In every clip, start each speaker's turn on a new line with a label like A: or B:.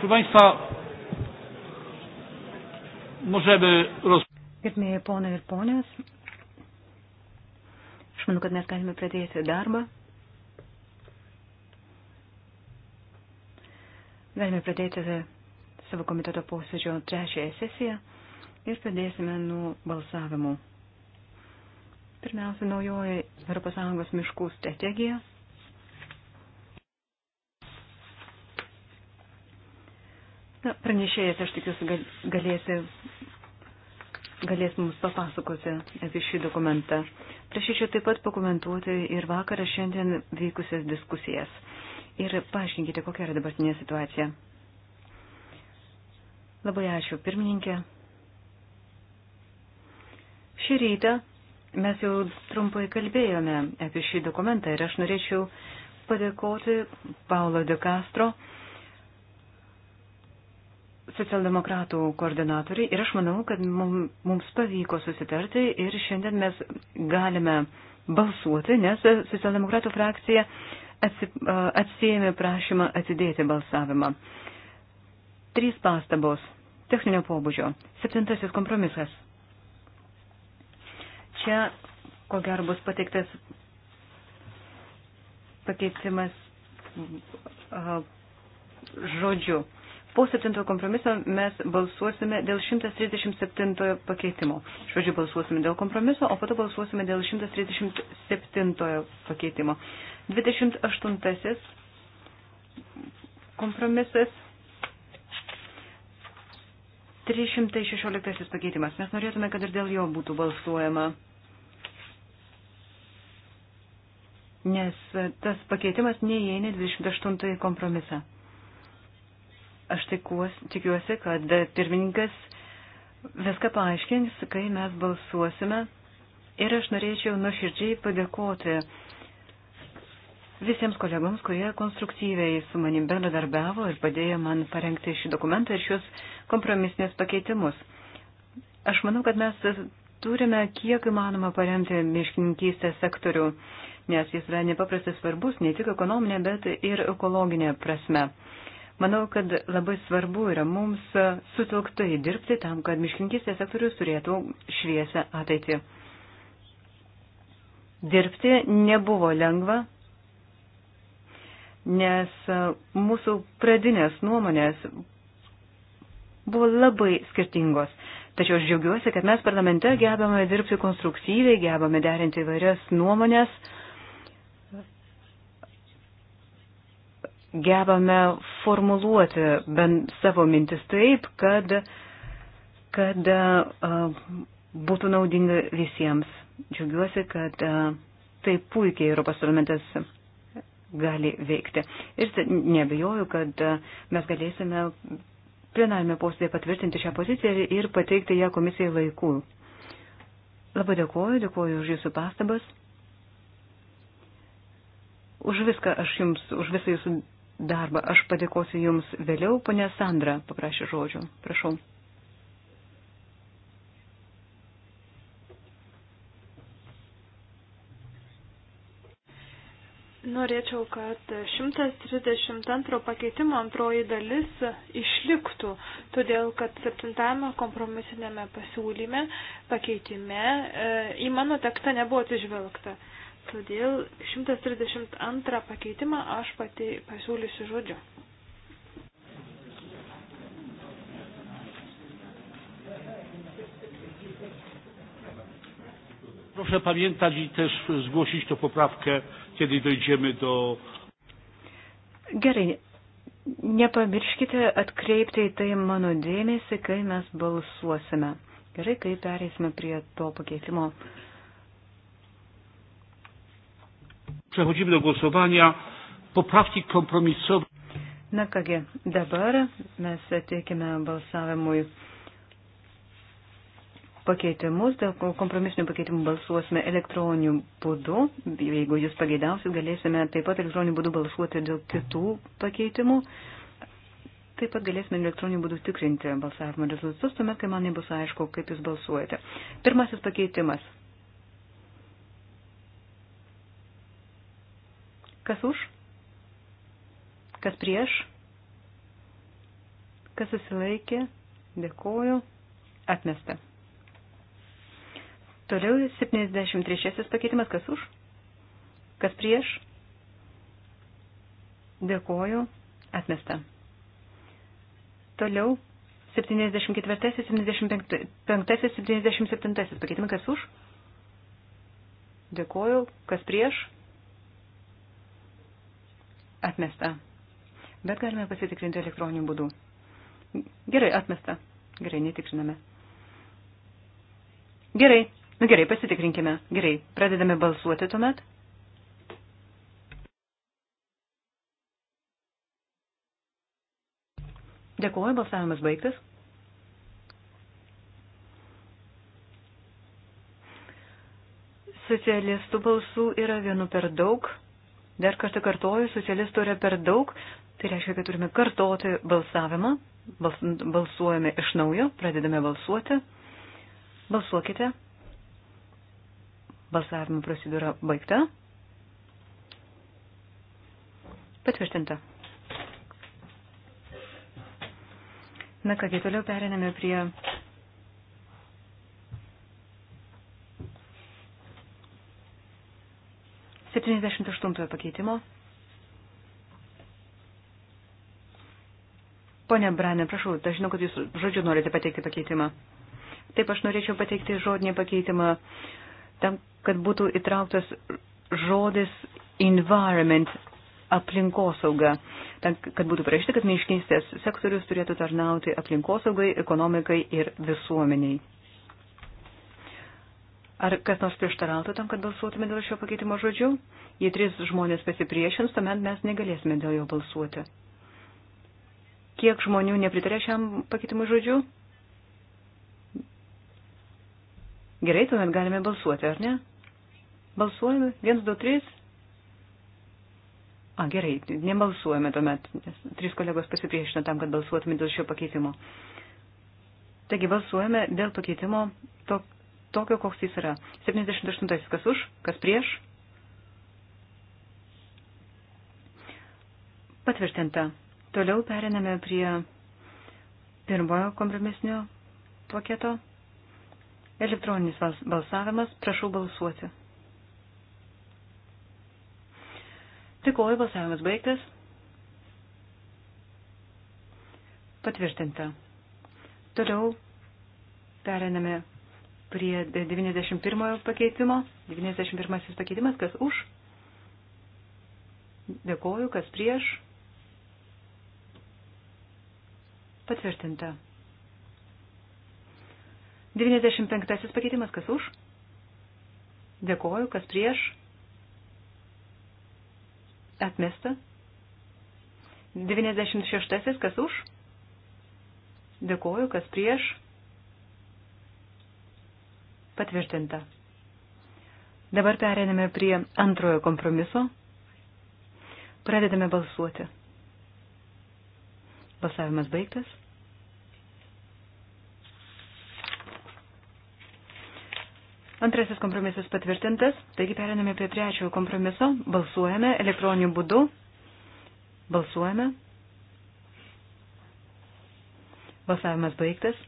A: Proszę Państwa,
B: możemy roz... Gerbėjai ponai ir ponės, aš manau, kad mes galime pradėti darbą. Galime pradėti savo komiteto posėdžio trečiąją sesiją ir pradėsime nuo balsavimų. Pirmiausia, naujoji ES miškų strategija Na, pranešėjas, aš tikiuosi, galėsi, galės mums papasakoti apie šį dokumentą. Prašyčiau taip pat pakomentuoti ir vakarą šiandien vykusias diskusijas. Ir paaiškinkite, kokia yra dabartinė situacija. Labai ačiū, pirmininkė. Šį rytą mes jau trumpai kalbėjome apie šį dokumentą ir aš norėčiau padėkoti Paulo de Castro socialdemokratų koordinatoriai ir aš manau, kad mums pavyko susitarti ir šiandien mes galime balsuoti, nes socialdemokratų frakcija atsijėmė prašymą atidėti balsavimą. Trys pastabos techninio pobūdžio. Septintasis kompromisas. Čia, ko gero, bus pateiktas pakeitimas žodžiu. Po septinto kompromiso mes balsuosime dėl 137 pakeitimo. Iš pradžių balsuosime dėl kompromiso, o po to balsuosime dėl 137 pakeitimo. 28 kompromisas. 316 pakeitimas. Mes norėtume, kad ir dėl jo būtų balsuojama. Nes tas pakeitimas neįeina 28 kompromisą. Aš tikuos, tikiuosi, kad pirmininkas viską paaiškins, kai mes balsuosime. Ir aš norėčiau nuoširdžiai padėkoti visiems kolegoms, kurie konstruktyviai su manim bendradarbiavo ir padėjo man parengti šį dokumentą ir šios kompromisinės pakeitimus. Aš manau, kad mes turime kiek įmanoma paremti miškininkystės sektorių, nes jis yra nepaprastai svarbus ne tik ekonominė, bet ir ekologinė prasme. Manau, kad labai svarbu yra mums sutilktai dirbti tam, kad miškinkistės sektorius turėtų šviesę ateitį. Dirbti nebuvo lengva, nes mūsų pradinės nuomonės buvo labai skirtingos. Tačiau aš džiaugiuosi, kad mes parlamente gebame dirbti konstruktyviai, gebame derinti įvairias nuomonės. gebame formuluoti bent savo mintis taip, kad, kad uh, būtų naudinga visiems. Džiaugiuosi, kad uh, taip puikiai Europos parlamentas gali veikti. Ir nebejoju, kad uh, mes galėsime plenarime posėdėje patvirtinti šią poziciją ir pateikti ją komisijai laiku. Labai dėkuoju, dėkuoju už jūsų pastabas. Už viską aš jums, už visą jūsų darbą. Aš padėkosiu Jums vėliau, ponė Sandra paprašė žodžio. Prašau. Norėčiau, kad 132 pakeitimo antroji dalis išliktų, todėl kad septintame kompromisinėme pasiūlyme pakeitime e, į mano tekstą nebuvo atsižvelgta. Todėl 132 pakeitimą aš pati pasiūlysiu žodžiu.
A: Proszę pamiętać i też zgłosić tą poprawkę, kiedy dojdziemy do.
B: Gerai, nepamirškite atkreipti į tai mano dėmesį, kai mes balsuosime. Gerai, kai perėsime prie to pakeitimo
A: Przechodzimy do głosowania. Poprawki kompromisowe.
B: Na kągi, dabar mes teikime balsavimui pakeitimus, dėl kompromisinių pakeitimų balsuosime elektroniniu būdu. Jeigu jūs pageidausit, galėsime taip pat elektroniniu būdu balsuoti dėl kitų pakeitimų. Taip pat galėsime elektroniniu būdu tikrinti balsavimo rezultatus, tuomet, kai man nebus aišku, kaip jūs balsuojate. Pirmasis pakeitimas. Kas už? Kas prieš? Kas susilaikė? Dėkoju. Atmesta. Toliau 73 pakeitimas. Kas už? Kas prieš? Dėkoju. Atmesta. Toliau 74, 75, 77 pakeitimai. Kas už? Dėkoju. Kas prieš? atmesta. Bet galime pasitikrinti elektroniniu būdu. Gerai, atmesta. Gerai, netikriname. Gerai, nu gerai, pasitikrinkime. Gerai, pradedame balsuoti tuomet. Dėkuoju, balsavimas baigtas. Socialistų balsų yra vienu per daug. Dar kartą kartoju, socialistų yra per daug, tai reiškia, kad turime kartoti balsavimą, Bals, balsuojame iš naujo, pradedame balsuoti. Balsuokite. Balsavimo procedūra baigta. Patvirtinta. Na kągi, toliau periname prie 78 pakeitimo. Pone Branė, prašau, aš žinau, kad jūs žodžiu norite pateikti pakeitimą. Taip, aš norėčiau pateikti žodinį pakeitimą tam, kad būtų įtrauktas žodis environment, aplinkosauga. Tam, kad būtų parašyta, kad miškystės sektorius turėtų tarnauti aplinkosaugai, ekonomikai ir visuomeniai. Ar kas nors prieštarautų tam, kad balsuotume dėl šio pakeitimo žodžių? Jei trys žmonės pasipriešins, tuomet mes negalėsime dėl jo balsuoti. Kiek žmonių nepritarė šiam pakeitimui žodžių? Gerai, tuomet galime balsuoti, ar ne? Balsuojame. 1, 2, 3. A, gerai, nebalsuojame tuomet, nes trys kolegos pasipriešino tam, kad balsuotume dėl šio pakeitimo. Taigi balsuojame dėl pakeitimo to, tokio, koks jis yra. 78. Kas už, kas prieš? Patvirtinta. Toliau periname prie pirmojo kompromisinio paketo. Elektroninis balsavimas. Prašau balsuoti. Tikoju, balsavimas baigtas. Patvirtinta. Toliau periname prie 91 pakeitimo. 91 pakeitimas, kas už. Dėkoju, kas prieš. Patvirtinta. 95 pakeitimas, kas už. Dėkoju, kas prieš. Atmesta. 96 kas už. Dėkoju, kas prieš. Patvirtinta. Dabar perėdame prie antrojo kompromiso. Pradedame balsuoti. Balsavimas baigtas. Antrasis kompromisas patvirtintas, taigi periname prie trečiojo kompromiso, balsuojame elektroniniu būdu, balsuojame, balsavimas baigtas,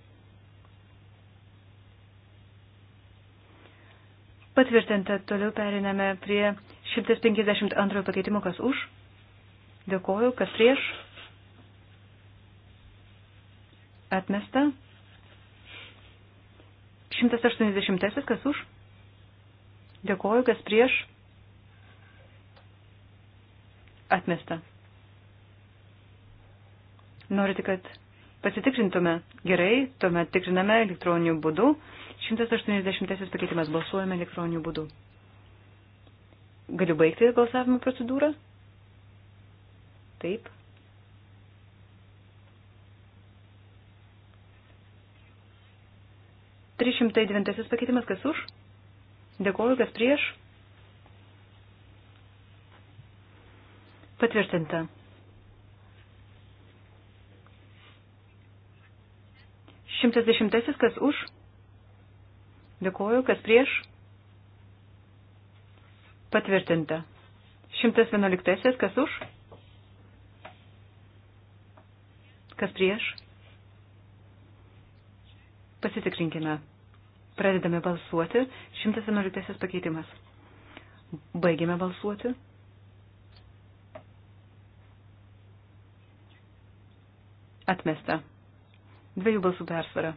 B: Patvirtinta, toliau periname prie 152 pakeitimo, kas už. Dėkoju, kas prieš. Atmesta. 180, kas už. Dėkoju, kas prieš. Atmesta. Norite, kad pasitikrintume gerai, tuomet tikriname elektroniniu būdu. 180 pakeitimas balsuojame elektroniniu būdu. Galiu baigti balsavimo procedūrą? Taip. Trys šimtai devintasis pakeitimas, kas už? Dėkoju, kas prieš? Patvirtinta. Šimtas dešimtasis, kas už? Dėkuoju, kas prieš? Patvirtinta. 111. Kas už? Kas prieš? Pasitikrinkime. Pradedame balsuoti. 111 pakeitimas. Baigime balsuoti. Atmesta. Dviejų balsų persvara.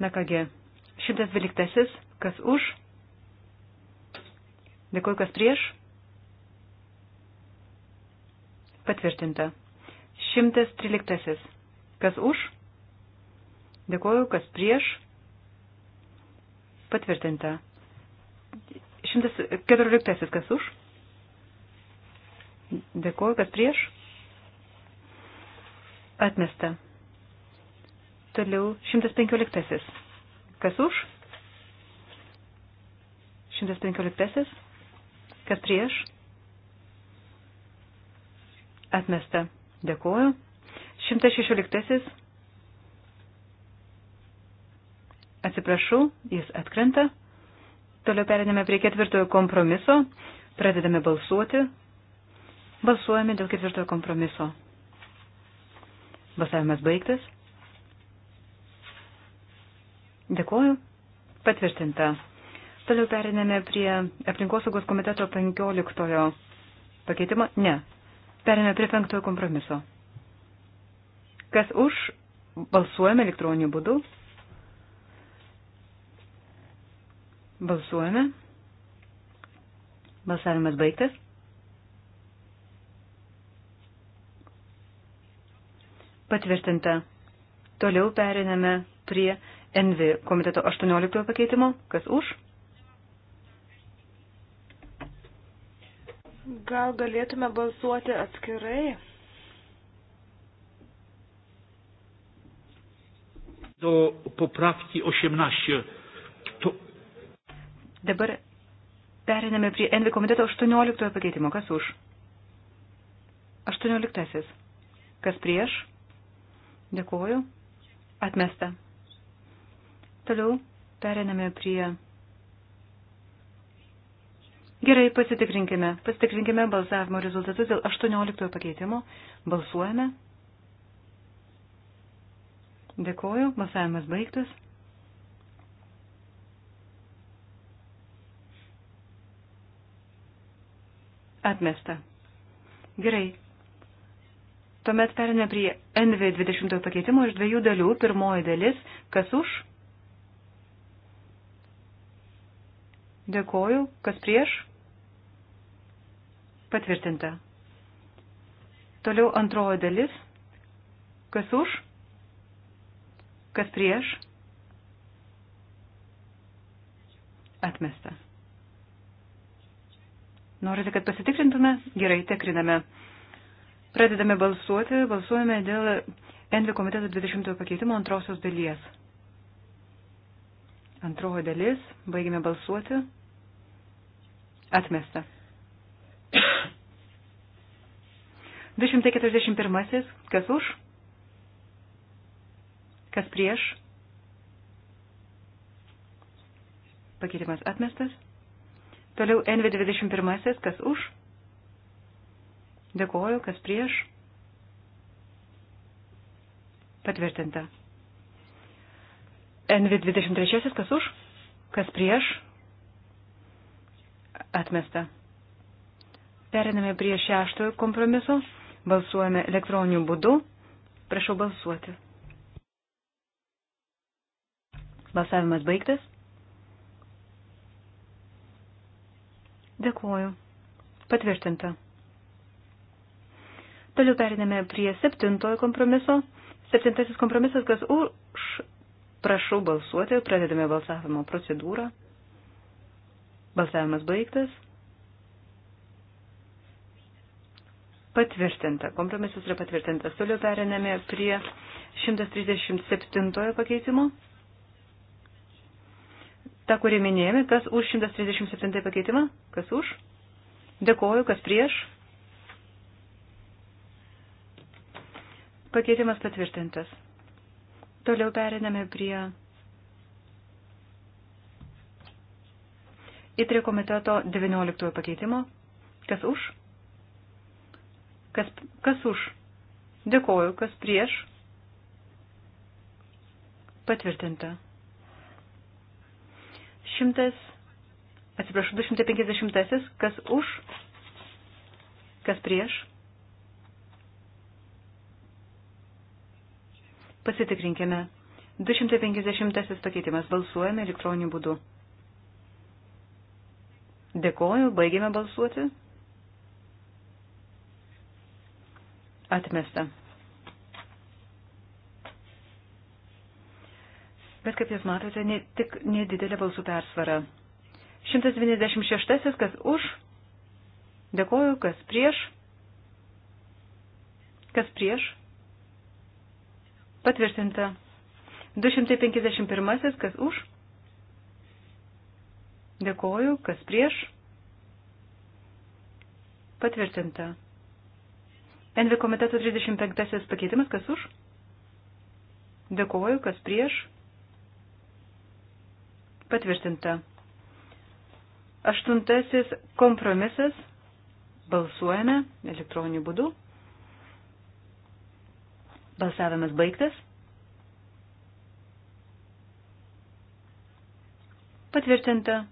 B: Na kągi, 112. Kas už? Dėkuoju, kas prieš? Patvirtinta. 113. Kas už? Dėkuoju, kas prieš? Patvirtinta. 114. Kas už? Dėkuoju, kas prieš? Atmesta. Toliau 115. Kas už? 115. Kas prieš? Atmesta. Dėkuoju. 116. Atsiprašau, jis atkrenta. Toliau periname prie ketvirtojo kompromiso. Pradedame balsuoti. Balsuojame dėl ketvirtojo kompromiso. Balsavimas baigtas. Dėkuoju. Patvirtinta. Toliau periname prie aplinkosaugos komiteto 15 pakeitimo. Ne. Periname prie 5 kompromiso. Kas už, balsuojame elektroniniu būdu. Balsuojame. Balsavimas baigtas. Patvirtinta. Toliau periname prie Envi komiteto 18 pakeitimo. Kas už? Gal galėtume balsuoti atskirai? Do
A: poprawki 18. To...
B: Dabar periname prie Envi komiteto 18 pakeitimo. Kas už? 18. Kas prieš? Dėkuoju. Atmesta. Toliau periname prie. Gerai, pasitikrinkime. Pasitikrinkime balsavimo rezultatus dėl 18 pakeitimo. Balsuojame. Dėkoju, balsavimas baigtas. Atmesta. Gerai. Tuomet perinė prie NV20 pakeitimo iš dviejų dalių. Pirmoji dalis, kas už, Dėkoju. Kas prieš? Patvirtinta. Toliau antroji dalis. Kas už? Kas prieš? Atmesta. Norite, kad pasitikrintume? Gerai, tikriname. Pradedame balsuoti. Balsuojame dėl Envi komiteto 20 pakeitimo antrosios dalies. Antroji dalis. Baigime balsuoti. Atmesta. 241. Kas už? Kas prieš? Pakeitimas atmestas. Toliau NV21. Kas už? Dėkoju. Kas prieš? Patvirtinta. NV23. Kas už? Kas prieš? atmesta. Periname prie šeštojo kompromiso. Balsuojame elektroniniu būdu. Prašau balsuoti. Balsavimas baigtas. Dėkuoju. Patvirtinta. Toliau periname prie septintojo kompromiso. Septintasis kompromisas, kas už, prašau balsuoti, pradedame balsavimo procedūrą. Balsavimas baigtas. Patvirtinta. Kompromisas yra patvirtintas. Toliau periname prie 137 pakeitimo. Ta, kurį minėjome, kas už 137 pakeitimą? Kas už? Dėkoju, kas prieš? Pakeitimas patvirtintas. Toliau periname prie įtri komiteto 19 pakeitimo. Kas už? Kas, kas už? Dėkoju, kas prieš? Patvirtinta. Šimtas, atsiprašau, 250, kas už, kas prieš? Pasitikrinkime. 250 pakeitimas balsuojame elektroniniu būdu. Dėkoju, baigėme balsuoti. Atmesta. Bet kaip jūs matote, ne, tik nedidelė balsų persvara. 196, kas už, dėkoju, kas prieš, kas prieš, patvirtinta. 251, kas už, Dėkoju, kas prieš? Patvirtinta. NV komiteto 35 pakeitimas, kas už? Dėkoju, kas prieš? Patvirtinta. Aštuntasis kompromisas. Balsuojame elektroniniu būdu. Balsavimas baigtas. Patvirtinta.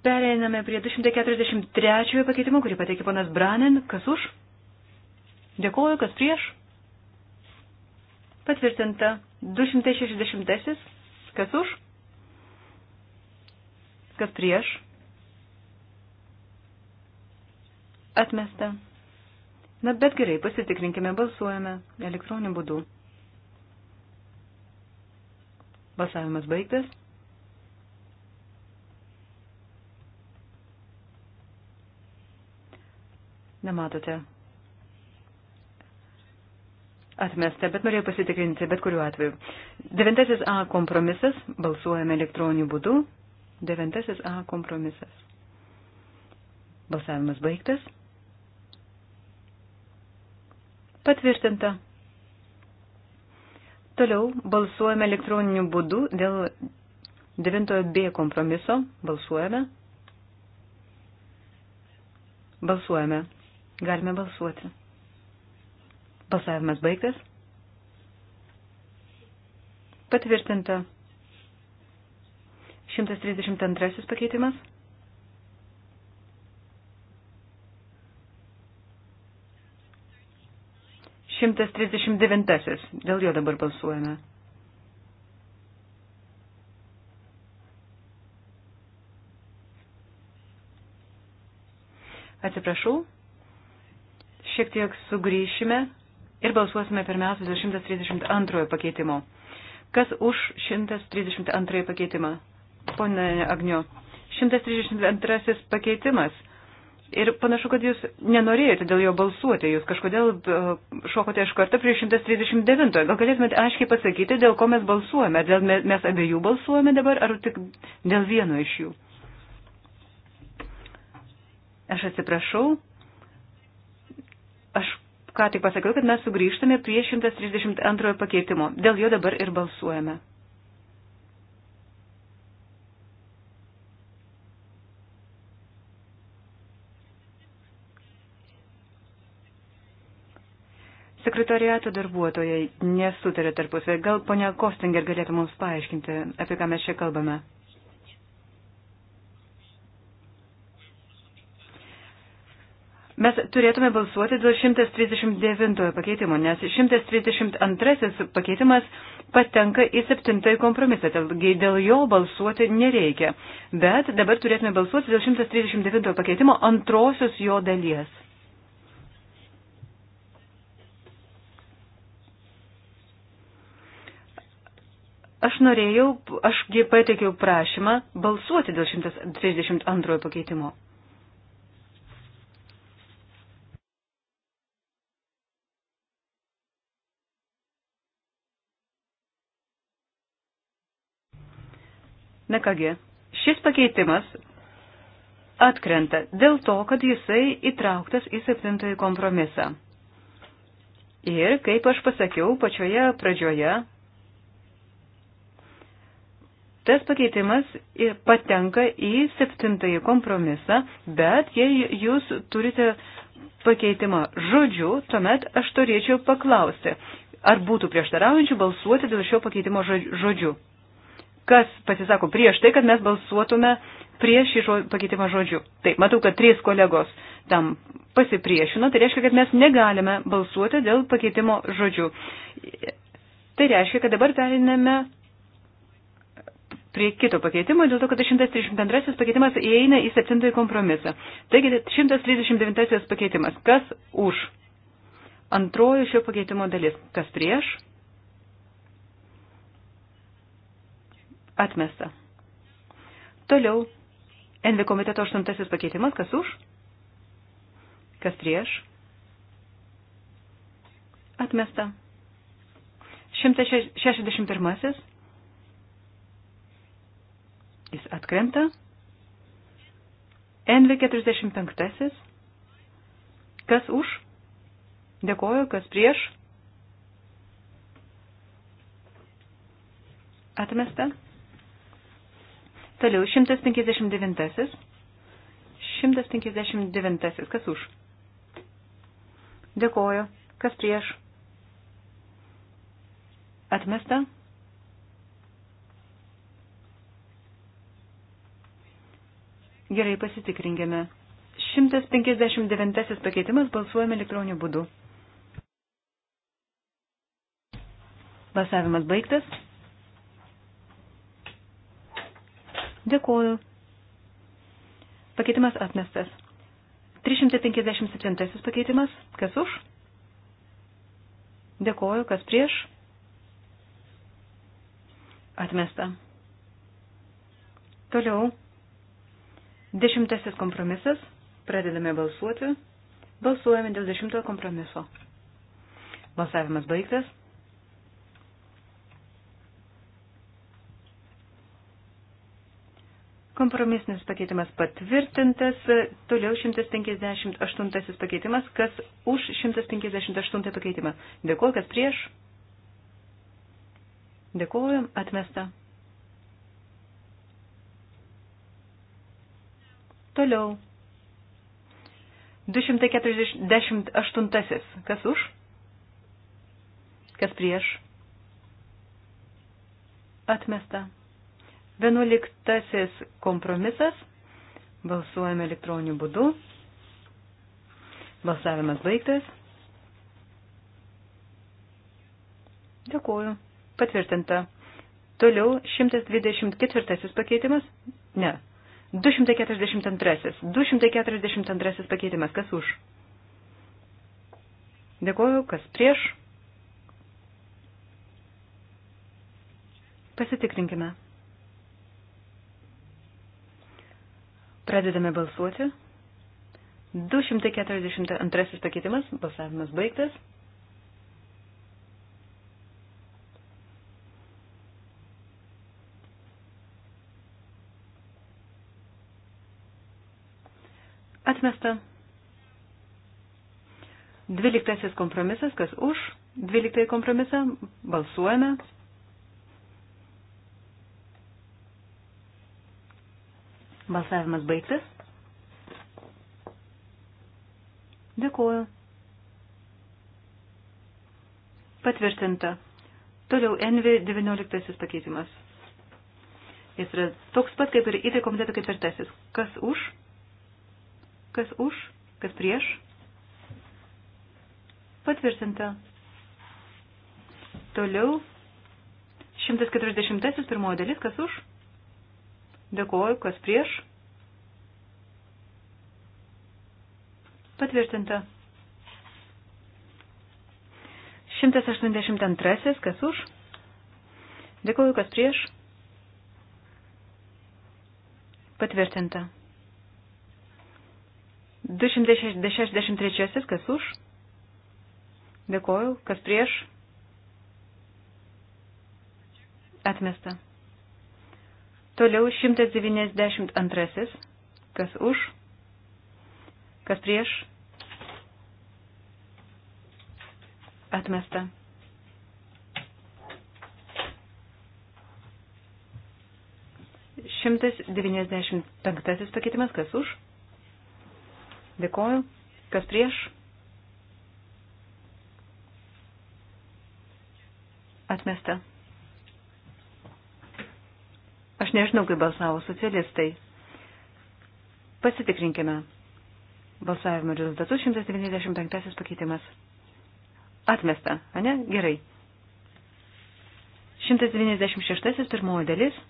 B: Pereiname prie 243 pakeitimo, kurį pateikė ponas Branen. Kas už? Dėkuoju, kas prieš? Patvirtinta. 260. Kas už? Kas prieš? Atmesta. Na, bet gerai, pasitikrinkime, balsuojame elektroniniu būdu. Balsavimas baigtas. Nematote. Atmesta, bet norėjau pasitikrinti, bet kuriuo atveju. Devintasis A kompromisas, balsuojame elektroniniu būdu. Devintasis A kompromisas. Balsavimas baigtas. Patvirtinta. Toliau balsuojame elektroniniu būdu dėl devintojo B kompromiso. Balsuojame. Balsuojame. Galime balsuoti. Balsavimas baigtas. Patvirtinta. 132 pakeitimas. Šimtas trisdešimt devintasis. Dėl jo dabar balsuojame. Atsiprašau, šiek tiek sugrįšime ir balsuosime pirmiausia dėl 132 pakeitimo. Kas už 132 pakeitimą? Pone Agnio, 132 pakeitimas. Ir panašu, kad jūs nenorėjote dėl jo balsuoti, jūs kažkodėl e, šokote iš karto prie 139. Gal galėtumėte aiškiai pasakyti, dėl ko mes balsuojame? Dėl mes abiejų balsuojame dabar ar tik dėl vieno iš jų? Aš atsiprašau, ką tik pasakiau, kad mes sugrįžtame prie 132 pakeitimo. Dėl jo dabar ir balsuojame. Sekretariato darbuotojai nesutarė tarpusavį. Gal ponia Kostinger galėtų mums paaiškinti, apie ką mes čia kalbame? Mes turėtume balsuoti dėl 139 pakeitimo, nes 132 pakeitimas patenka į 7 kompromisą, taigi dėl jo balsuoti nereikia. Bet dabar turėtume balsuoti dėl 139 pakeitimo antrosios jo dalies. Aš norėjau, ašgi pateikiau prašymą balsuoti dėl 132 pakeitimo. Na kągi, šis pakeitimas atkrenta dėl to, kad jisai įtrauktas į septintąjį kompromisą. Ir, kaip aš pasakiau pačioje pradžioje, tas pakeitimas patenka į septintąjį kompromisą, bet jei jūs turite pakeitimą žodžiu, tuomet aš turėčiau paklausti, ar būtų prieštaraujančių balsuoti dėl šio pakeitimo žodžiu kas pasisako prieš tai, kad mes balsuotume prieš šį žodžių, pakeitimą žodžiu. Taip, matau, kad trys kolegos tam pasipriešino, tai reiškia, kad mes negalime balsuoti dėl pakeitimo žodžiu. Tai reiškia, kad dabar periname prie kito pakeitimo, dėl to, kad 132 pakeitimas įeina į 7 kompromisą. Taigi 139 pakeitimas. Kas už? Antroji šio pakeitimo dalis. Kas prieš? Atmesta. Toliau. NV komiteto aštuntasis pakeitimas. Kas už? Kas prieš? Atmesta. 161. Jis atkrenta. NV 45. Kas už? Dėkoju, kas prieš? Atmesta. Toliau 159. 159. Kas už? Dėkoju. Kas prieš? Atmesta? Gerai, pasitikrinkime. 159 pakeitimas balsuojame elektroniniu būdu. Balsavimas baigtas. Dėkuoju. Pakeitimas atmestas. 357 pakeitimas. Kas už? Dėkuoju. Kas prieš? Atmesta. Toliau. Dešimtasis kompromisas. Pradedame balsuoti. Balsuojame dėl dešimtojo kompromiso. Balsavimas baigtas. Kompromisinis pakeitimas patvirtintas, toliau 158 pakeitimas, kas už 158 pakeitimą. Dėkuoju, kas prieš. Dėkuoju, atmesta. Toliau. 248. Kas už? Kas prieš? Atmesta. Vienuoliktasis kompromisas. Balsuojame elektroniniu būdu. Balsavimas baigtas. Dėkuoju. Patvirtinta. Toliau 124 pakeitimas. Ne. 242. 242 pakeitimas. Kas už? Dėkuoju. Kas prieš? Pasitikrinkime. Pradedame balsuoti. 242 pakeitimas, balsavimas baigtas. Atmesta. Dvyliktasis kompromisas, kas už dvyliktąjį kompromisą, balsuojame, Balsavimas baigtas. Dėkuoju. Patvirtinta. Toliau NV19 pakeitimas. Jis yra toks pat kaip ir įtai komiteto ketvirtasis. Kas už? Kas už? Kas prieš? Patvirtinta. Toliau 140 pirmoji dalis. Kas už? Dėkuoju, kas prieš. Patvirtinta. 182, kas už. Dėkuoju, kas prieš. Patvirtinta. 263, kas už. Dėkuoju, kas prieš. Atmesta. Toliau 192. Kas už? Kas prieš? Atmesta. Šimtas devyniasdešimt penktasis pakeitimas, kas už? Dėkoju. Kas prieš? Atmesta. Aš nežinau, kaip balsavo socialistai. Pasitikrinkime. Balsavimo rezultatus 195 pakeitimas. Atmesta, a ne? Gerai. 196 pirmoji dalis.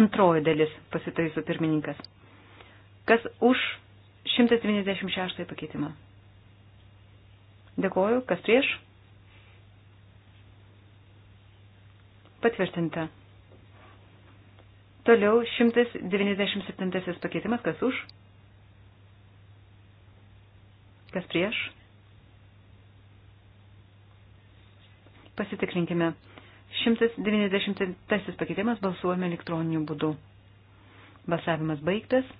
B: Antroji dalis pasitaiso pirmininkas. Kas už 196 pakeitimą? Dėkoju. Kas prieš? Patvirtinta. Toliau 197 pakeitimas. Kas už? Kas prieš? Pasitikrinkime. 190 pakeitimas balsuojame elektroniniu būdu. Balsavimas baigtas.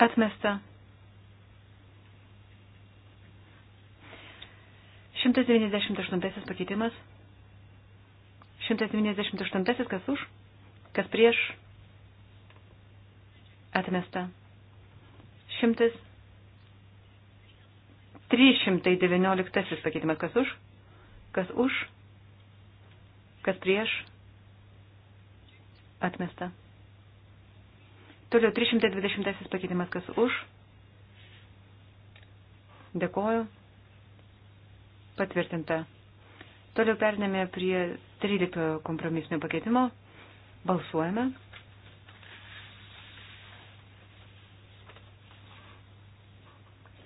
B: Atmesta. 198 pakeitimas. 198 kas už, kas prieš. Atmesta. 100. 319 pakeitimas kas už, kas už, kas prieš. Atmesta. Toliau 320 pakeitimas, kas už. Dėkoju. Patvirtinta. Toliau perinėme prie 13 kompromisinio pakeitimo. Balsuojame.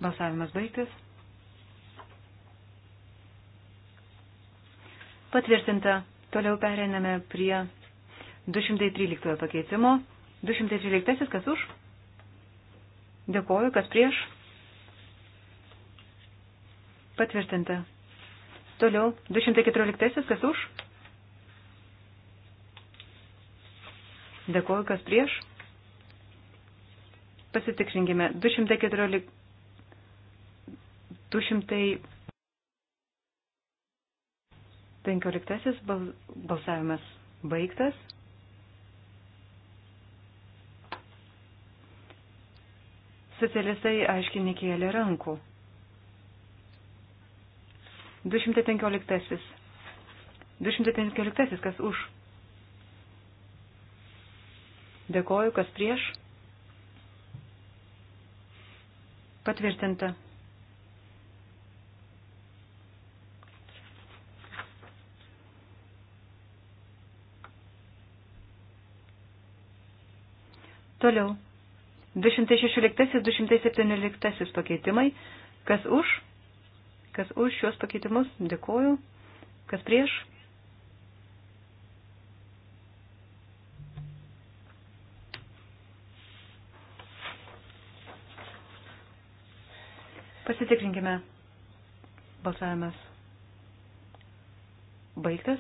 B: Balsavimas baigtas. Patvirtinta. Toliau periname prie 213 pakeitimo. 213 kas už? Dėkoju, kas prieš? Patvirtinta. Toliau, 214 kas už? Dėkoju, kas prieš? Pasitikrinkime. 214. 215 balsavimas baigtas. Socialistai aiškiai nekėlė rankų. 215. 215. Kas už? Dėkoju, kas prieš? Patvirtinta. Toliau. 216-217 pakeitimai. Kas už? Kas už šios pakeitimus? Dėkuoju. Kas prieš? Pasitikrinkime. Balsavimas baigtas.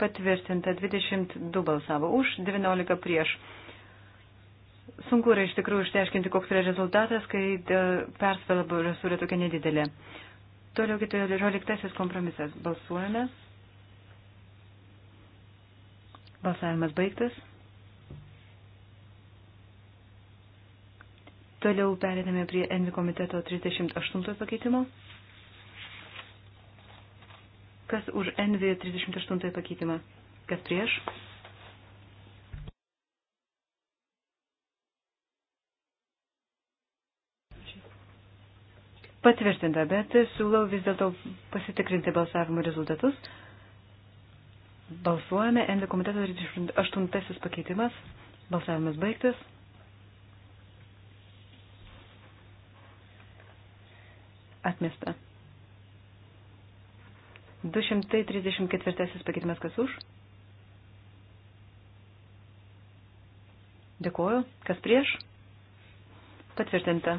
B: Patvirtinta 22 balsavo už, 19 prieš sunku yra iš tikrųjų išteiškinti, koks yra rezultatas, kai e, persvela yra tokia nedidelė. Toliau keturioliktasis kompromisas. Balsuojame. Balsavimas baigtas. Toliau perėdame prie Envi komiteto 38 pakeitimo. Kas už Envi 38 pakeitimą? Kas prieš? patvirtinta, bet siūlau vis dėlto pasitikrinti balsavimo rezultatus. Balsuojame, ND komiteto 38 pakeitimas, balsavimas baigtas. Atmesta. 234 pakeitimas kas už? Dėkuoju. Kas prieš? Patvirtinta.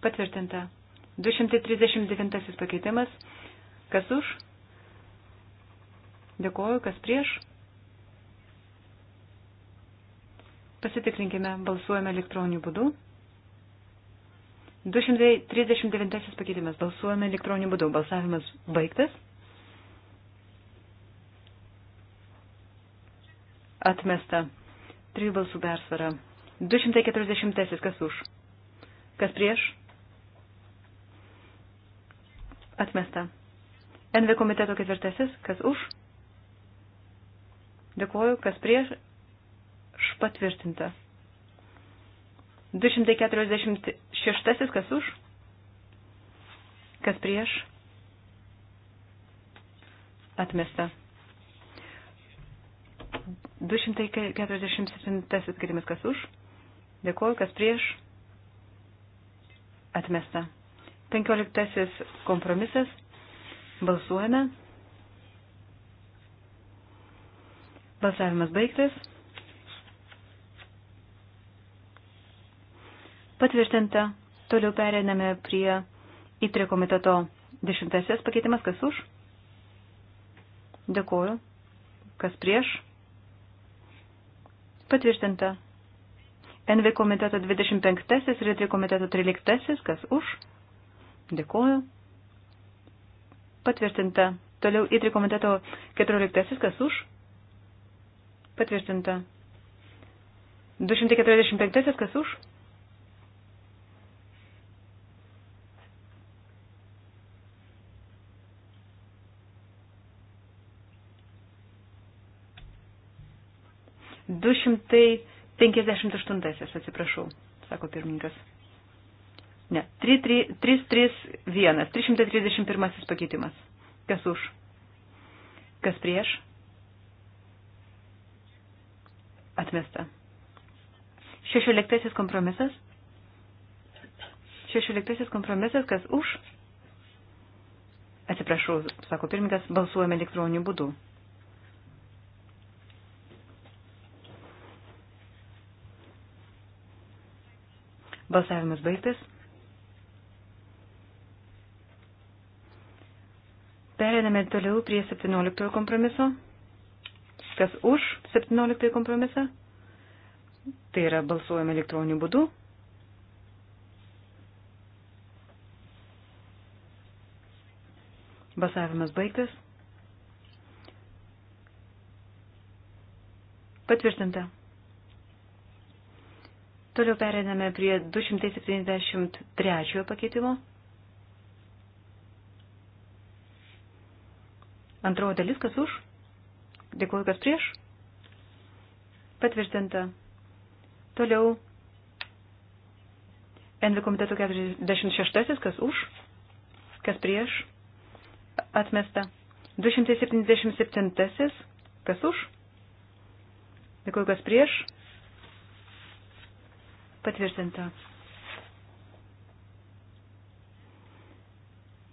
B: Patvirtinta. 239 pakeitimas. Kas už? Dėkoju, kas prieš? Pasitikrinkime, balsuojame elektroniniu būdu. 239 pakeitimas. Balsuojame elektroniniu būdu. Balsavimas baigtas. Atmesta. Trijų balsų persvara. 240 kas už? Kas prieš? Atmesta. NV komiteto ketvirtasis, kas už? Dėkuoju, kas prieš? Špatvirtinta. 246, kas už? Kas prieš? Atmesta. 247 skaitimas kas už? Dėkuoju, kas prieš? Atmesta. Penkioliktasis kompromisas. Balsuojame. Balsavimas baigtas. Patvirtinta. Toliau pereiname prie įtrio komiteto dešimtasis pakeitimas. Kas už? Dėkoju. Kas prieš? Patvirtinta. NV komiteto 25 ir 3 komiteto 13, kas už? Dėkuoju. Patvirtinta. Toliau įtri komiteto 14. Kas už? Patvirtinta. 245. Kas už? Du šimtai penkiasdešimt aštuntasis, atsiprašau, sako pirmininkas. Ne, 331, 331 pakeitimas. Kas už? Kas prieš? Atmesta. 16 kompromisas. 16 kompromisas, kas už? Atsiprašau, sako pirmininkas, balsuojame elektroniniu būdu. Balsavimas baigtas. Periname toliau prie 17 kompromiso. Kas už 17 kompromisą? Tai yra balsuojame elektroniniu būdu. Balsavimas baigtas. Patvirtinta. Toliau perėdame prie 273 pakeitimo. Antroji dalis, kas už, dėkuoju, kas prieš, patvirtinta. Toliau, NV komiteto 46, kas už, kas prieš, atmesta. 277, kas už, dėkuoju, kas prieš, patvirtinta.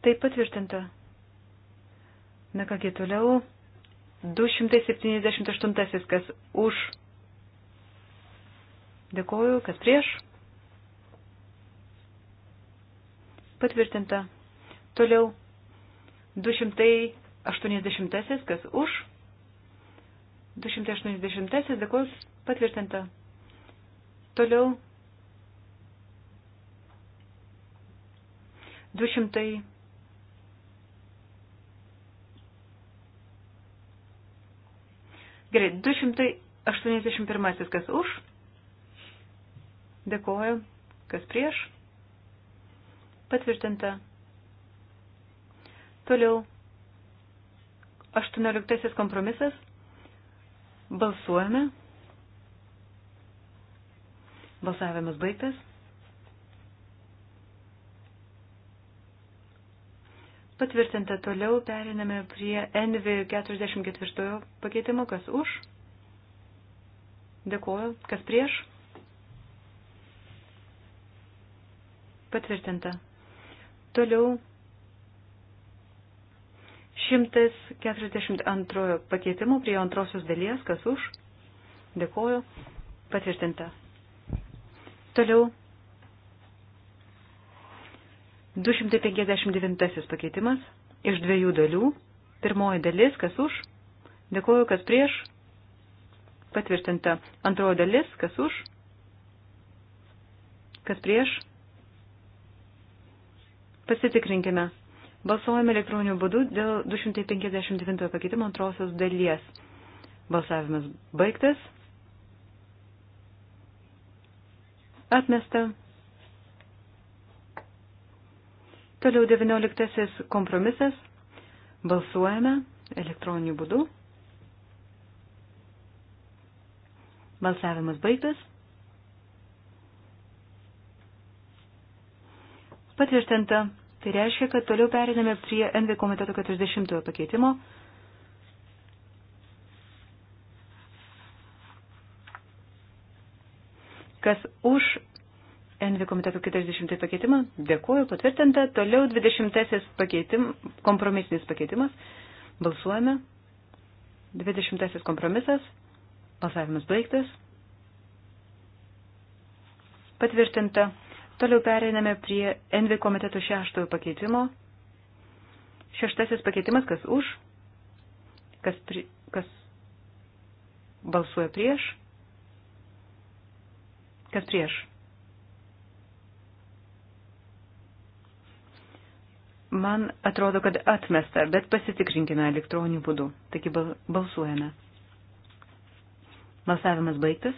B: Taip patvirtinta. Na kągi toliau. 278. Kas už. Dėkoju. Kas prieš. Patvirtinta. Toliau. 280. Kas už. 280. Dėkoju. Patvirtinta. Toliau. 200. Gerai, 281 kas už. Dėkoju. Kas prieš? Patvirtinta. Toliau. 18 kompromisas. Balsuojame. Balsavimas baigtas. Patvirtinta toliau periname prie NV44 pakeitimo, kas už. Dėkuoju. Kas prieš? Patvirtinta. Toliau 142 pakeitimų prie antrosios dalies, kas už. Dėkuoju. Patvirtinta. Toliau 259 pakeitimas iš dviejų dalių. Pirmoji dalis, kas už, dėkoju, kas prieš, patvirtinta. Antroji dalis, kas už, kas prieš. Pasitikrinkime. Balsuojame elektroniniu būdu dėl 259 pakeitimo antrosios dalies. Balsavimas baigtas. Atmesta. Toliau 19 kompromisas. Balsuojame elektroniniu būdu. Balsavimas baigtas. Patvirtinta. Tai reiškia, kad toliau periname prie NV komiteto 40 pakeitimo. Kas už NV komiteto 40 pakeitimą. Dėkuoju, patvirtinta. Toliau 20 pakeitim, kompromisinis pakeitimas. Balsuojame. 20 kompromisas. Balsavimas baigtas. Patvirtinta. Toliau pereiname prie NV komiteto 6 pakeitimo. Šeštasis pakeitimas, kas už, kas, pri, kas balsuoja prieš, kas prieš. Man atrodo, kad atmesta, bet pasitikrinkime elektroniniu būdu. Taigi balsuojame. Balsavimas baigtas.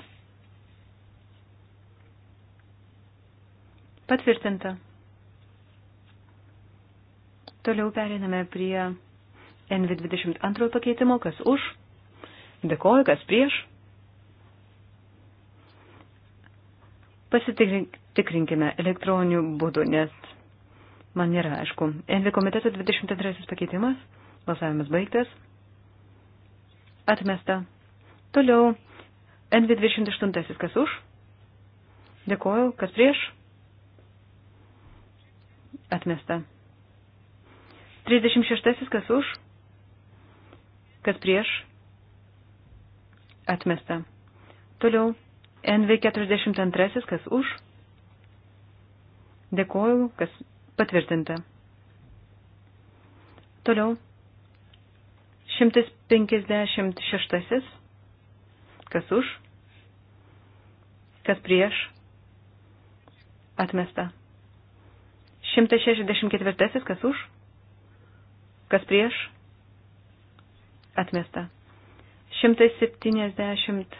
B: Patvirtinta. Toliau periname prie NV22 pakeitimo, kas už, dėkoju, kas prieš. Pasitikrinkime elektroniniu būdu, nes man nėra aišku. Envi komiteto 22 pakeitimas, balsavimas baigtas, atmesta. Toliau, Envi 28, kas už? Dėkoju, kas prieš? Atmesta. 36, kas už? Kas prieš? Atmesta. Toliau, NV42, kas už? Dėkoju, kas Patvirtinta. Toliau. 156. Kas už? Kas prieš? Atmesta. 164. Kas už? Kas prieš? Atmesta. 170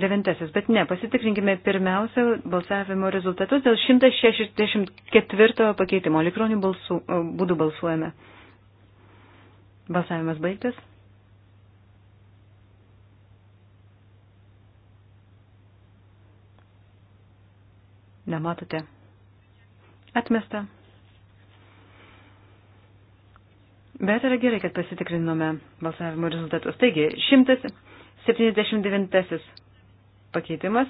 B: devintasis, bet ne, pasitikrinkime pirmiausia balsavimo rezultatus dėl 164 pakeitimo. Elektroniniu balsu, e, būdu balsuojame. Balsavimas baigtas. Nematote. Atmesta. Bet yra gerai, kad pasitikrinome balsavimo rezultatus. Taigi, 179 pakeitimas.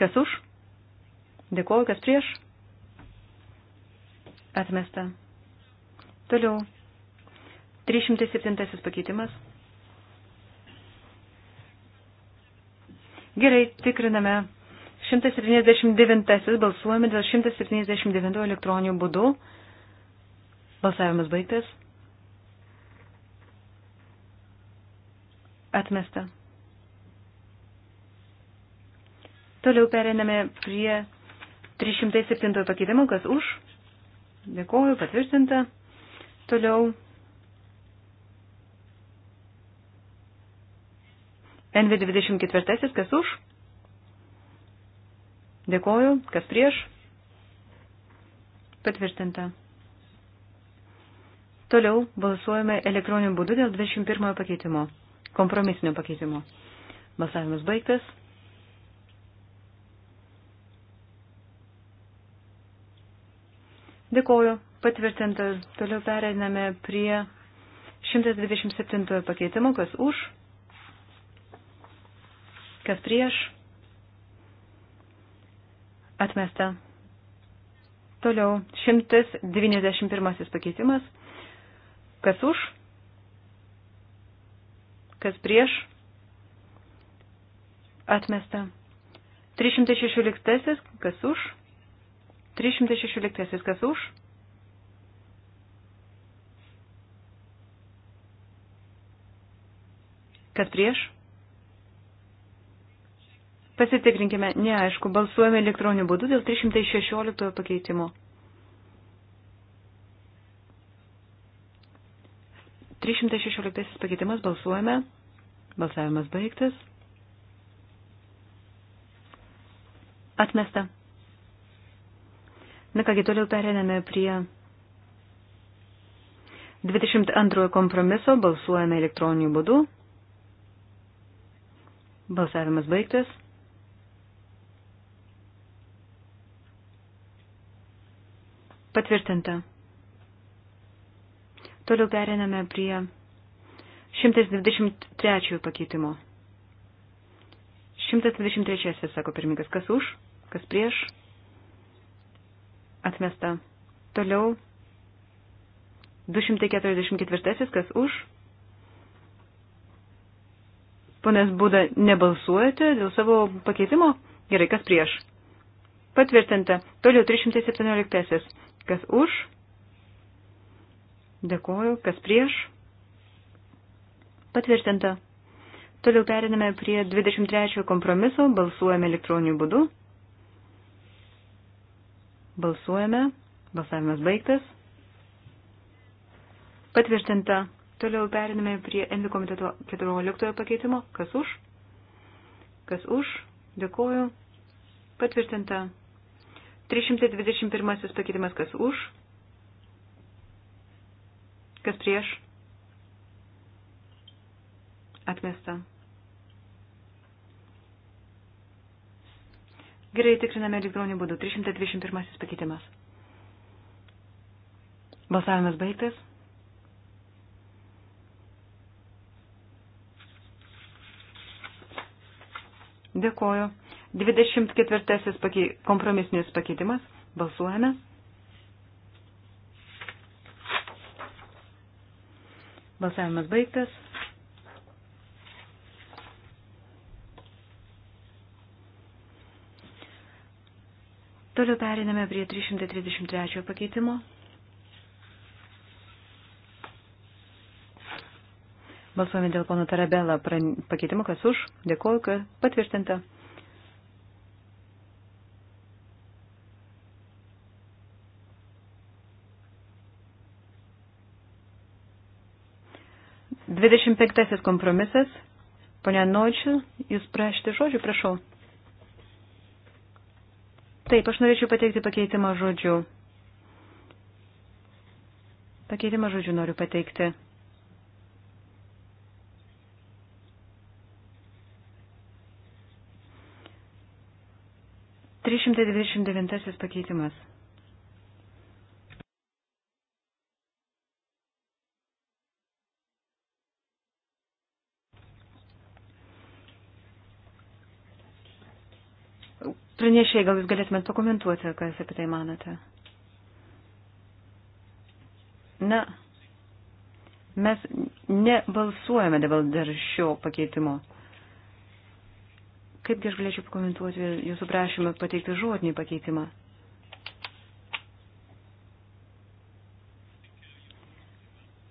B: Kas už? Dėkuoju, kas prieš? Atmesta. Toliau. 307 pakeitimas. Gerai, tikriname. 179 balsuojame dėl 179 elektroninių būdų. Balsavimas baigtas. Atmesta. Toliau periname prie 307 pakeitimo, kas už. Dėkoju, patvirtinta. Toliau. NV24, kas už. Dėkoju, kas prieš. Patvirtinta. Toliau balsuojame elektroniniu būdu dėl 21 pakeitimo, kompromisinio pakeitimo. Balsavimas baigtas. Dėkoju, patvirtinta. Toliau pereiname prie 127 pakeitimo, kas už, kas prieš, atmesta. Toliau 191 pakeitimas, kas už, kas prieš, atmesta. 316, kas už, 316 kas už? Kas prieš? Pasitikrinkime, neaišku, balsuojame elektroniniu būdu dėl 316 pakeitimo. 316 pakeitimas balsuojame. Balsavimas baigtas. Atmesta. Na kągi, toliau perėmėme prie 22 kompromiso, balsuojame elektroniniu būdu. Balsavimas baigtas. Patvirtinta. Toliau perėmėme prie 123 pakeitimo. 123, sako pirmininkas, kas už, kas prieš. Atmesta. Toliau 244, kas už. Ponas Būda, nebalsuojate dėl savo pakeitimo? Gerai, kas prieš? Patvirtinta. Toliau 317. Kas už? Dėkoju. Kas prieš? Patvirtinta. Toliau periname prie 23 kompromiso, balsuojame elektroniniu būdu. Balsuojame. Balsavimas baigtas. Patvirtinta. Toliau periname prie Envi komiteto 14 pakeitimo. Kas už? Kas už? Dėkuoju. Patvirtinta. 321 pakeitimas. Kas už? Kas prieš? Atmesta. Gerai, tikriname elektroniniu būdu. 321 pakeitimas. Balsavimas baigtas. Dėkoju. 24 pakei, kompromisinis pakeitimas. Balsuojame. Balsavimas baigtas. Toliau periname prie 333 pakeitimo. Balsuojame dėl pono Tarabelą pakeitimo, kas už. Dėkuoju, kad patvirtinta. Dvidešimt penktasis kompromisas. Pone Nočiu, jūs prašyti žodžių, prašau. Taip, aš norėčiau pateikti pakeitimą žodžiu. Pakeitimą žodžiu noriu pateikti. Trys šimtai dvidešimt devintasis pakeitimas. pranešėjai, gal jūs galėtumėt pakomentuoti, ką jūs apie tai manote? Na, mes nebalsuojame dabar dar šio pakeitimo. Kaipgi aš galėčiau pakomentuoti jūsų prašymą pateikti žodinį pakeitimą?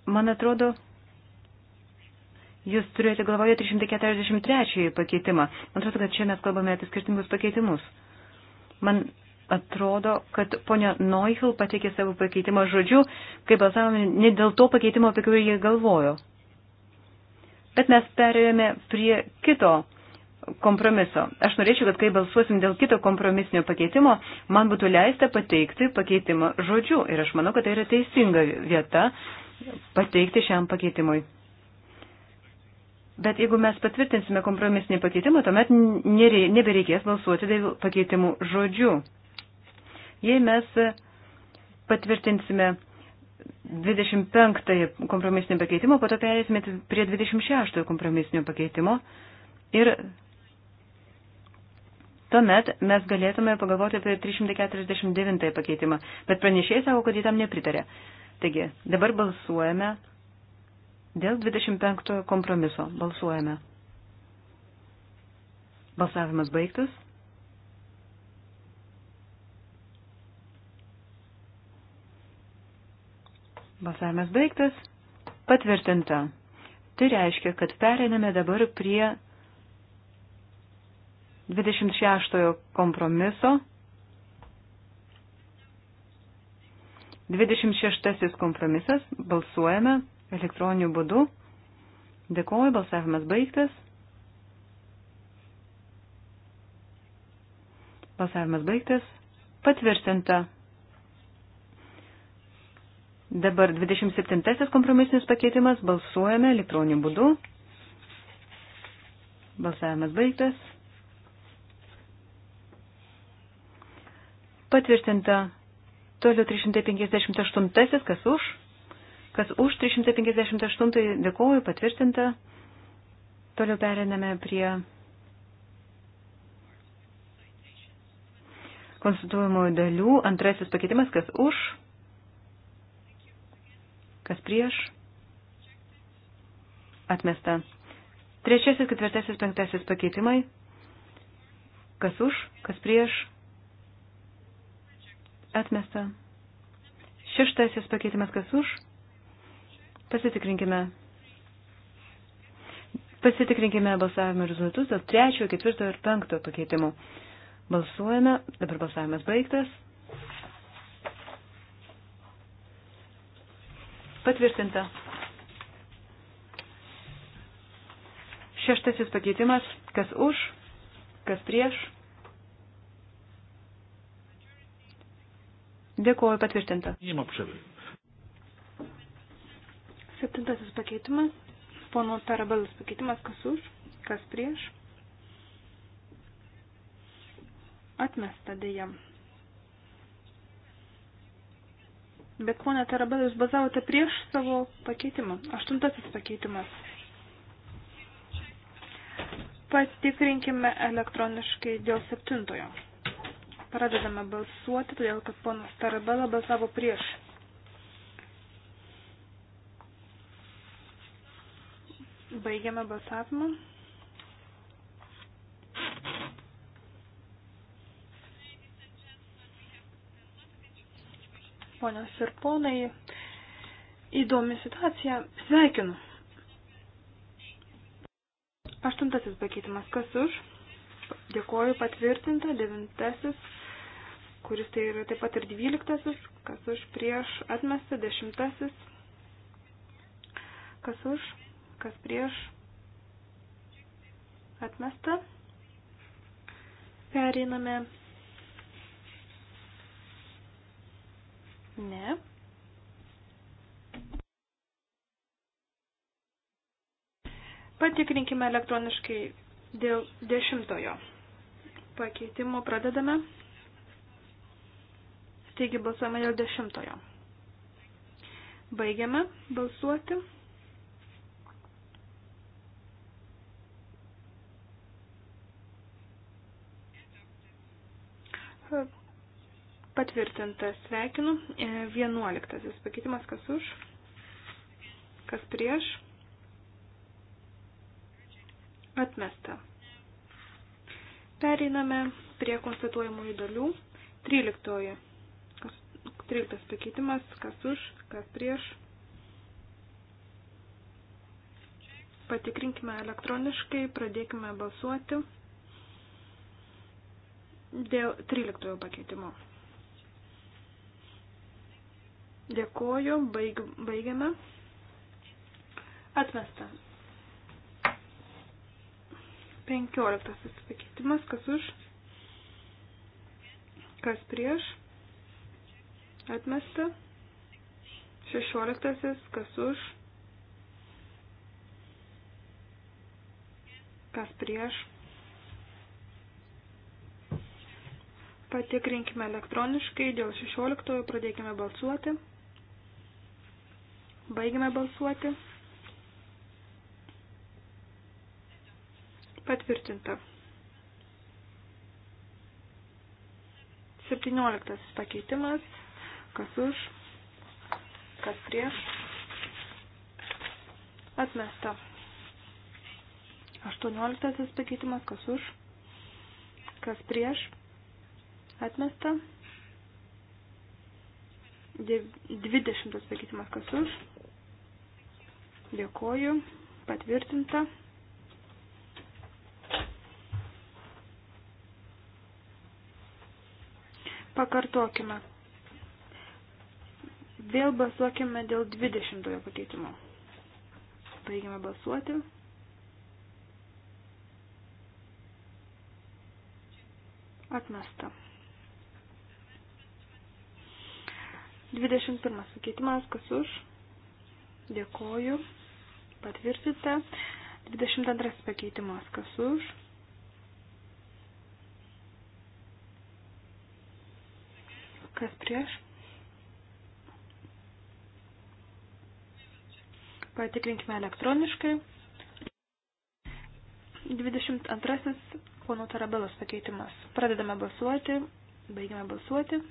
B: Man atrodo, jūs turėjote galvoje 343 pakeitimą. Man atrodo, kad čia mes kalbame apie skirtingus pakeitimus. Man atrodo, kad ponia Neuchil pateikė savo pakeitimą žodžiu, kai balsavome ne dėl to pakeitimo, apie kurį jie galvojo. Bet mes perėjome prie kito kompromiso. Aš norėčiau, kad kai balsuosim dėl kito kompromisinio pakeitimo, man būtų leista pateikti pakeitimą žodžiu. Ir aš manau, kad tai yra teisinga vieta pateikti šiam pakeitimui. Bet jeigu mes patvirtinsime kompromisinį pakeitimą, tuomet nebereikės balsuoti dėl pakeitimų žodžių. Jei mes patvirtinsime 25 kompromisinį pakeitimą, po to perėsime prie 26 kompromisinio pakeitimo ir tuomet mes galėtume pagalvoti apie 349 pakeitimą, bet pranešėjai sako, kad jį tam nepritarė. Taigi, dabar balsuojame Dėl 25 kompromiso balsuojame. Balsavimas baigtas. Balsavimas baigtas. Patvirtinta. Tai reiškia, kad pereiname dabar prie 26 kompromiso. 26 kompromisas. Balsuojame elektroniniu būdu. Dėkoju, balsavimas baigtas. Balsavimas baigtas. Patvirtinta. Dabar 27 kompromisinis pakeitimas. Balsuojame elektroniniu būdu. Balsavimas baigtas. Patvirtinta. Toliau 358. Kas už? Kas už 358 dėkoju, patvirtinta. Toliau periname prie konstituojamųjų dalių. Antrasis pakeitimas, kas už, kas prieš, atmesta. Trečiasis, ketvirtasis, penktasis pakeitimai, kas už, kas prieš, atmesta. Šeštasis pakeitimas, kas už, Pasitikrinkime. Pasitikrinkime balsavimo rezultatus dėl trečiojo, ketvirtojo ir penktojo pakeitimų. Balsuojame. Dabar balsavimas baigtas. Patvirtinta. Šeštasis pakeitimas. Kas už, kas prieš. Dėkuoju patvirtinta. Įmapšavai. Septintasis pakeitimas. Pono Tarabelis pakeitimas. Kas už? Kas prieš? Atmesta dėja. Bet ponė Tarabelė, jūs bazavote prieš savo pakeitimą. Aštuntasis pakeitimas. Patikrinkime elektroniškai dėl septintojo. Pradedame balsuoti, todėl kad ponas Tarabela balsavo prieš Baigiame balsavimą. Ponios ir ponai, įdomi situacija. Sveikinu. Aštuntasis pakeitimas. Kas už? Dėkoju patvirtinta. Devintasis, kuris tai yra taip pat ir dvyliktasis. Kas už prieš atmestą? Dešimtasis. Kas už? kas prieš, atmesta. Pereiname. Ne. Patikrinkime elektroniškai dėl dešimtojo pakeitimo. Pradedame. Taigi balsuojame dėl dešimtojo. Baigiame balsuoti. Patvirtinta. Sveikinu. E, vienuoliktasis pakeitimas. Kas už? Kas prieš? Atmesta. Pereiname prie konstatuojamųjų dalių. Tryliktoji. Tryliktas pakeitimas. Kas už? Kas prieš? Patikrinkime elektroniškai. Pradėkime balsuoti dėl 13 pakeitimo. Dėkoju, baig, baigiame. Atmesta. 15 pakeitimas, kas už, kas prieš, atmesta. 16 kas už, kas prieš, Patikrinkime elektroniškai dėl 16, pradėkime balsuoti. Baigime balsuoti. Patvirtinta. 17 pakeitimas. Kas už, kas prieš. Atmesta. 18 pakeitimas. Kas už, kas prieš atmesta. 20 pakeitimas kas už. Dėkoju. Patvirtinta. Pakartokime. Vėl balsuokime dėl 20 pakeitimo. Baigiame balsuoti. Atmesta. 21 pakeitimas, kas už, dėkoju, patvirtinta. 22 pakeitimas, kas už. Kas prieš? Patikrinkime elektroniškai. 22 pono tarabelos pakeitimas. Pradedame balsuoti, baigiame balsuoti.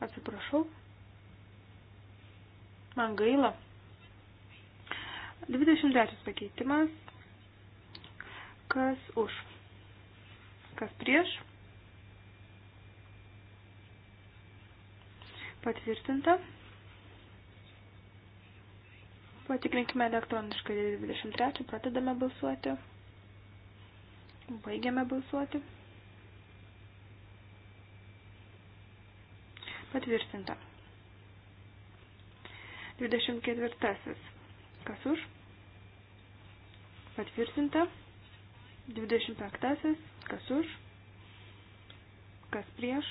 B: Atsiprašau. Man gaila. 23 pakeitimas. Kas už? Kas prieš? Patvirtinta. Patikrinkime elektroniškai 23. Pradedame balsuoti. Baigiame balsuoti. Patvirtinta. 24. Kas už? Patvirtinta. 25. Kas už? Kas prieš?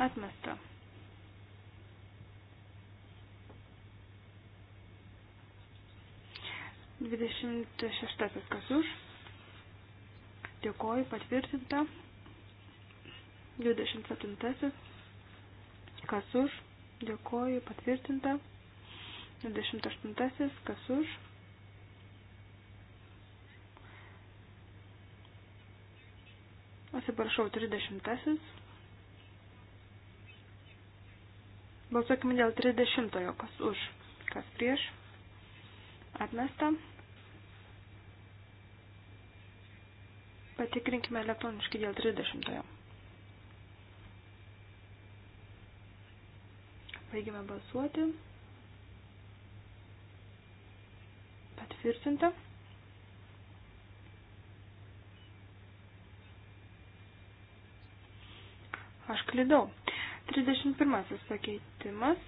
B: Atmesta. Dvidešimt šeštasis kas už. Dėkoju, patvirtinta. 27. Kas už? Dėkoju, patvirtinta. 28. Kas už? Atsiprašau, 30. Balsuokime dėl 30. Kas už, kas prieš. Atmesta. Patikrinkime elektroniškai dėl 30. Baigime balsuoti. Patvirtinta. Aš klydau. 31 pakeitimas.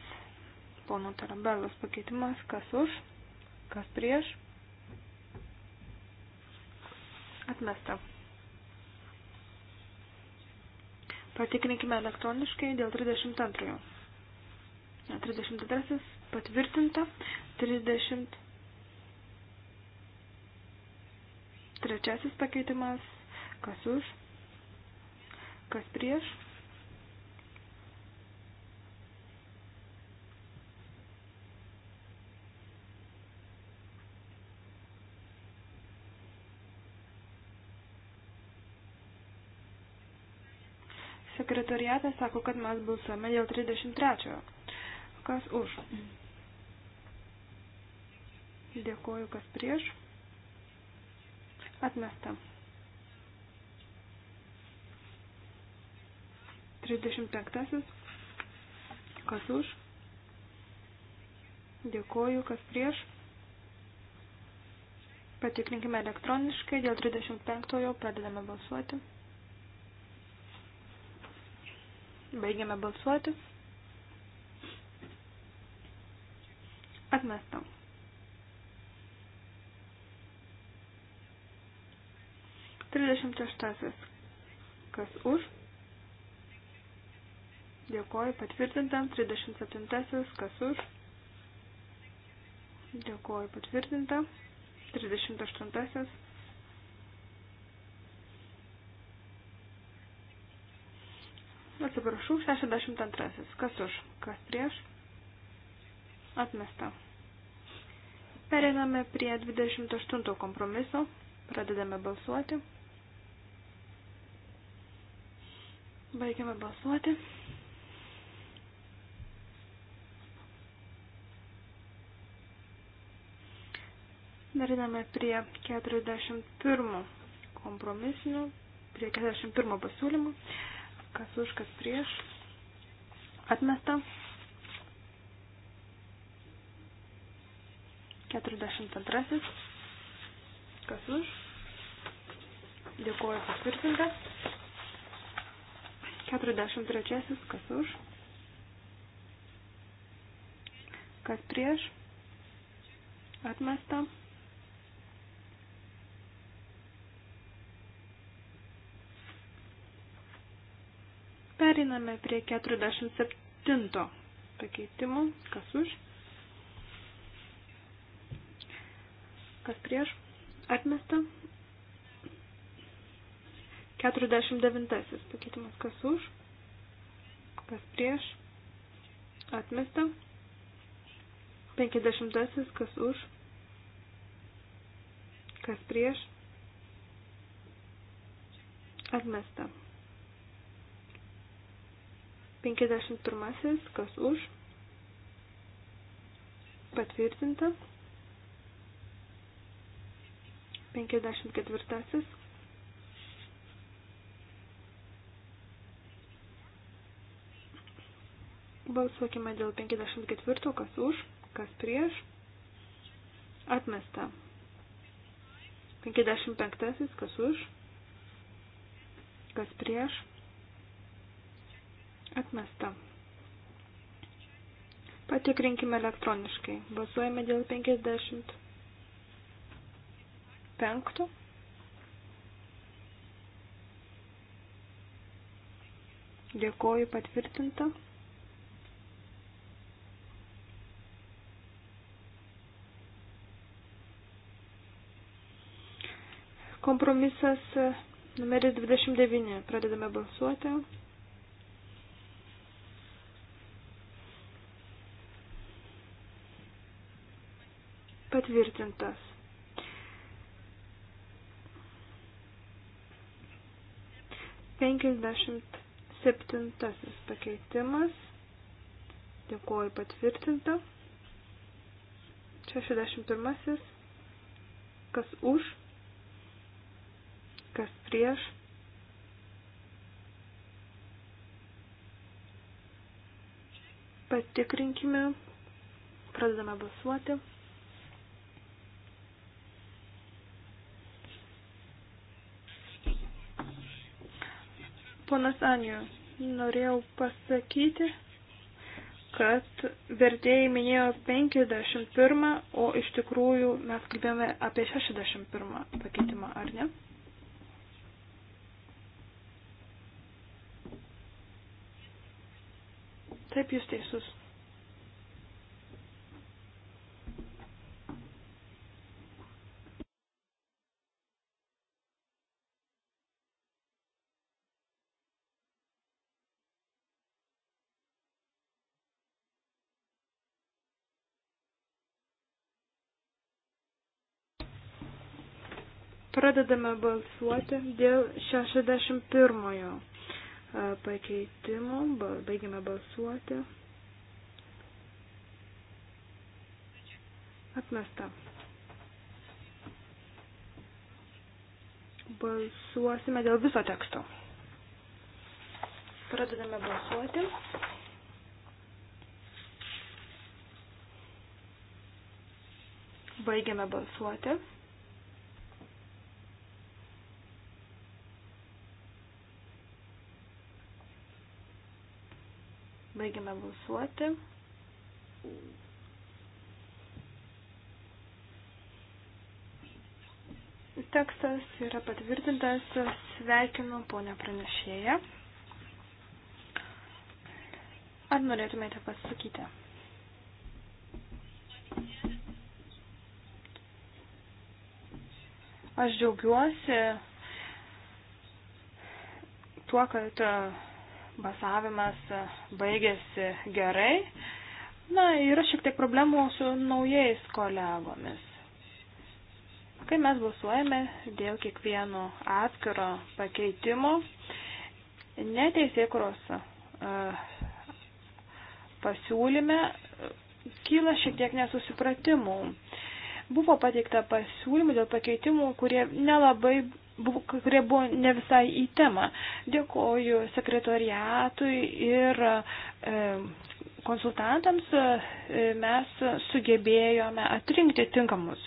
B: Pono Tarabelos pakeitimas. Kas už? Kas prieš? Atmesta. Patikrinkime elektroniškai dėl 32. 32 patvirtinta, 33 pakeitimas, kas už, kas prieš. Sekretariatas sako, kad mes balsuojame dėl 33. -ojo kas už. Dėkoju, kas prieš. Atmesta. 35. Kas už. Dėkoju, kas prieš. Patikrinkime elektroniškai, dėl 35 pradedame balsuoti. Baigiame balsuoti. Atmesta. Trisdešimt šeštasis. Kas už? Dėkoju patvirtintam. 37. Kas už? Dėkoju patvirtinta. 38. Atsiprašau, 62. Kas už? Kas prieš? Atmesta. Pereiname prie 28 kompromiso. Pradedame balsuoti. Baigiame balsuoti. Dariname prie 41 kompromisinių, prie 41 pasiūlymų, kas už, kas prieš, atmesta. 42. Kas už? Dėkuoju patvirtinta. 43. Kas už? Kas prieš? Atmesta. Periname prie 47 pakeitimų. Kas už? kas prieš, atmesta. 49 pakeitimas, kas už, kas prieš, atmesta. 50 kas už, kas prieš, atmesta. 51 kas už, patvirtinta. 54. Balsuokime dėl 54, kas už, kas prieš. Atmesta. 55, kas už, kas prieš. Atmesta. Patikrinkime elektroniškai. Balsuojame dėl 54 penkto. Dėkoju patvirtinta. Kompromisas numeris 29. Pradedame balsuoti. Patvirtintas. 57 pakeitimas. Dėkuoju patvirtinta. 61. Kas už, kas prieš. Patikrinkime. Pradedame balsuoti. Ponas Anijų, norėjau pasakyti, kad vertėjai minėjo 51, o iš tikrųjų mes kalbėjome apie 61 pakeitimą, ar ne? Taip, jūs teisus. Pradedame balsuoti dėl 61 e, pakeitimo. Baigiame balsuoti. Atmesta. Balsuosime dėl viso teksto. Pradedame balsuoti. Baigiame balsuoti. Baigiame balsuoti. Tekstas yra patvirtintas. Sveikinu ponę pranešėją. Ar norėtumėte pasakyti? Aš džiaugiuosi tuo, kad Balsavimas baigėsi gerai. Na, yra šiek tiek problemų su naujais kolegomis. Kai mes balsuojame dėl kiekvieno atskiro pakeitimo, neteisėkuros e, pasiūlyme e, kyla šiek tiek nesusipratimų. Buvo pateikta pasiūlymų dėl pakeitimų, kurie nelabai buvo, kurie buvo ne visai į temą. Dėkoju sekretoriatui ir e, konsultantams. E, mes sugebėjome atrinkti tinkamus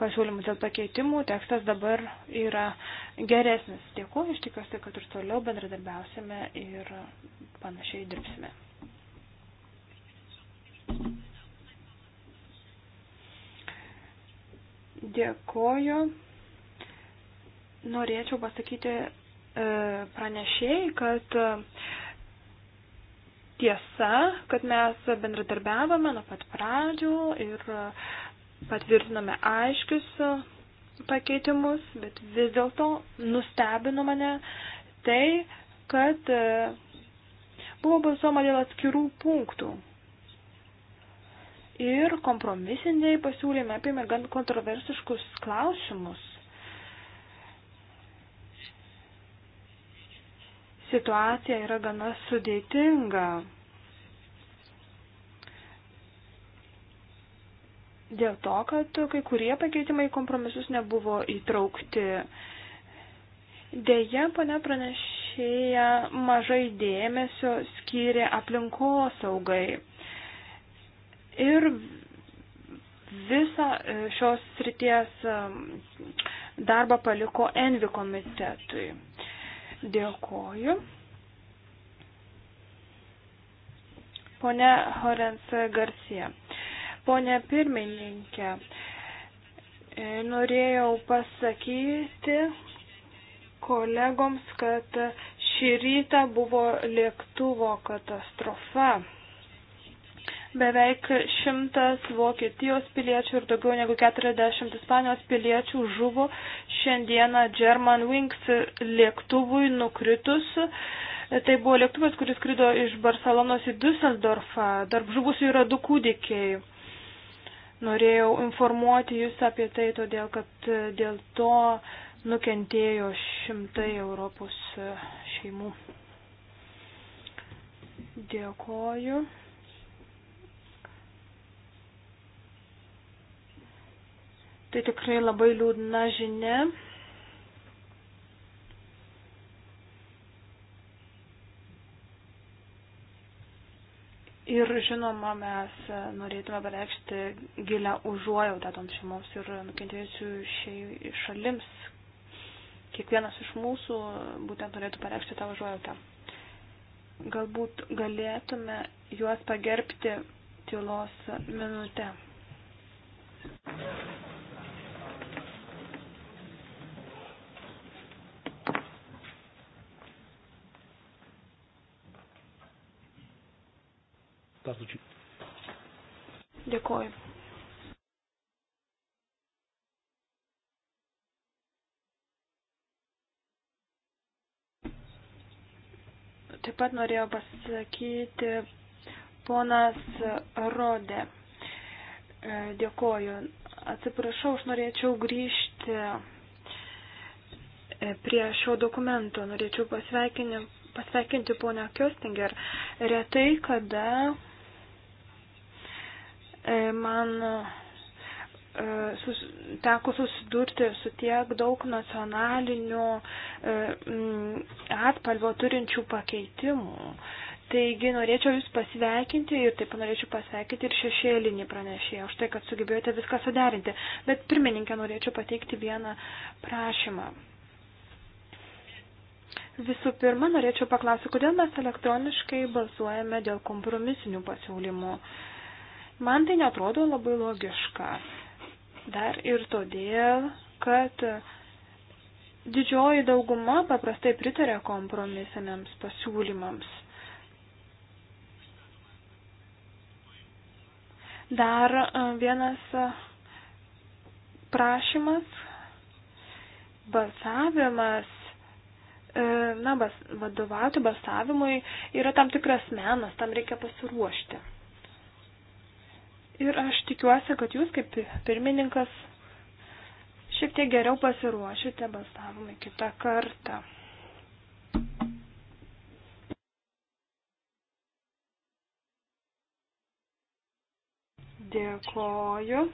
B: pasiūlymus dėl pakeitimų. Tekstas dabar yra geresnis. Dėkoju, iš tikiuosi, kad ir toliau bendradarbiausime ir panašiai dirbsime. Dėkoju norėčiau pasakyti e, pranešėjai, kad e, tiesa, kad mes bendradarbiavome nuo pat pradžių ir patvirtiname aiškius pakeitimus, bet vis dėlto nustebino mane tai, kad e, buvo balsuoma dėl atskirų punktų. Ir kompromisiniai pasiūlymai apėmė gan kontroversiškus klausimus. situacija yra gana sudėtinga. Dėl to, kad kai kurie pakeitimai kompromisus nebuvo įtraukti. Deja, pane pranešėja mažai dėmesio skyrė aplinkosaugai. Ir visą e, šios srities e, darbą paliko Envi komitetui. Dėkoju. Pone Horence Garcia. Pone pirmininkė, e, norėjau pasakyti kolegoms, kad šį rytą buvo lėktuvo katastrofa. Beveik šimtas Vokietijos piliečių ir daugiau negu 40 Ispanijos piliečių žuvo šiandieną German Wings lėktuvui nukritus. Tai buvo lėktuvas, kuris skrido iš Barcelonos į Düsseldorfą. Tarp žuvusių yra du kūdikiai. Norėjau informuoti jūs apie tai, todėl kad dėl to nukentėjo šimtai Europos šeimų. Dėkoju. Tai tikrai labai liūdna žinia. Ir žinoma, mes norėtume pareikšti gilę užuojautą toms šeimoms ir nukentėjusių šiai šalims. Kiekvienas iš mūsų būtent norėtų pareikšti tą užuojautą. Galbūt galėtume juos pagerbti tylos minutę. Thank you. Bardzo dziękuję. Dėkuoju. Taip pat norėjau pasakyti ponas Rodė. E, Dėkuoju. Atsiprašau, aš norėčiau grįžti e, prie šio dokumento. Norėčiau pasveikinti ponę Kjostinger. Retai kada E, man e, sus, teko susidurti su tiek daug nacionalinių e, atpalvo turinčių pakeitimų. Taigi norėčiau Jūs pasveikinti ir taip norėčiau pasveikinti ir šešėlinį pranešėją už tai, kad sugebėjote viską suderinti. Bet pirmininkė norėčiau pateikti vieną prašymą. Visų pirma, norėčiau paklausyti, kodėl mes elektroniškai balsuojame dėl kompromisinių pasiūlymų. Uh, Man tai netrodo labai logiška. Dar ir todėl, kad didžioji dauguma paprastai pritarė kompromisiniams pasiūlymams. Dar e, vienas e, prašymas, balsavimas, e, na, bas, vadovauti balsavimui yra tam tikras menas, tam reikia pasiruošti. Ir aš tikiuosi, kad jūs kaip pirmininkas šiek tiek geriau pasiruošite balsavimui kitą kartą. Dėkoju.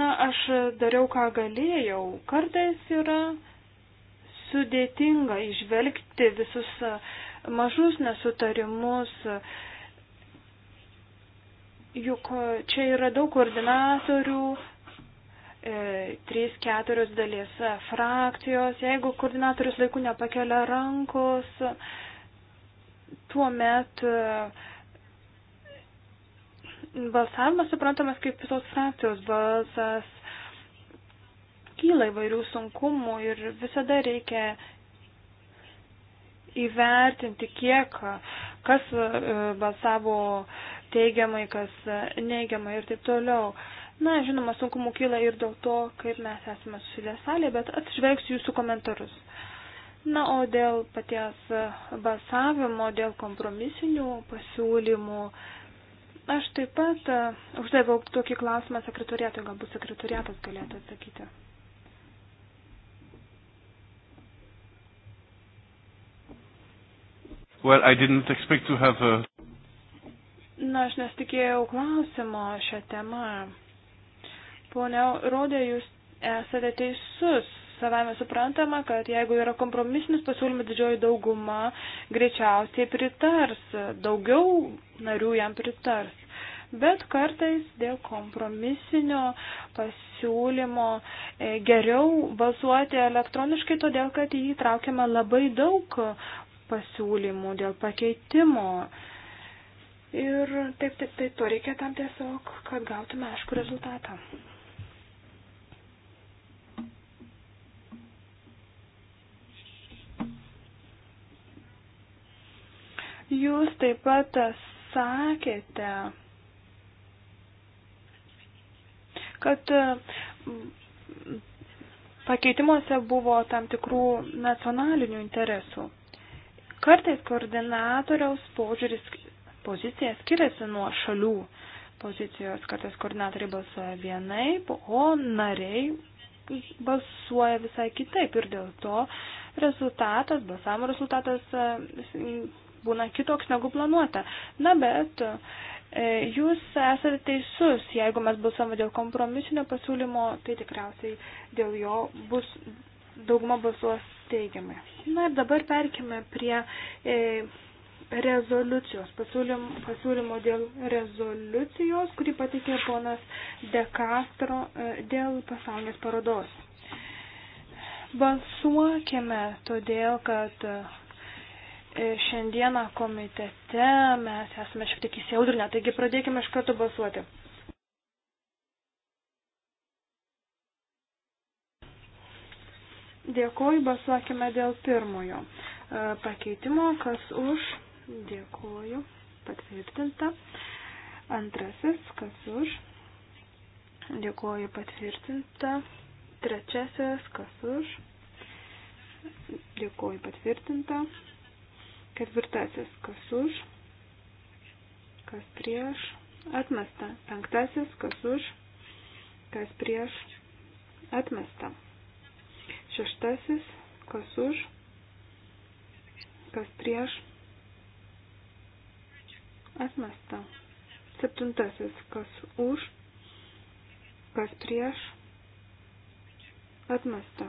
B: Na, aš dariau, ką galėjau. Kartais yra sudėtinga išvelgti visus mažus nesutarimus, uh, Juk e, čia yra daug koordinatorių, e, trys, keturios dalies frakcijos. Jeigu koordinatorius laiku nepakelia rankos, tuo met e, balsavimas suprantamas kaip visos frakcijos balsas. Kyla įvairių sunkumų ir visada reikia įvertinti, kiek kas balsavo teigiamai, kas e, neigiamai ir taip toliau. Na, žinoma, sunkumų kyla ir dėl to, kaip mes esame susilę salėje, bet atsižvelgsiu jūsų komentarus. Na, o dėl paties e, balsavimo, dėl kompromisinių pasiūlymų, aš taip pat e, uždaviau tokį klausimą sekretoriatui, galbūt sekretoriatas galėtų atsakyti.
A: Well, I didn't expect to have a
B: Na, aš nesitikėjau klausimo šią temą. Pone Rodė, jūs esate teisus. Savame suprantama, kad jeigu yra kompromisinis pasiūlymas, didžioji dauguma greičiausiai pritars, daugiau narių jam pritars. Bet kartais dėl kompromisinio pasiūlymo e, geriau balsuoti elektroniškai, todėl kad į jį traukiama labai daug pasiūlymų dėl pakeitimo Ir taip, taip, taip, to reikia tam tiesiog, kad gautume aišku rezultatą. Jūs taip pat sakėte, kad mm, pakeitimuose buvo tam tikrų nacionalinių interesų. Kartais koordinatoriaus požiūris pozicija skiriasi nuo šalių pozicijos. Kartais koordinatoriai balsuoja vienaip, o nariai balsuoja visai kitaip ir dėl to rezultatas, balsavimo rezultatas e, būna kitoks negu planuota. Na bet e, jūs esate teisus, jeigu mes balsuojame dėl kompromisinio pasiūlymo, tai tikriausiai dėl jo bus dauguma balsuos teigiamai. Na ir dabar perkime prie e, rezoliucijos, pasiūlym, pasiūlymo dėl rezoliucijos, kurį patikė ponas De Castro e, dėl pasaulinės parodos. Balsuokime, todėl kad e, šiandieną komitete mes esame šiek tiek įsiaudrinę, taigi pradėkime iš karto balsuoti. Dėkoju, balsuokime dėl pirmojo e, pakeitimo, kas už Dėkuoju. Patvirtinta. Antrasis, kas už. Dėkuoju patvirtinta. Trečiasis, kas už. Dėkuoju patvirtinta. Ketvirtasis, kas už. Kas prieš. Atmesta. Penktasis, kas už. Kas prieš. Atmesta. Šeštasis, kas už. Kas prieš Atmesta. Septintasis, kas už, kas prieš. Atmesta.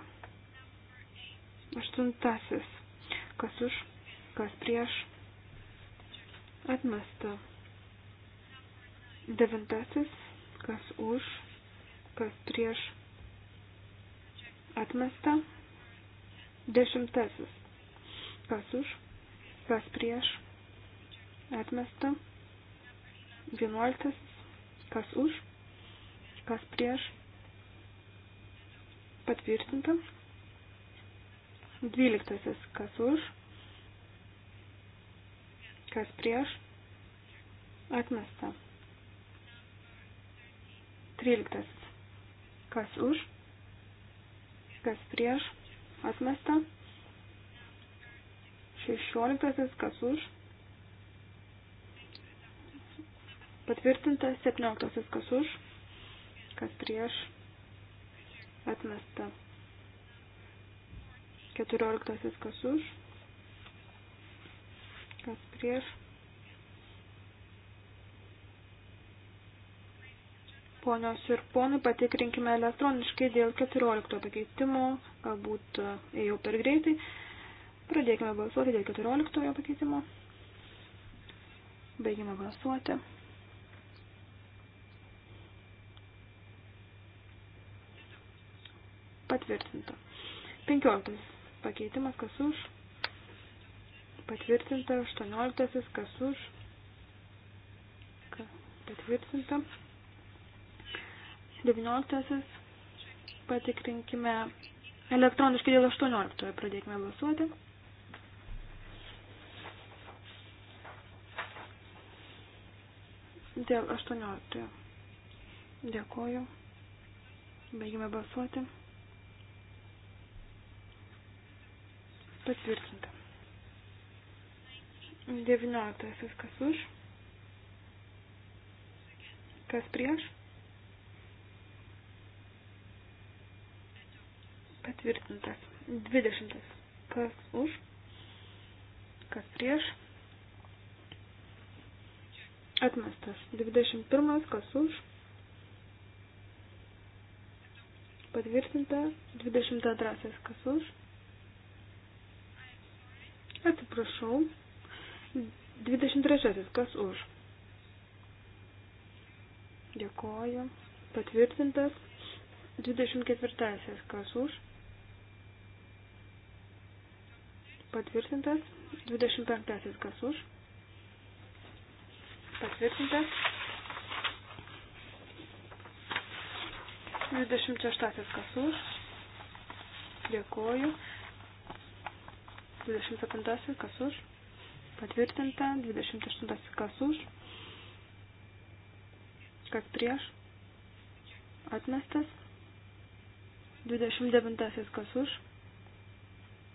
B: Aštuntasis, kas už, kas prieš. Atmesta. Devintasis, kas už, kas prieš. Atmesta. Dešimtasis, kas už, kas prieš atmesta. 11. Kas už, kas prieš, patvirtinta. 12. Kas už, kas prieš, atmesta. 13. Kas už, kas prieš, atmesta. 16. Kas už, Patvirtinta 17 kas už, kas prieš, atmesta. 14 kas už, kas prieš. Ponios ir ponai, patikrinkime elektroniškai dėl 14 pakeitimo, galbūt e, ėjau per greitai. Pradėkime balsuoti dėl 14 pakeitimo. Baigime balsuoti. patvirtinta. 15. Pakeitimas kas už, patvirtinta. 18. Kas už, patvirtinta. 19. Patikrinkime elektroniškai dėl 18. Pradėkime balsuoti. Dėl 18. Dėkoju. Baigime balsuoti. Patvirtinta. 19. Kas už? Kas prieš? Patvirtintas. 20. Kas už? Kas prieš? Atmestas. 21. Kas už? Patvirtinta. 22. Kas už? Atsiprašau. 23. Kas už? Dėkoju. Patvirtintas. 24. Kas už? Patvirtintas. 25. Kas už? Patvirtintas. 26. Kas už? Dėkoju. 27 kas už, patvirtinta, 28 kas už, kas prieš, atmestas, 29 kas už,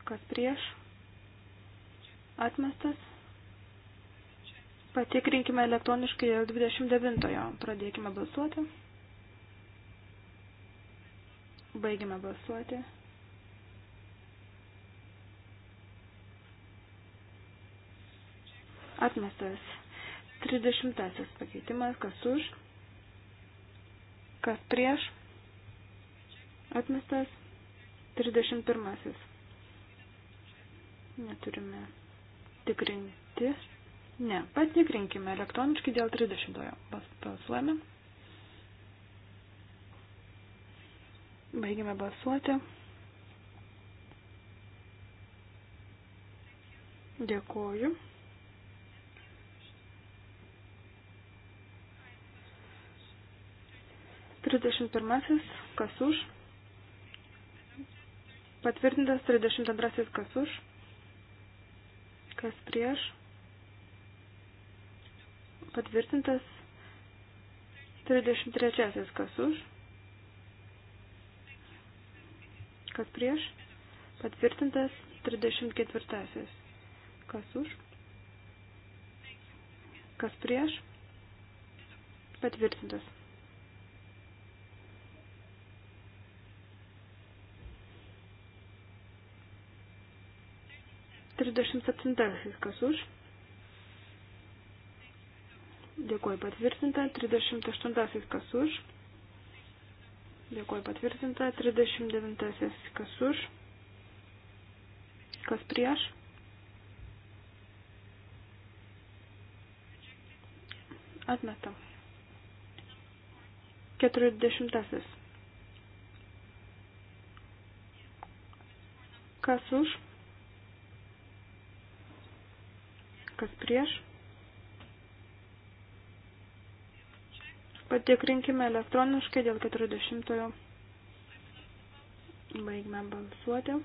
B: kas prieš, atmestas. Patikrinkime elektroniškai 29-ojo. Pradėkime balsuoti. Baigime balsuoti. Atmestas. 30 pakeitimas, kas už, kas prieš. Atmestas. 31. Neturime tikrinti. Ne, patikrinkime elektroniškai dėl 30. Balsuojame. Baigime balsuoti. Dėkuoju. 31 kas už, patvirtintas 32 kas už, kas prieš, patvirtintas 33 kas už, kas prieš, patvirtintas 34 kas už, kas prieš, patvirtintas. 37. Kas už? Dėkuoju patvirtinta. 38. Kas už? Dėkuoju patvirtinta. 39. Kas už? Kas prieš? Atmetam. 40. Kas už? kas prieš. Patikrinkime elektroniškai dėl 40. Baigime balsuoti.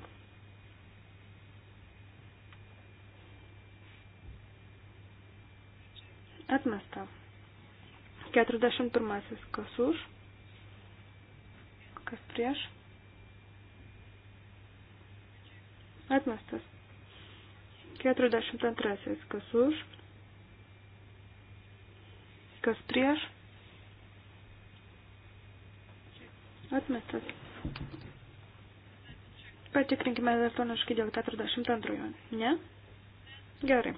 B: Atmesta. 41. Kas už? Kas prieš? Atmestas. 42. Kas už? Kas prieš? Atmestas. Patikrinkime elektroniškai dėl 42. Ne? Gerai.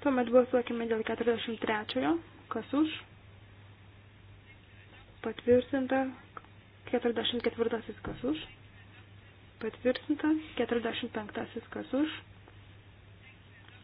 B: Tuomet balsuokime dėl 43. Kas už? Patvirtinta. 44. Kas už? Patvirtinta. 45. Kas už?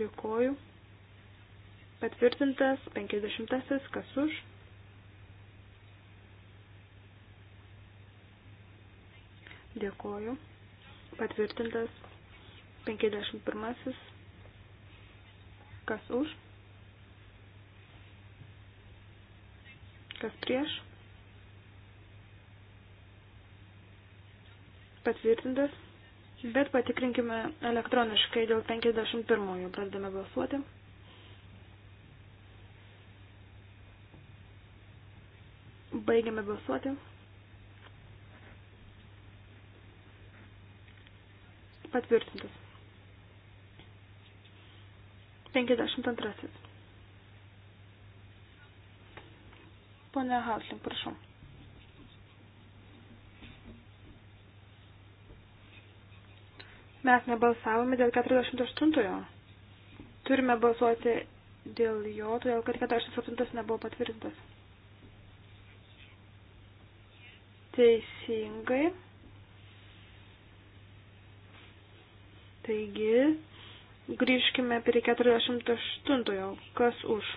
B: Dėkoju. Patvirtintas 50. Kas už? Dėkoju. Patvirtintas 51. Kas už? Kas prieš? Patvirtintas Bet patikrinkime elektroniškai dėl 51-ųjų. Pradedame balsuoti. Baigiame balsuoti. Patvirtintas. 52. Pone Hausling, prašau. Mes nebalsavome dėl 48-ojo. Turime balsuoti dėl jo, todėl kad 47 nebuvo patvirtintas. Teisingai. Taigi, grįžkime prie 48-ojo. Kas už?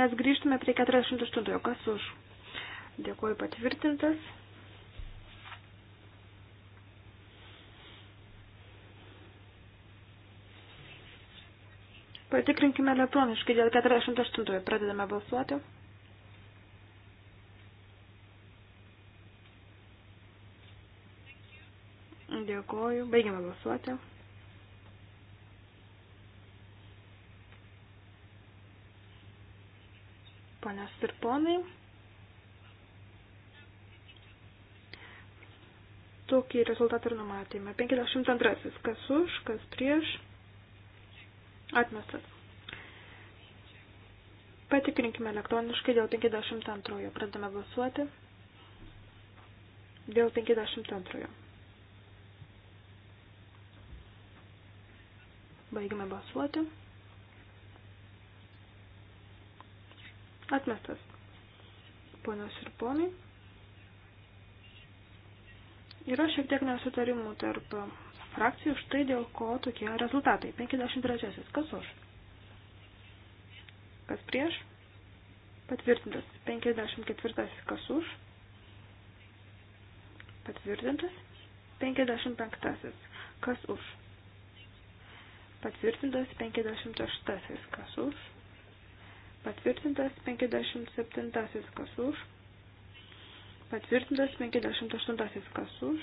B: Mes grįžtume prie 48-ojo. Kas už? Dėkuoju patvirtintas. Patikrinkime elektroniškai dėl 48. Pradedame balsuoti. Dėkoju. Baigiame balsuoti. Ponios ir ponai. Tokį rezultatą ir numatėme. 52. Kas už, kas prieš. Atmestas. Patikrinkime elektroniškai dėl 52. Pradame balsuoti. Dėl 52. Baigime balsuoti. Atmestas. Ponios ir ponai. Yra šiek tiek nesutarimų tarp frakcijų, štai dėl ko tokie rezultatai. 53. Kas už? Kas prieš? Patvirtintas. 54. Kas už? Patvirtintas. 55. Kas už? Patvirtintas 56. Kas už? Patvirtintas 57. Kas už? Patvirtintas 58. Kas už?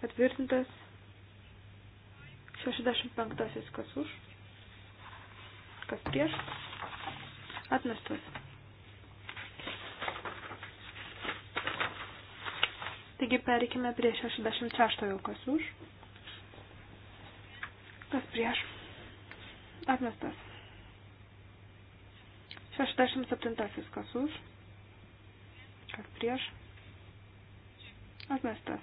B: Patvirtintas 65 kas už, kas prieš, atmestas. Taigi pereikime prie 66 jau kas už, kas prieš, atmestas. 67 kas už, kas prieš, atmestas.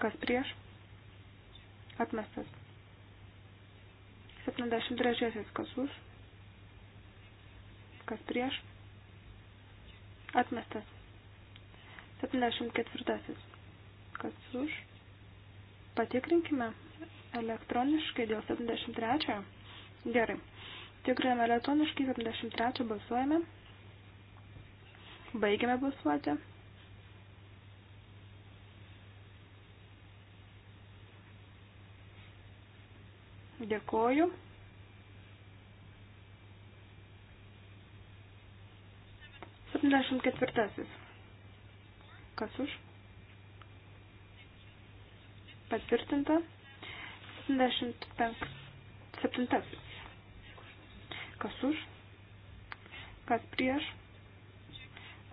B: Kas prieš? Atmestas. 73. Kas už? Kas prieš? Atmestas. 74. Kas už? Patikrinkime elektroniškai dėl 73. Gerai. Tikriname elektroniškai 73 balsuojame. Baigiame balsuoti. Dėkoju. Septyniasdešimt ketvirtasis. Kas už? Patvirtinta. Septyniasdešimt septintasis. Kas už? Kas prieš?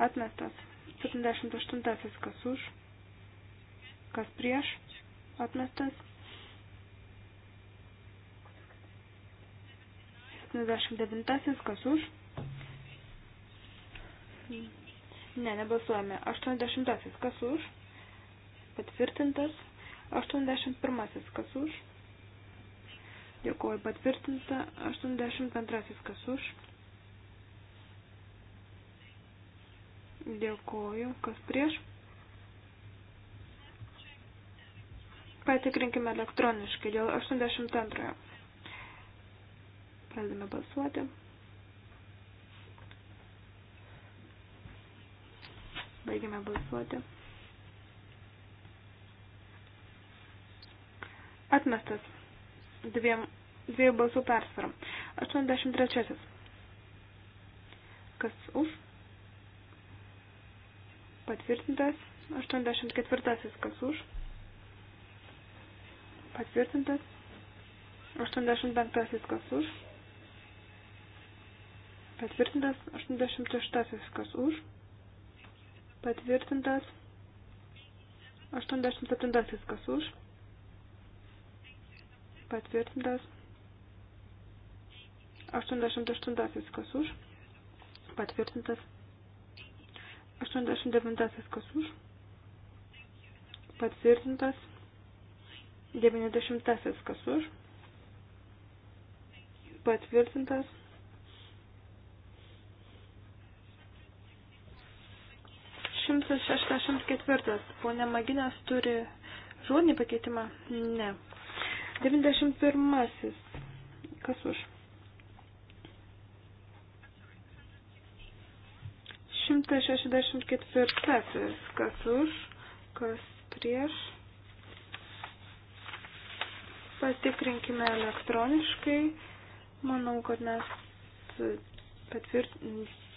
B: Atmestas. 78 kas už? Kas prieš? Atmestas. 89 kas už? Ne, nebalsuojame. 80 kas už? Patvirtintas. 81 kas už? Dėkuoju, patvirtinta. 82 kas už? Dėkuoju, kas prieš? Patikrinkime elektroniškai dėl 82. Pradedame balsuoti. Baigiame balsuoti. Atmestas dviem, dviejų balsų persvarą. 83. Kas už? Patvirtintas. 84. Kas už? Patvirtintas. 85. Kas už? Patvirtintas 86, kas už. Patvirtintas 87, kas už. Patvirtintas 88, kas už. Patvirtintas 89, kas už. Patvirtintas 90, kas už. Patvirtintas 164. Pone Maginės turi žodinį pakeitimą? Ne. 91. Kas už? 164. Kas už, kas prieš. Patikrinkime elektroniškai. Manau, kad mes patvirt...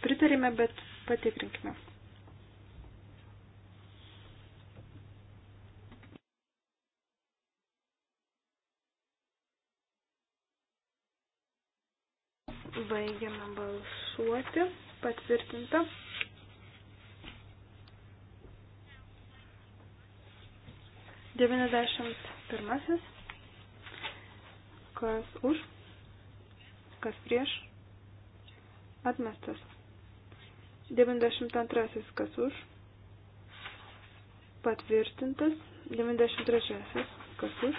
B: pritarime, bet patikrinkime. Baigiame balsuoti. Patvirtinta. Devyniasdešimt pirmasis. Kas už? Kas prieš? Atmestas. Devyniasdešimt antrasis. Kas už? Patvirtintas. Devyniasdešimt trečiasis. Kas už?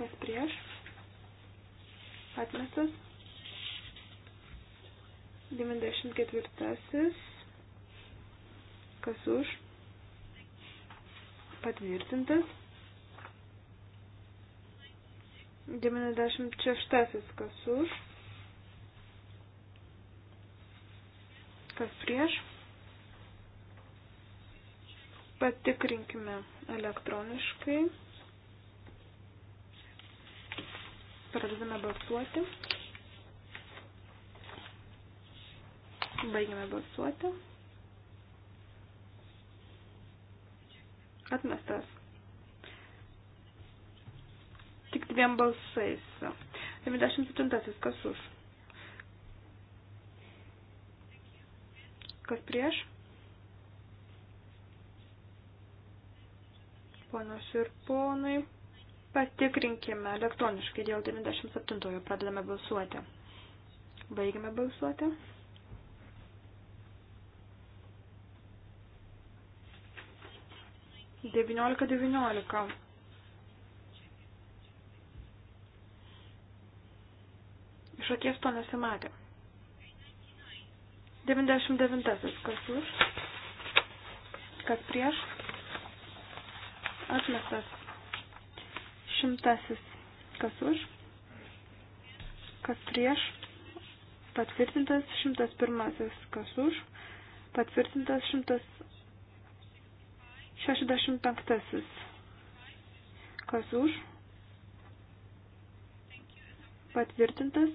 B: Kas prieš? Atmestas. 94. Kas už? Patvirtintas. 96. Kas už? Kas prieš? Patikrinkime elektroniškai. Pradedame balsuoti. Baigiame balsuoti. Atmestas. Tik dviem balsais. 97. Kas už? Kas prieš? Ponos ir ponai, patikrinkime elektroniškai dėl 97. Pradedame balsuoti. Baigiame balsuoti. 19.19. 19. Iš akies to nesimatė. 99. Kas už? Kas prieš? Atmestas. Šimtasis. Kas už? Kas prieš? Patvirtintas šimtas pirmasis. Kas už? Patvirtintas šimtas 65. Kas už? Patvirtintas.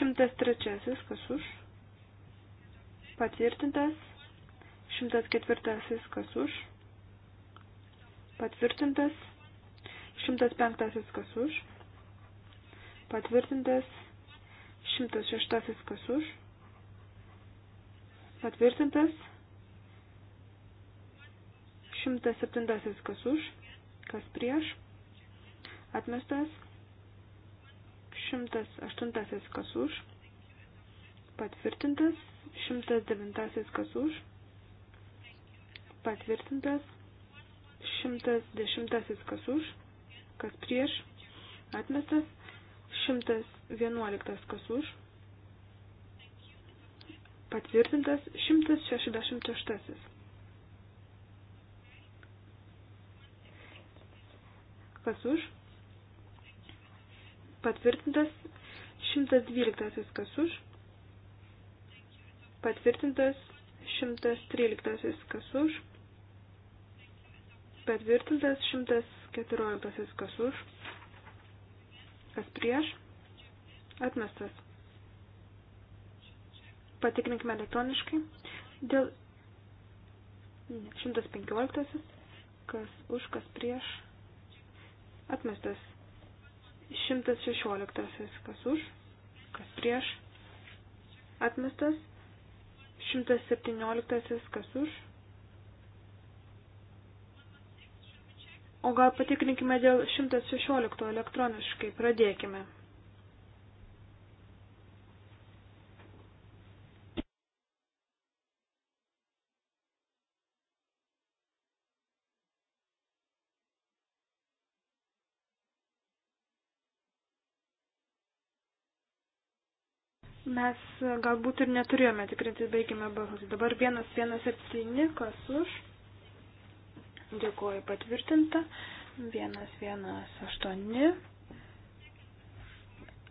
B: 103. Kas už? Patvirtintas. 104. Kas už? Patvirtintas. 105. Kas už? Patvirtintas. 106. Kas už? Patvirtintas. 107 kas už, kas prieš, atmestas. 108 kas už, patvirtintas. 109 kas už, patvirtintas. 110 kas už, kas prieš, atmestas. 111 kas už, patvirtintas. 166 kas už, patvirtintas 112 kas už, patvirtintas 113 kas už, patvirtintas 114 kas už, kas prieš, atmestas. Patikrinkime elektroniškai. Dėl 115 kas už, kas prieš Atmestas 116. Kas už, kas prieš. Atmestas 117. Kas už. O gal patikrinkime dėl 116 elektroniškai. Pradėkime. mes galbūt ir neturėjome tikrinti, baigime balsus. Dabar vienas, vienas septyni, kas už. Dėkuoju patvirtinta. Vienas, vienas aštuoni.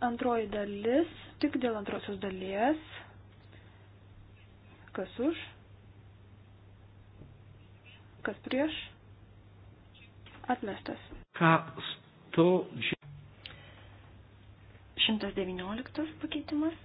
B: Antroji dalis, tik dėl antrosios dalies. Kas už? Kas prieš? Atmestas.
A: Ką sto
B: 119 pakeitimas.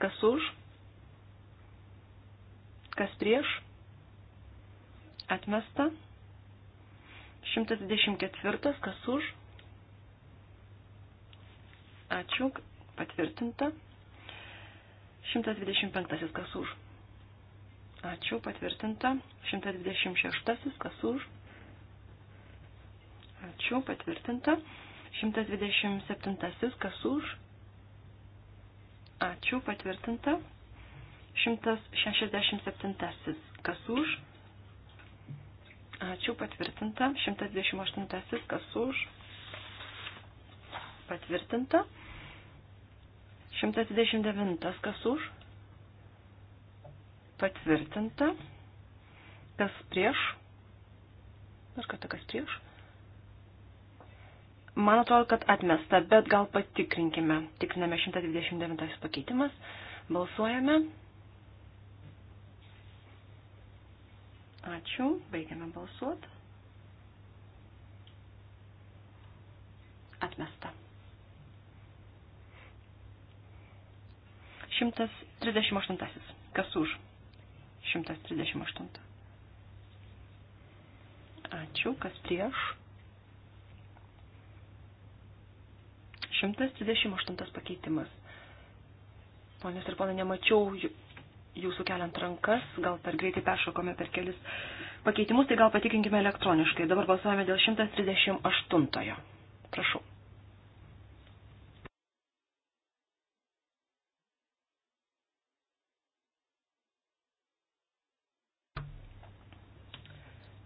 B: Kas už? Kas prieš? Atmesta. 124. Kas už? Ačiū. Patvirtinta. 125. Kas už? Ačiū. Patvirtinta. 126. Kas už? Ačiū. Patvirtinta. 127. Kas už? Ačiū, patvirtinta. 167. Kas už? Ačiū, patvirtinta. 128. Kas už? Patvirtinta. 129. Kas už? Patvirtinta. Kas prieš? Ar kada kas prieš? Man atrodo, kad atmesta, bet gal patikrinkime. Tikriname 129 pakeitimas. Balsuojame. Ačiū. Baigiame balsuoti. Atmesta. 138. Kas už? 138. Ačiū. Kas prieš? 128 pakeitimas. Ponios ir ponai, nemačiau jūsų keliant rankas, gal per greitai peršokome per kelis pakeitimus, tai gal patikinkime elektroniškai. Dabar balsuojame dėl 138. Prašau.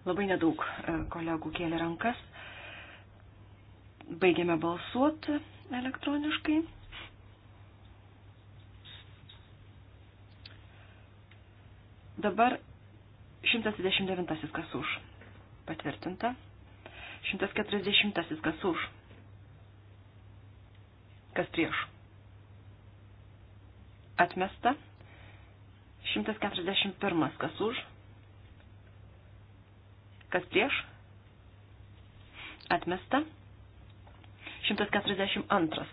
B: Labai nedaug e, kolegų kėlė rankas. Baigiame balsuoti elektroniškai. Dabar 129 kas už. Patvirtinta. 140 kas už. Kas prieš. Atmesta. 141 kas už. Kas prieš. Atmesta. 142.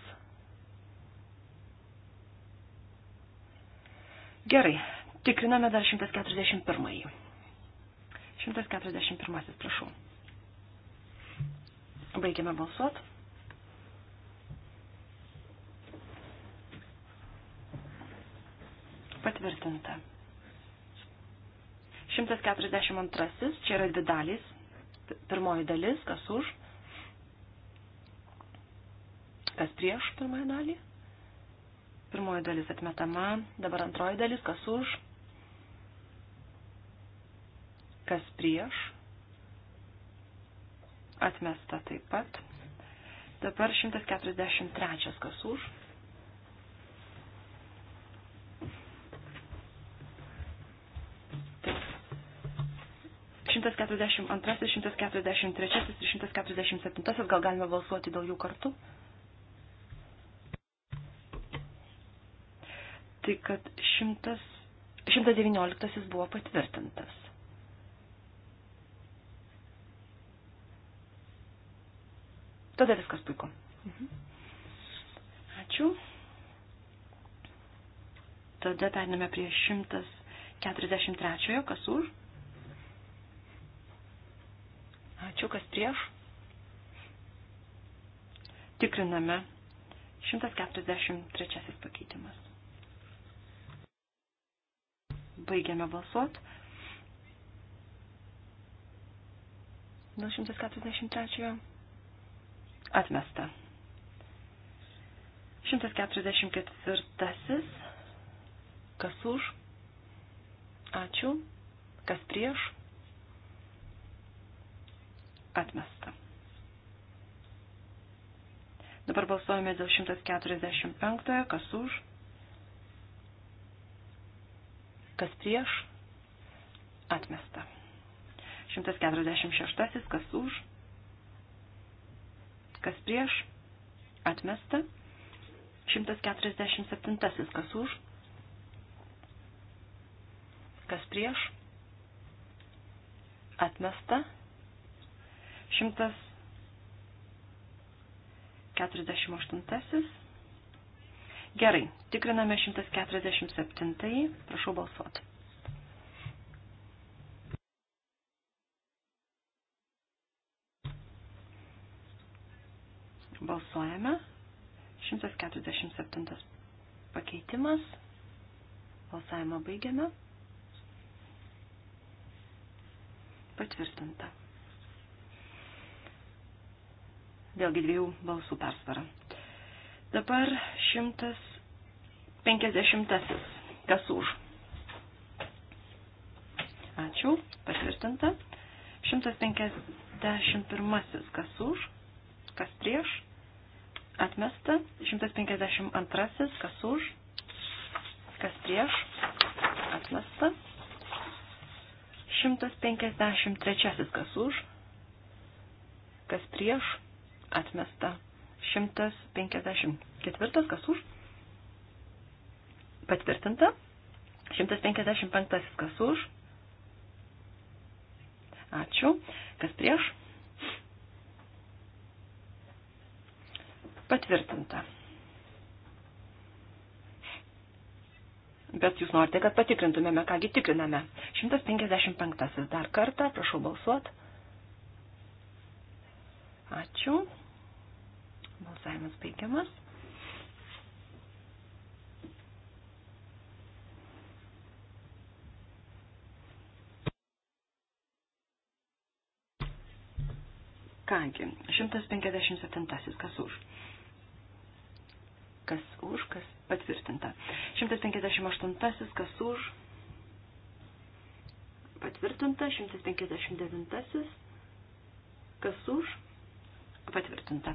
B: Gerai, tikriname dar 141. 141, prašau. Baigiame balsuot. Patvirtinta. 142. Čia yra dvi dalys. Pirmoji dalis, kas už, Kas prieš pirmąją dalį? Pirmoji dalis atmetama, dabar antroji dalis, kas už, kas prieš, atmesta taip pat. Dabar 143, kas už. Taip. 142, 143 ir 147, gal galime balsuoti dėl jų kartu? tai kad 100, 119 buvo patvirtintas. Tada viskas puiku. Mhm. Ačiū. Tada periname prie 143, kas už. Ačiū, kas prieš. Tikriname 143 pakeitimas. Baigiame balsuoti. Nuo 143 atmesta. 144. Kas už? Ačiū. Kas prieš? Atmesta. Dabar balsuojame dėl 145. Kas už? kas prieš, atmesta. 146, kas už, kas prieš, atmesta. 147, kas už, kas prieš, atmesta. 148, Gerai, tikriname 147. Prašau balsuoti. Balsuojame. 147 pakeitimas. Balsavimą baigiame. Patvirtinta. Vėlgi dviejų balsų persvara. Dabar 150. Kas už? Ačiū. Patvirtinta. 151. Kas už? Kas prieš? Atmesta. 152. Kas už? Kas prieš? Atmesta. 153. Kas už? Kas prieš? Atmesta. 154, kas už? Patvirtinta. 155, kas už? Ačiū. Kas prieš? Patvirtinta. Bet jūs norite, kad patikrintumėme, kągi tikriname. 155. Dar kartą, prašau balsuot. Ačiū. Balsavimas baigiamas. Kągi, 157. Kas už? Kas už, kas patvirtinta. 158. Kas už? Patvirtinta. 159. Kas už? Patvirtinta.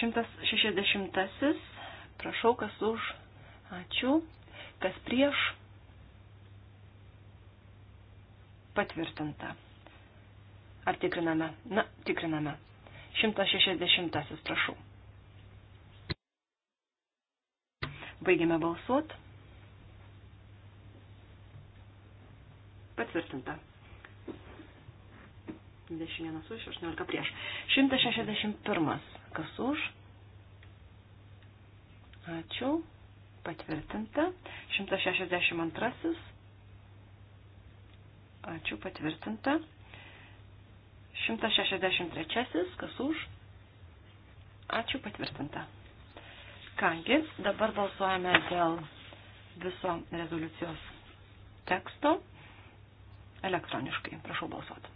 B: 160. Prašau, kas už. Ačiū. Kas prieš. Patvirtinta. Ar tikriname? Na, tikriname. 160. Prašau. Baigiame balsuot. Patvirtinta. 21 už 16 prieš. 161 kas už. Ačiū. Patvirtinta. 162. Ačiū. Patvirtinta. 163. Kas už. Ačiū. Patvirtinta. Kągi, dabar balsuojame dėl viso rezoliucijos teksto elektroniškai. Prašau balsuoti.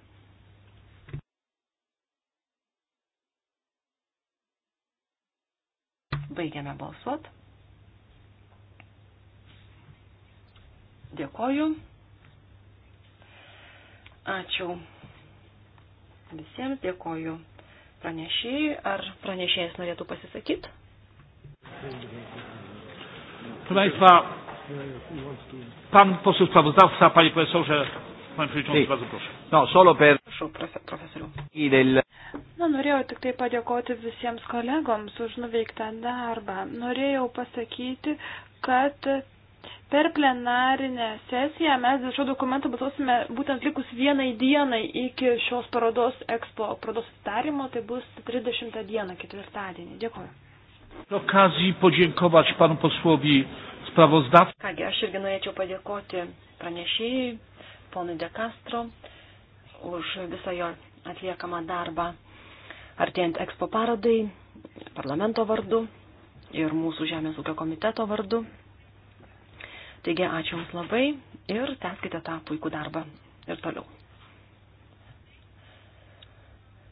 B: Baigiame balsuot. Dėkoju. Ačiū visiems, dėkoju pranešėjai. Ar pranešėjas norėtų
A: pasisakyti? Proszę Państwa, pan poseł sprawozdawca, panie profesorze, panie przewodniczący, bardzo proszę. No, solo per Prašau, profesoriu.
B: Na, norėjau tik tai padėkoti visiems kolegoms už nuveiktą darbą. Norėjau pasakyti, kad per plenarinę sesiją mes dėl šio dokumento balsuosime būtent likus vienai dienai iki šios parodos ekspo parodos atidarymo, tai bus 30 dieną, ketvirtadienį. Dėkuoju.
A: Okazijai padėkovać panu posłowi sprawozdawcy.
B: Kągi, aš irgi norėčiau padėkoti pranešėjai, ponui De Castro už visą jo atliekamą darbą. Artėjant ekspo parodai, parlamento vardu ir mūsų Žemės ūkio komiteto vardu. Taigi, ačiū Jums labai ir teskite tą puikų darbą ir toliau.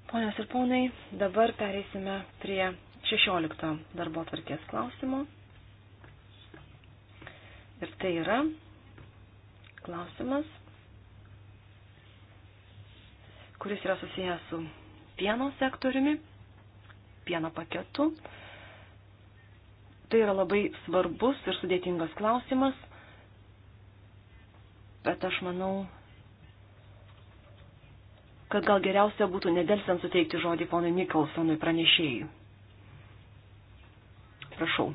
B: Ponios ir ponai, dabar pereisime prie 16 darbo tvarkės klausimo. Ir tai yra klausimas kuris yra susijęs su pieno sektoriumi, pieno paketu. Tai yra labai svarbus ir sudėtingas klausimas, bet aš manau, kad gal geriausia būtų nedelsiant suteikti žodį ponui Nikolsonui pranešėjui. Prašau.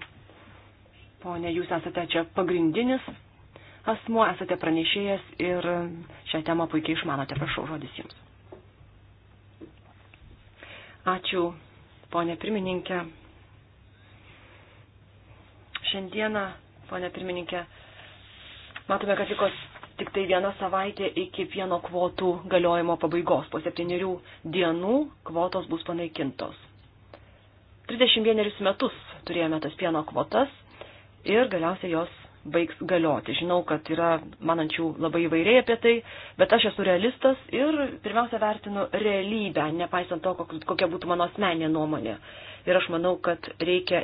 B: Pone, jūs esate čia pagrindinis asmuo, esate pranešėjas ir šią temą puikiai išmanote. Prašau, žodis jums. Ačiū, ponė pirmininkė. Šiandieną, ponė pirmininkė, matome, kad liko tik tai viena savaitė iki pieno kvotų galiojimo pabaigos. Po septyniarių dienų kvotos bus panaikintos. 31 metus turėjome tas pieno kvotas ir galiausiai jos baigs galioti. Žinau, kad yra manančių labai įvairiai apie tai, bet aš esu realistas ir pirmiausia vertinu realybę, nepaisant to, kokia būtų mano asmeninė nuomonė. Ir aš manau, kad reikia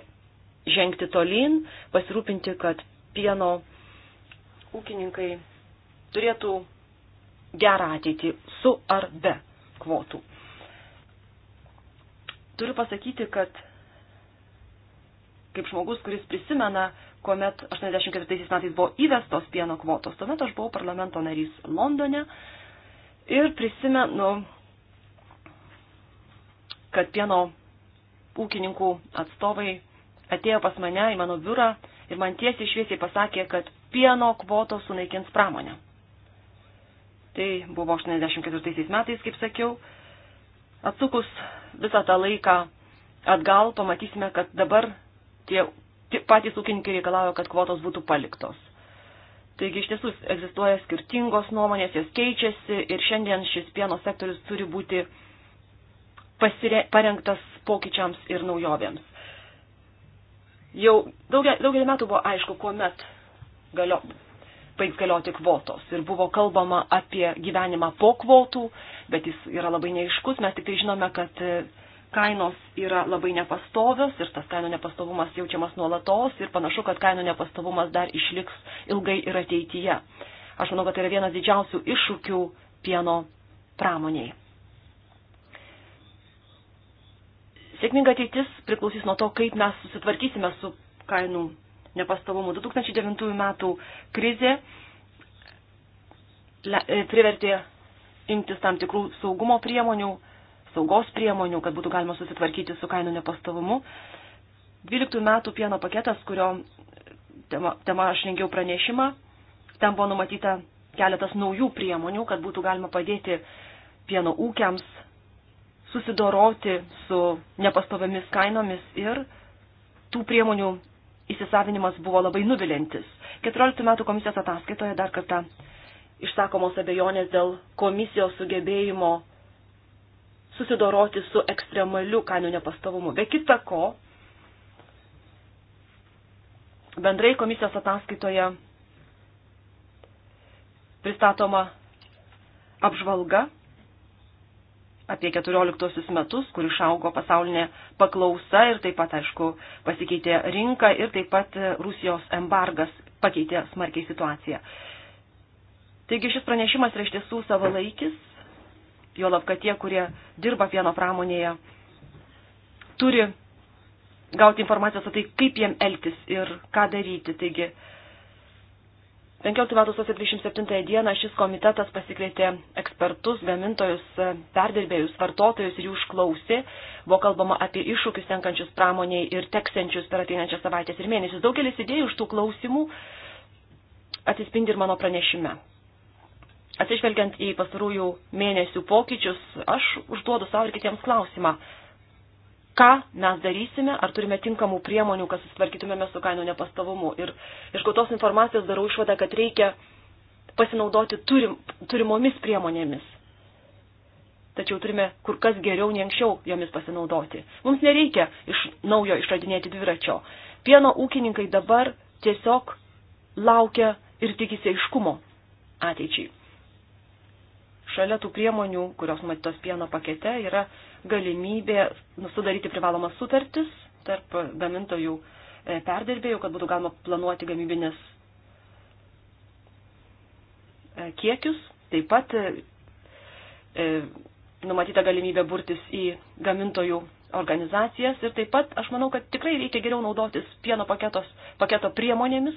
B: žengti tolyn, pasirūpinti, kad pieno ūkininkai turėtų gerą ateitį su ar be kvotų. Turiu pasakyti, kad kaip žmogus, kuris prisimena, kuomet 84 metais buvo įvestos pieno kvotos. Tuomet aš buvau parlamento narys Londone ir prisimenu, kad pieno ūkininkų atstovai atėjo pas mane į mano biurą ir man tiesiai šviesiai pasakė, kad pieno kvotos sunaikins pramonę. Tai buvo 84 metais, kaip sakiau. Atsukus visą tą laiką atgal, pamatysime, kad dabar tie patys ūkininkai reikalauja, kad kvotos būtų paliktos. Taigi iš tiesų egzistuoja skirtingos nuomonės, jos keičiasi ir šiandien šis pieno sektorius turi būti pasire, parengtas pokyčiams ir naujovėms. Jau daugelį, daugelį metų buvo aišku, kuomet galio, baigs galioti kvotos. Ir buvo kalbama apie gyvenimą po kvotų, bet jis yra labai neiškus. Mes tik tai žinome, kad kainos yra labai nepastovios ir tas kainų nepastovumas jaučiamas nuolatos ir panašu, kad kainų nepastovumas dar išliks ilgai ir ateityje. Aš manau, kad tai yra vienas didžiausių iššūkių pieno pramoniai. Sėkminga ateitis priklausys nuo to, kaip mes susitvarkysime su kainų nepastovumu. 2009 metų krizė privertė imtis tam tikrų saugumo priemonių saugos priemonių, kad būtų galima susitvarkyti su kainų nepastovumu. 12 metų pieno paketas, kurio tema, tema aš rengiau pranešimą, ten buvo numatyta keletas naujų priemonių, kad būtų galima padėti pieno ūkiams susidoroti su nepastoviamis kainomis ir tų priemonių įsisavinimas buvo labai nuvilintis. 14 metų komisijos ataskaitoje dar kartą išsakomos abejonės dėl komisijos sugebėjimo susidoroti su ekstremaliu kainų nepastovumu. Be kita ko, bendrai komisijos ataskaitoje pristatoma apžvalga apie 14 metus, kur išaugo pasaulinė paklausa ir taip pat, aišku, pasikeitė rinka ir taip pat Rusijos embargas pakeitė smarkiai situaciją. Taigi šis pranešimas yra iš tiesų savalaikis, Juolab, kad tie, kurie dirba pieno pramonėje, turi gauti informacijos apie tai, kaip jiem elgtis ir ką daryti. Taigi, 15 metų sausio 27 dieną šis komitetas pasikvietė ekspertus, gamintojus, perdirbėjus, vartotojus ir jų išklausė. Buvo kalbama apie iššūkius tenkančius pramoniai ir teksenčius per ateinančias savaitės ir mėnesius. Daugelis idėjų iš tų klausimų atsispindi ir mano pranešime. Atsižvelgiant į pastarųjų mėnesių pokyčius, aš užduodu savo ir kitiems klausimą. Ką mes darysime, ar turime tinkamų priemonių, kad susitvarkytumėme su kainų nepastovumu. Ir iš gautos informacijos darau išvadą, kad reikia pasinaudoti turim, turimomis priemonėmis. Tačiau turime kur kas geriau nei anksčiau jomis pasinaudoti. Mums nereikia iš naujo išradinėti dviračio. Pieno ūkininkai dabar tiesiog laukia ir tikisi aiškumo ateičiai šalia tų priemonių, kurios matytos pieno pakete, yra galimybė nu, sudaryti privalomas sutartis tarp gamintojų e, perdirbėjų, kad būtų galima planuoti gamybinės e, kiekius. Taip pat e, numatyta galimybė burtis į gamintojų organizacijas ir taip pat aš manau, kad tikrai reikia geriau naudotis pieno paketos, paketo priemonėmis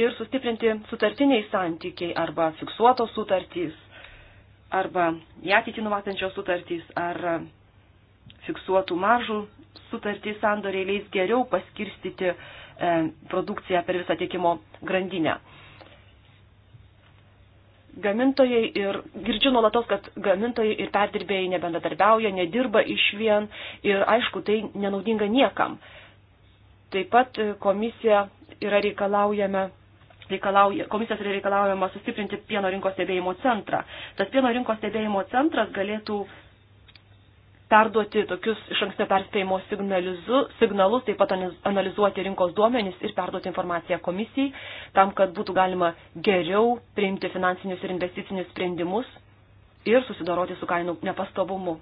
B: ir sustiprinti sutartiniai santykiai arba fiksuotos sutartys arba į ateitį numatančios sutartys ar fiksuotų maržų sutartys sandoriai leis geriau paskirstyti e, produkciją per visą tiekimo grandinę. Gamintojai ir, girdžiu nuolatos, kad gamintojai ir perdirbėjai nebendradarbiauja, nedirba iš vien ir aišku, tai nenaudinga niekam. Taip pat e, komisija yra reikalaujama komisijos yra reikalaujama sustiprinti pieno rinkos stebėjimo centrą. Tas pieno rinkos stebėjimo centras galėtų perduoti tokius iš anksto perspėjimo signalus, taip pat analizuoti rinkos duomenis ir perduoti informaciją komisijai, tam, kad būtų galima geriau priimti finansinius ir investicinius sprendimus ir susidoroti su kainų nepastovumu.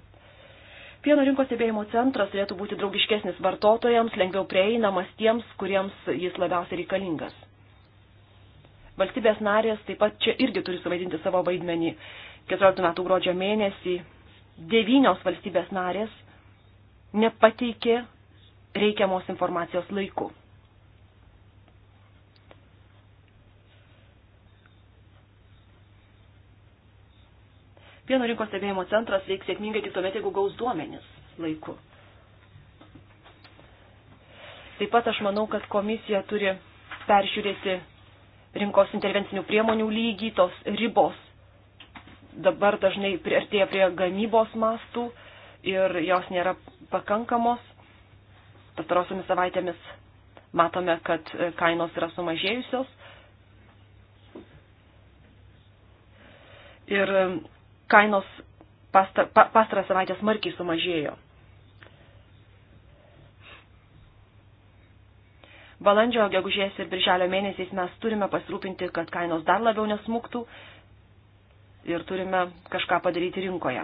B: Pieno rinkos stebėjimo centras turėtų būti draugiškesnis vartotojams, lengviau prieinamas tiems, kuriems jis labiausiai reikalingas. Valstybės narės taip pat čia irgi turi suvaidinti savo vaidmenį. 14 metų gruodžio mėnesį devynios valstybės narės nepateikė reikiamos informacijos laiku. Pieno rinkos stebėjimo centras veiks sėkmingai tik tuomet, jeigu gaus duomenis laiku. Taip pat aš manau, kad komisija turi peržiūrėti rinkos intervencinių priemonių lygį, tos ribos dabar dažnai priartėja prie gamybos mastų ir jos nėra pakankamos. Pastarosiomis savaitėmis matome, kad e, kainos yra sumažėjusios. Ir e, kainos pastarą savaitę smarkiai sumažėjo. Balandžio, gegužės ir birželio mėnesiais mes turime pasirūpinti, kad kainos dar labiau nesmuktų ir turime kažką padaryti rinkoje.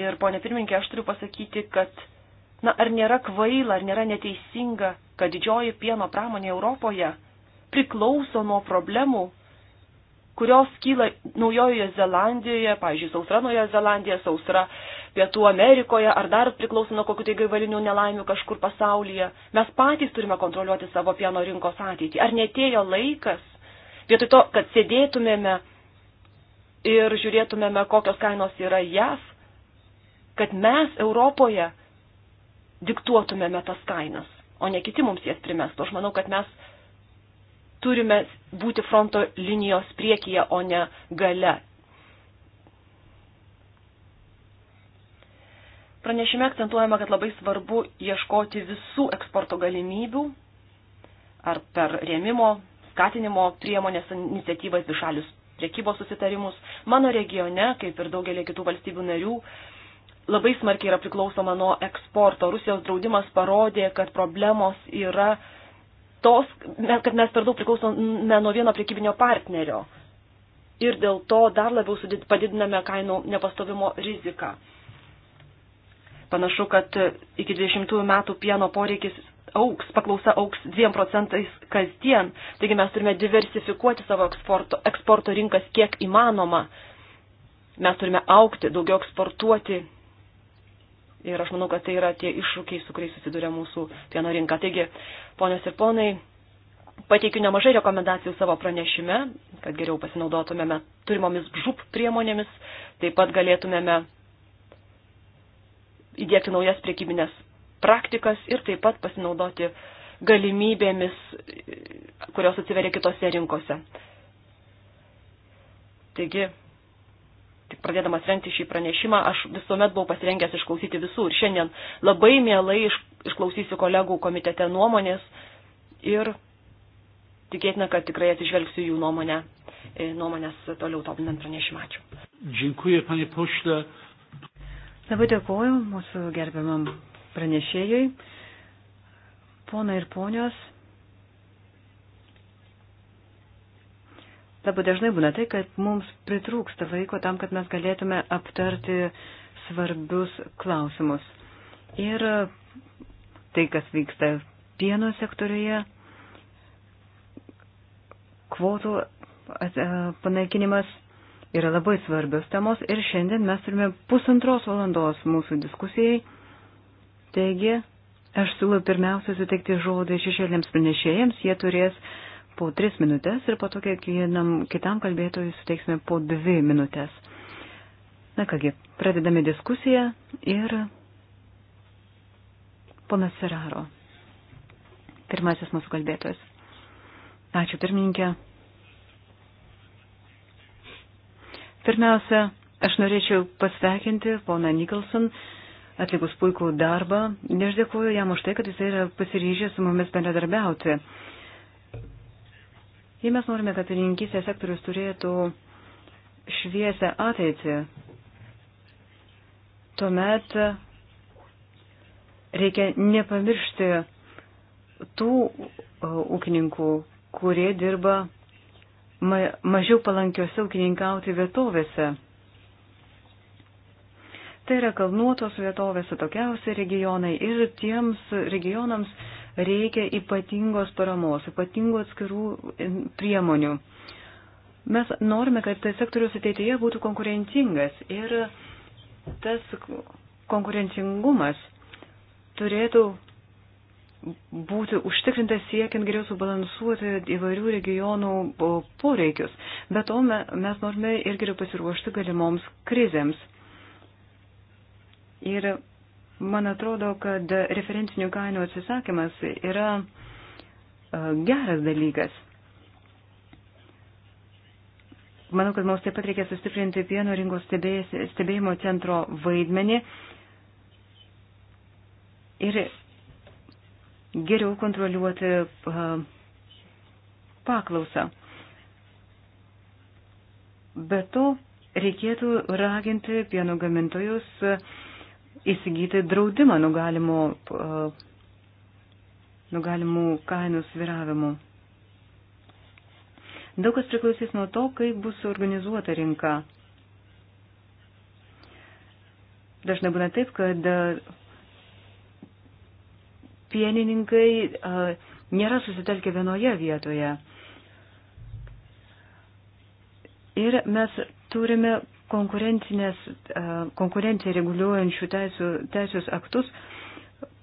B: Ir, ponė pirmininkė, aš turiu pasakyti, kad, na, ar nėra kvaila, ar nėra neteisinga, kad didžioji pieno pramonė Europoje priklauso nuo problemų, kurios kyla Naujojoje Zelandijoje, pavyzdžiui, sausra Naujoje Zelandijoje, sausra Pietų Amerikoje ar dar priklauso nuo kokių tai gaivalinių nelaimių kažkur pasaulyje. Mes patys turime kontroliuoti savo pieno rinkos ateitį. Ar netėjo laikas, vietoj to, kad sėdėtumėme ir žiūrėtumėme, kokios kainos yra JAV, kad mes Europoje diktuotumėme tas kainas, o ne kiti mums jas primestų. Aš manau, kad mes turime būti fronto linijos priekyje, o ne gale. Pranešime akcentuojama, kad labai svarbu ieškoti visų eksporto galimybių ar per rėmimo, skatinimo priemonės iniciatyvas dvišalius priekybos susitarimus. Mano regione, kaip ir daugelį kitų valstybių narių, labai smarkiai yra priklausoma nuo eksporto. Rusijos draudimas parodė, kad problemos yra tos, kad mes per daug priklausome nuo vieno prekybinio partnerio ir dėl to dar labiau padidiname kainų nepastovimo riziką. Panašu, kad iki 20 metų pieno poreikis auks, paklausa auks 2 procentais kasdien, taigi mes turime diversifikuoti savo eksporto, eksporto rinkas kiek įmanoma. Mes turime aukti, daugiau eksportuoti Ir aš manau, kad tai yra tie iššūkiai, su kuriais susiduria mūsų pieno rinka. Taigi, ponios ir ponai, pateikiu nemažai rekomendacijų savo pranešime, kad geriau pasinaudotumėme turimomis žūp priemonėmis, taip pat galėtumėme įdėti naujas priekybinės praktikas ir taip pat pasinaudoti galimybėmis, kurios atsiveria kitose rinkose. Taigi, tik pradėdamas rengti šį pranešimą, aš visuomet buvau pasirengęs išklausyti visų ir šiandien labai mielai iš, išklausysiu kolegų komitete nuomonės ir tikėtina, kad tikrai atsižvelgsiu jų nuomonę, e, nuomonės toliau tobulinant pranešimą. Ačiū.
A: Dėkuoju, panie Pošlė. Labai
B: dėkuoju mūsų gerbiamam pranešėjui. Pona ir ponios, Labai dažnai būna tai, kad mums pritrūksta laiko tam, kad mes galėtume aptarti svarbius klausimus. Ir tai, kas vyksta pieno sektoriuje, kvotų panaikinimas yra labai svarbios temos ir šiandien mes turime pusantros valandos mūsų diskusijai. Taigi, aš siūlau pirmiausia suteikti žodį šešėlėms pranešėjams, jie turės uh, po tris minutės ir po to kiekvienam kitam kalbėtojui suteiksime po dvi minutės. Na kągi, pradedame diskusiją ir ponas Ferraro, pirmasis mūsų kalbėtojas. Ačiū pirmininkė. Pirmiausia, aš norėčiau pasveikinti poną Nikolson atlikus puikų darbą. Aš dėkuoju jam už tai, kad jis yra pasiryžęs su mumis bendradarbiauti. Jei mes norime, kad pieninkystės sektorius turėtų šviesę ateitį, tuomet reikia nepamiršti tų e, ūkininkų, kurie dirba ma mažiau palankiose ūkininkauti vietovėse. Tai yra kalnuotos vietovės, atokiausi regionai ir tiems regionams reikia ypatingos paramos, ypatingų atskirų e, priemonių. Mes norime, kad tas sektorius ateityje būtų konkurencingas ir tas konkurencingumas turėtų būti užtikrintas siekiant geriau subalansuoti įvairių regionų poreikius. Be to mes norime ir geriau pasiruošti galimoms krizėms. Ir Man atrodo, kad referencinių kainų atsisakymas yra e, geras dalykas. Manau, kad mums taip pat reikia sustiprinti pieno rinkos stebėjimo centro vaidmenį ir geriau kontroliuoti e, paklausą. Be to, reikėtų raginti pieno gamintojus uh, įsigyti draudimą nugalimo, e, nugalimų kainų sviravimų. Daug kas priklausys nuo to, kaip bus organizuota rinka. Dažnai būna taip, kad e, pienininkai e, nėra susitelkę vienoje vietoje. Ir mes turime E, konkurenciją reguliuojančių teisų, teisės aktus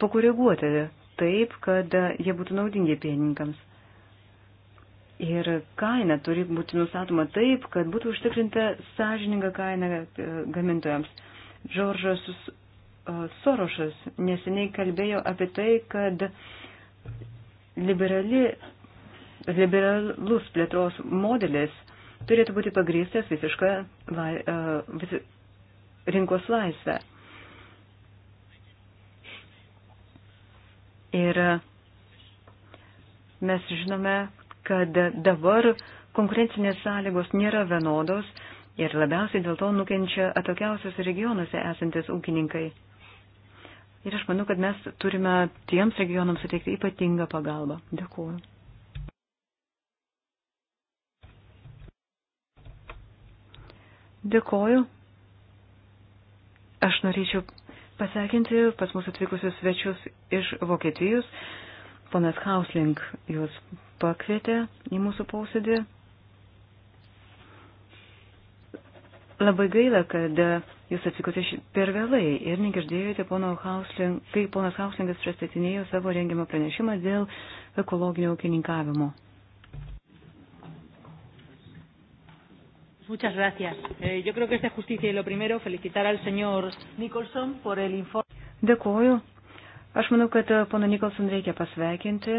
B: pakoreguoti taip, kad e, jie būtų naudingi pieninkams. Ir kaina turi būti nustatoma taip, kad būtų užtikrinta sąžininga kaina e, gamintojams. Džordžas Sorošas neseniai kalbėjo apie tai, kad liberali, liberalus plėtros modelis turėtų būti pagrįstas visiška lai, e, vis, rinkos laisvė. Ir mes žinome, kad dabar konkurencinės sąlygos nėra vienodos ir labiausiai dėl to nukenčia atokiausios regionuose esantis ūkininkai. Ir aš manau, kad mes turime tiems regionams suteikti ypatingą pagalbą. Dėkuoju. Dėkoju. Aš norėčiau pasakinti pas mūsų atvykusius svečius iš Vokietijos. Ponas Hausling jūs pakvietė į mūsų posėdį. Labai gaila, kad jūs atvykote per vėlai ir negirdėjote pono Hausling, kai ponas Hauslingas pristatinėjo savo rengimą pranešimą dėl ekologinio ūkininkavimo. Muchas gracias. Eh, yo creo que es de justicia y lo primero felicitar al señor Nicholson por el informe. Dėkuoju. Aš manau, kad eh, pono Nicholson reikia pasveikinti,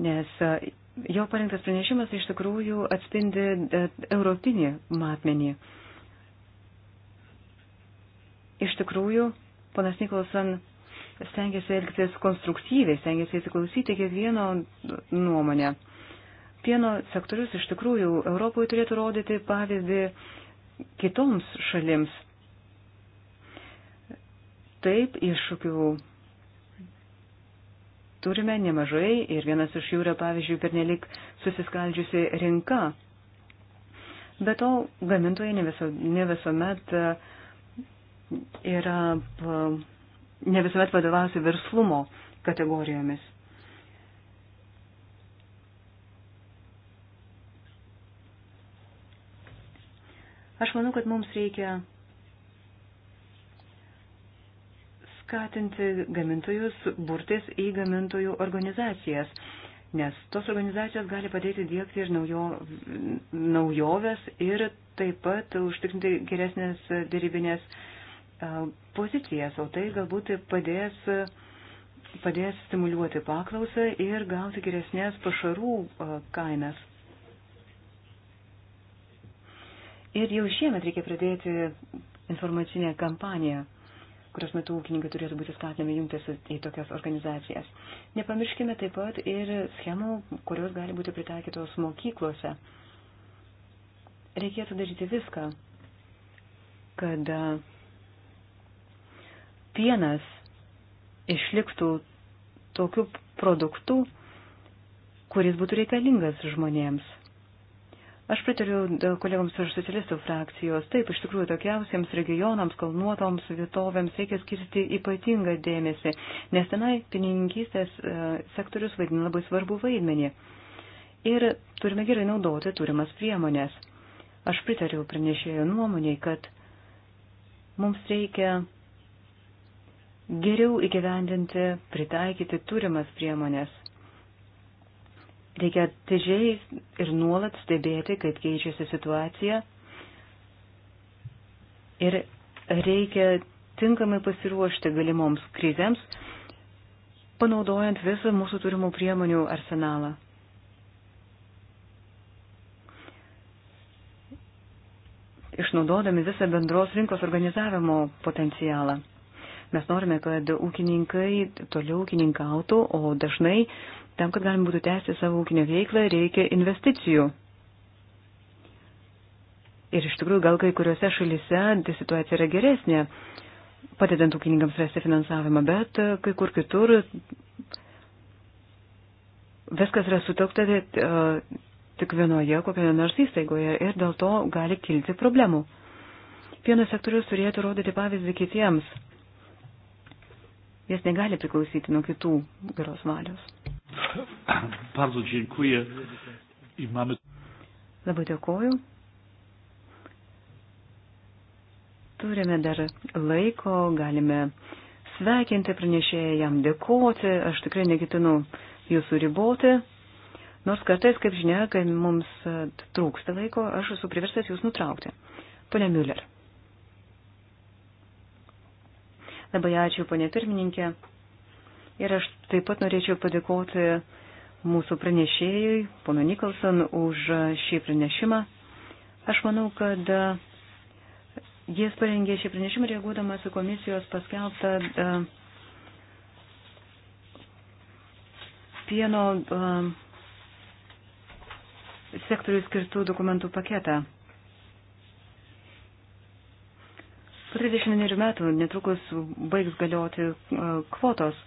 B: nes eh, jo parinktas pranešimas iš tikrųjų atspindi eh, europinį matmenį. Iš tikrųjų, ponas Nicholson stengiasi elgtis konstruktyviai, stengiasi įsiklausyti kiekvieno nuomonę pieno sektorius iš tikrųjų Europoje turėtų rodyti pavyzdį kitoms šalims. Taip, iššūkių turime nemažai ir vienas iš jų yra, pavyzdžiui, pernelik susiskaldžiusi rinka. Be to, gamintojai ne, viso, ne visuomet e, yra, ne visuomet vadovausi verslumo kategorijomis. Aš manau, kad mums reikia skatinti gamintojus burtis į gamintojų organizacijas, nes tos organizacijos gali padėti dėkti ir naujo, naujoves ir taip pat užtikrinti geresnės dėrybinės pozicijas, o tai galbūt padės, padės stimuliuoti paklausą ir gauti geresnės pašarų kainas. Ir jau šiemet reikia pradėti informacinę kampaniją, kurios metu ūkininkai turėtų būti skatinami jungtis į tokias organizacijas. Nepamirškime taip pat ir schemų, kurios gali būti pritaikytos mokyklose. Reikėtų daryti viską, kad pienas išliktų tokiu produktu, kuris būtų reikalingas žmonėms. Aš pritariu kolegoms iš socialistų frakcijos. Taip, iš tikrųjų, tokiausiems regionams, kalnuotoms vietovėms reikia skirti ypatingą dėmesį, nes tenai pinininkystės e, sektorius vaidina labai svarbu vaidmenį. Ir turime gerai naudoti turimas priemonės. Aš pritariu pranešėjo nuomoniai, kad mums reikia geriau įgyvendinti, pritaikyti turimas priemonės. Reikia atidžiai ir nuolat stebėti, kaip keičiasi situacija. Ir reikia tinkamai pasiruošti galimoms krizėms, panaudojant visą mūsų turimų priemonių arsenalą. Išnaudodami visą bendros rinkos organizavimo potencialą. Mes norime, kad ūkininkai toliau ūkininkautų, o dažnai Tam, kad galim būtų tęsti savo ūkinę veiklą, reikia investicijų. Ir iš tikrųjų, gal kai kuriuose šalyse situacija yra geresnė, padedant ūkininkams rasti finansavimą, bet e, kai kur kitur viskas yra sutelkta tai, e, tik vienoje kokioje nors įstaigoje ir dėl to gali kilti problemų. Vienas sektorius turėtų rodyti pavyzdį kitiems. Jis negali priklausyti nuo kitų geros valios.
C: Bardzo dziękuję
B: i mamy. Labai dėkoju. Turime dar laiko, galime sveikinti pranešėją, jam dėkoti. Aš tikrai negitinu jūsų riboti. Nors kartais, kaip žinia, kai mums trūksta laiko, aš esu priverstas jūs nutraukti. Pone Müller. Labai ačiū, ponė pirmininkė. Ir aš taip pat norėčiau padėkoti mūsų pranešėjui, pono Nikolson, už šį pranešimą. Aš manau, kad e, jis parengė šį pranešimą reaguodamas į komisijos paskelbtą e, pieno e, sektoriui skirtų dokumentų paketą. Po 30 metų netrukus baigs galioti kvotos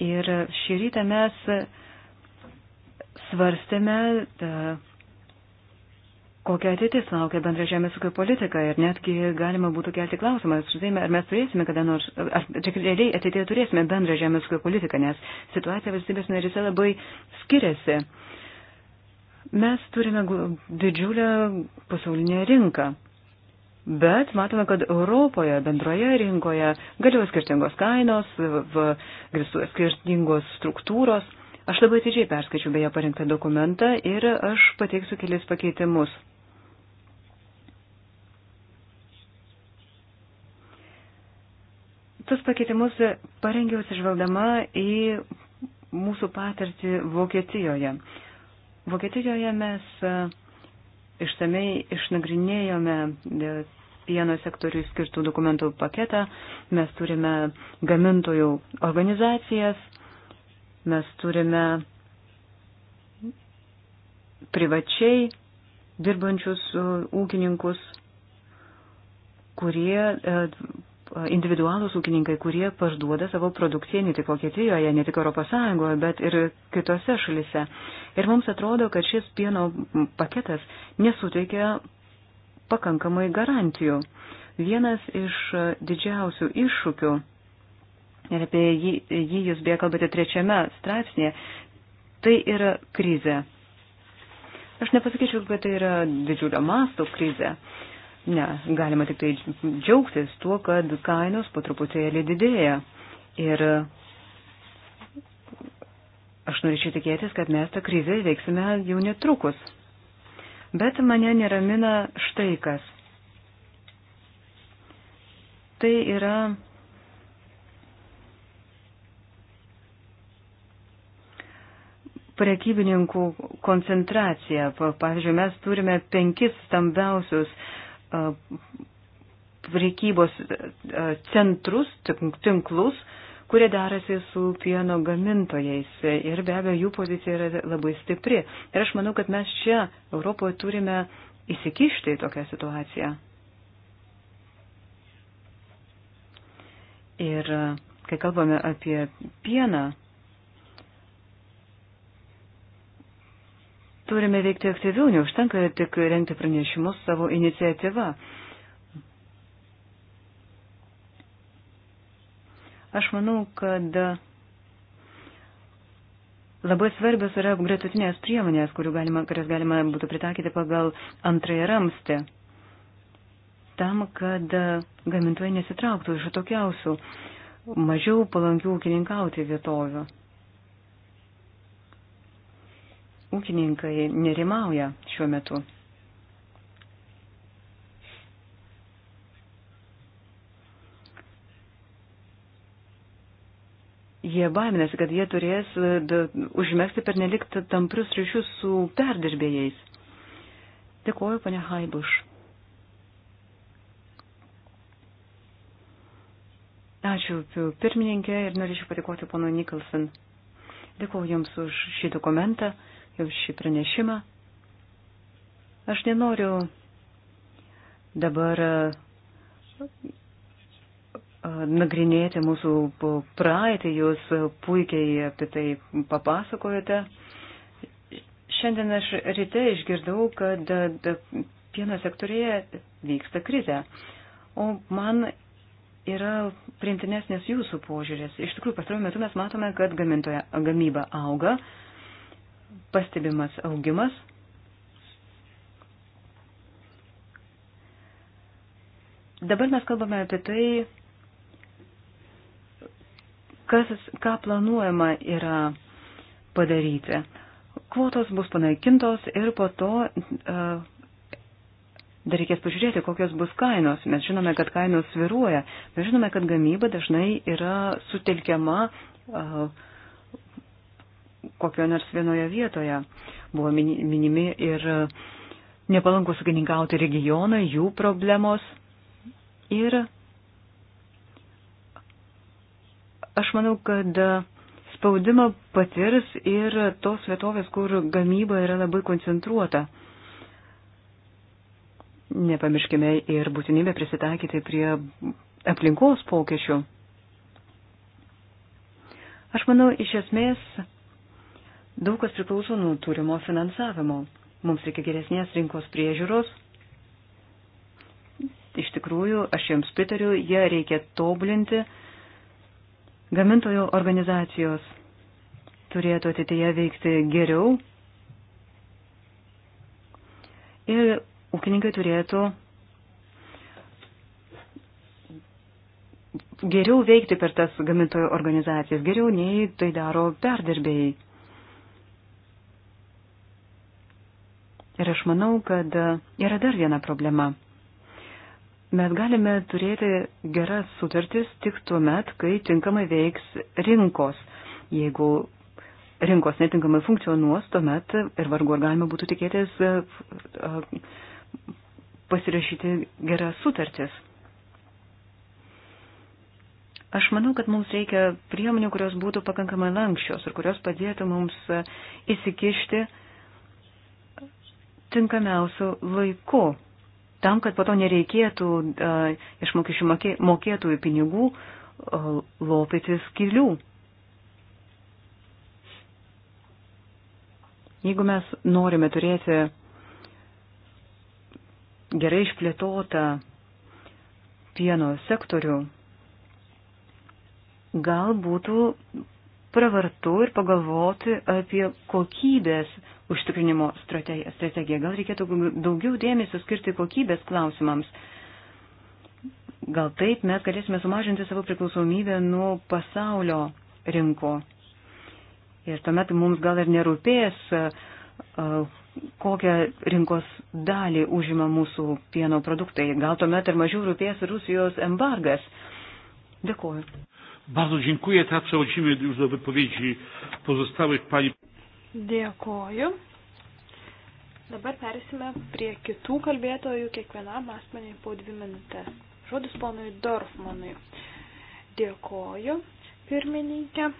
B: Ir šį rytą mes svarstėme, kokia ateitis laukia bendra žemės ūkio politika ir netgi galima būtų kelti klausimą, ar mes turėsime kada nors, ar realiai ateityje turėsime bendrą žemės ūkio politiką, nes situacija valstybės narise labai skiriasi. Mes turime didžiulę pasaulinę rinką. Bet matome, kad Europoje bendroje rinkoje galioja skirtingos kainos, egzistuoja skirtingos struktūros. Aš labai atidžiai perskaičiu beje parinktą dokumentą ir aš pateiksiu kelis pakeitimus. Tus pakeitimus parengiau atsižvelgdama į mūsų patirtį Vokietijoje. Vokietijoje mes išsamei išnagrinėjome e, pieno sektoriui skirtų dokumentų paketą, mes turime gamintojų organizacijas, mes turime privačiai dirbančius e, ūkininkus, kurie e, individualūs ūkininkai, kurie parduoda savo produkciją ne tik Vokietijoje, ne tik ES, bet ir kitose šalise. Ir mums atrodo, kad šis pieno paketas nesuteikia pakankamai garantijų. Vienas iš didžiausių iššūkių, ir apie jį, jį jūs beje kalbate trečiame straipsnėje, tai yra krizė. Aš nepasakyčiau, kad tai yra didžiulio masto krizė. Uh, Ne, galima tik tai džiaugtis tuo, kad kainos po truputėlį didėja. Ir aš norėčiau tikėtis, kad mes tą krizę veiksime jau netrukus. Bet mane neramina štai kas. Tai yra prekybininkų koncentracija. Pavyzdžiui, mes turime penkis stambiausius uh, prekybos centrus, tinklus, kurie darasi su pieno gamintojais. Ir be abejo, jų pozicija yra labai stipri. Ir aš manau, kad mes čia Europoje turime įsikišti į tokią situaciją. Ir kai kalbame apie pieną, turime veikti aktyviau, neužtenka tik rengti pranešimus savo iniciatyvą. Aš manau, kad labai svarbios yra gretutinės priemonės, galima, kurias galima būtų pritaikyti pagal antrąją ramstį, tam, kad gamintojai nesitrauktų iš atokiausių, mažiau palankių ūkininkauti vietovių. ūkininkai nerimauja šiuo metu. Jie baiminasi, kad jie turės užmėgti per nelik tamprius ryšius su perdirbėjais. Dėkuoju, pane Haibuš. Ačiū pirmininkė ir norėčiau padėkoti pono Nikolson. Dėkuoju Jums už šį dokumentą jau šį pranešimą. Aš nenoriu dabar nagrinėti mūsų praeitį, jūs puikiai apie tai papasakojate. Šiandien aš ryte išgirdau, kad pieno sektorėje vyksta krize, o man yra primtinesnės jūsų požiūrės. Iš tikrųjų, pastaruoju metu mes matome, kad gamintoje gamyba auga, pastebimas augimas. Dabar mes kalbame apie tai, kas, ką planuojama yra padaryti. Kvotos bus panaikintos ir po to uh, dar reikės pažiūrėti, kokios bus kainos. Mes žinome, kad kainos sviruoja, mes žinome, kad gamyba dažnai yra sutelkiama uh, kokio nors vienoje vietoje. Buvo minimi ir nepalankus ūkininkauti regionai, jų problemos. Ir aš manau, kad spaudimą patirs ir tos vietovės, kur gamyba yra labai koncentruota. Nepamirškime ir būtinybę prisitaikyti prie aplinkos pokyčių. Aš manau, iš esmės Daug kas priklauso nuo turimo finansavimo. Mums reikia geresnės rinkos priežiūros. Iš tikrųjų, aš jiems pritariu, jie reikia tobulinti. Gamintojų organizacijos turėtų ateityje veikti geriau. Ir ūkininkai turėtų geriau veikti per tas gamintojų organizacijas, geriau nei tai daro perdirbėjai. Ir aš manau, kad e, yra dar viena problema. Mes galime turėti geras sutartis tik tuo met, kai tinkamai veiks rinkos. Jeigu rinkos netinkamai funkcionuos, tuomet ir vargu ar galima būtų tikėtis e, e, pasirašyti geras sutartis. Aš manau, kad mums reikia priemonių, kurios būtų pakankamai lankščios ir kurios padėtų mums įsikišti tinkamiausiu laiku, tam, kad po to nereikėtų uh, e, iš mokesčių mokė, mokėtųjų pinigų uh, lopytis kilių. Jeigu mes norime turėti gerai išplėtotą pieno sektorių, gal būtų pravartu ir pagalvoti apie kokybės užtikrinimo strategiją. Gal reikėtų daugiau dėmesio skirti kokybės klausimams. Gal taip mes galėsime sumažinti savo priklausomybę nuo pasaulio rinko. Ir tuomet mums gal ir nerūpės, kokią rinkos dalį užima mūsų pieno produktai. Gal tuomet ir mažiau rūpės Rusijos embargas.
A: Dėkuoju. Bardzo dziękuję. Teraz przechodzimy już do wypowiedzi pozostałych pani.
B: Dėkoju. Dabar perėsime prie kitų kalbėtojų, kiekvienam asmeniai po dvi minutės. Žodis ponui Dorfmanui. Dėkoju, pirmininkė.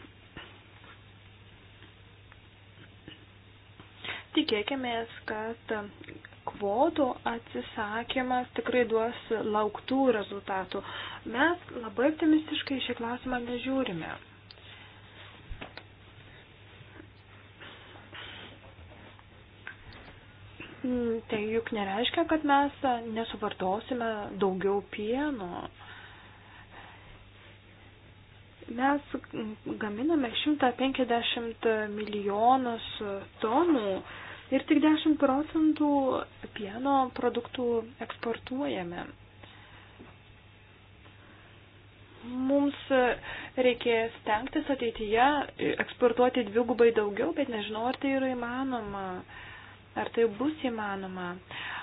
B: Tikėkimės, kad kvotų atsisakymas tikrai duos lauktų rezultatų. Mes labai optimistiškai šį klausimą nežiūrime. Mm, tai juk nereiškia, kad mes nesuvartosime daugiau pieno. Mes gaminame 150 milijonus tonų ir tik 10 procentų pieno produktų eksportuojame. Mums reikės tenktis ateityje eksportuoti dvigubai daugiau, bet nežinau, ar tai yra įmanoma. Ar tai bus įmanoma?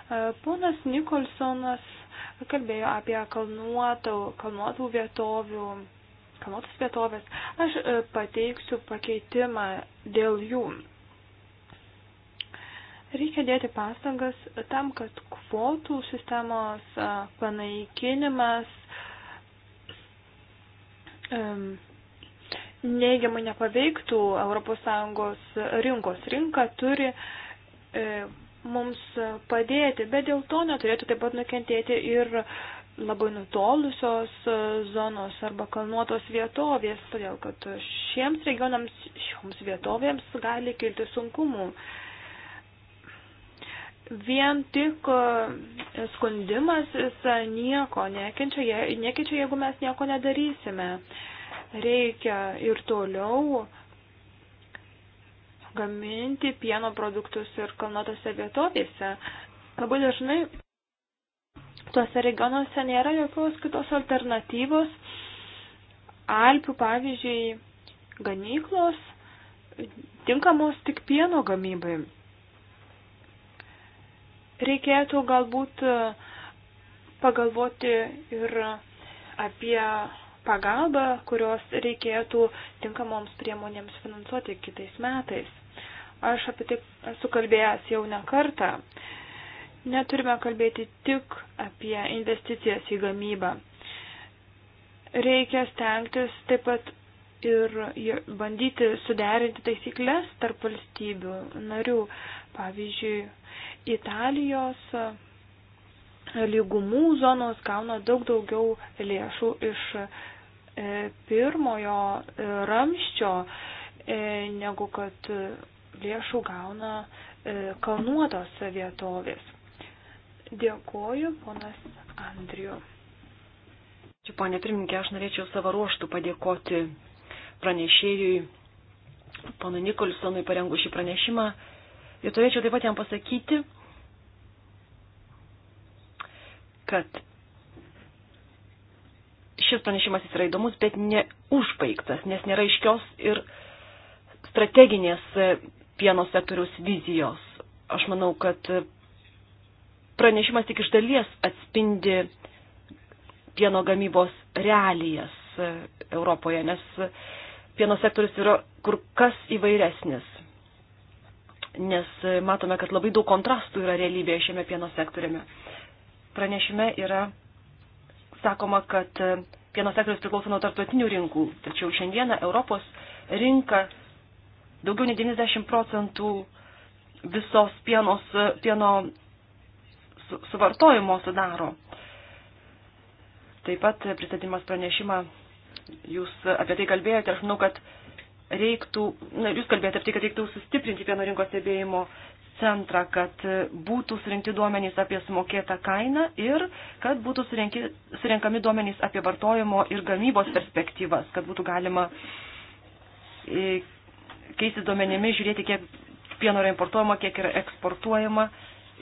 B: E, ponas Nikolsonas kalbėjo apie kalnuotų, kalnuotų vietovių, kalnuotus vietovės. Aš e, pateiksiu pakeitimą dėl jų. Reikia dėti pastangas tam, kad kvotų sistemos e, panaikinimas neigiamai nepaveiktų ES rinkos. Rinka turi uh, E, mums padėti, bet dėl to neturėtų taip pat nukentėti ir labai nutolusios e, zonos arba kalnuotos vietovės, todėl kad šiems regionams, šioms vietovėms gali kilti sunkumų. Vien tik e, skundimasis nieko nekeičia, jeigu mes nieko nedarysime. Reikia ir toliau gaminti pieno produktus ir kalnuotose vietovėse. Labai dažnai tuose regionuose nėra jokios kitos alternatyvos. Alpių, pavyzdžiui, ganyklos tinkamos tik pieno gamybai. Reikėtų galbūt pagalvoti ir apie pagalbą, kurios reikėtų tinkamoms priemonėms finansuoti kitais metais. Aš apie tai esu kalbėjęs jau ne kartą. Neturime kalbėti tik apie investicijas į gamybą. Reikia stengtis taip pat ir bandyti suderinti taisyklės tarp valstybių narių. Pavyzdžiui, Italijos lygumų zonos gauna daug daugiau lėšų iš E, pirmojo ramščio, e, negu kad lėšų gauna e, kalnuotos vietovės. Dėkoju, ponas Andriu. Čia, ponė pirmininkė, aš norėčiau savo ruoštų padėkoti pranešėjui, ponui Nikolsonui, parengu šį pranešimą. Ir turėčiau taip pat jam pasakyti, kad šis pranešimas jis yra įdomus, bet neužbaigtas, nes nėra aiškios ir strateginės e, pieno sektoriaus vizijos. Aš manau, kad e, pranešimas tik iš dalies atspindi pieno gamybos realijas e, Europoje, nes pieno sektorius yra kur kas įvairesnis. Nes matome, kad labai daug kontrastų yra realybėje šiame pieno sektoriume. Pranešime yra sakoma, kad pieno sektorius priklauso nuo tarptautinių rinkų, tačiau šiandieną Europos rinka daugiau nei 90 procentų visos pienos, pieno suvartojimo sudaro. Taip pat pristatymas pranešimą, jūs apie tai kalbėjote, aš manau, kad reiktų, na, jūs kalbėjote apie tai, kad reiktų sustiprinti pieno rinkos stebėjimo centrą, kad būtų surinkti duomenys apie sumokėtą kainą ir kad būtų surinki, surinkami duomenys apie vartojimo ir gamybos perspektyvas, kad būtų galima e, keisti duomenimis, žiūrėti, kiek pieno yra importuojama, kiek yra eksportuojama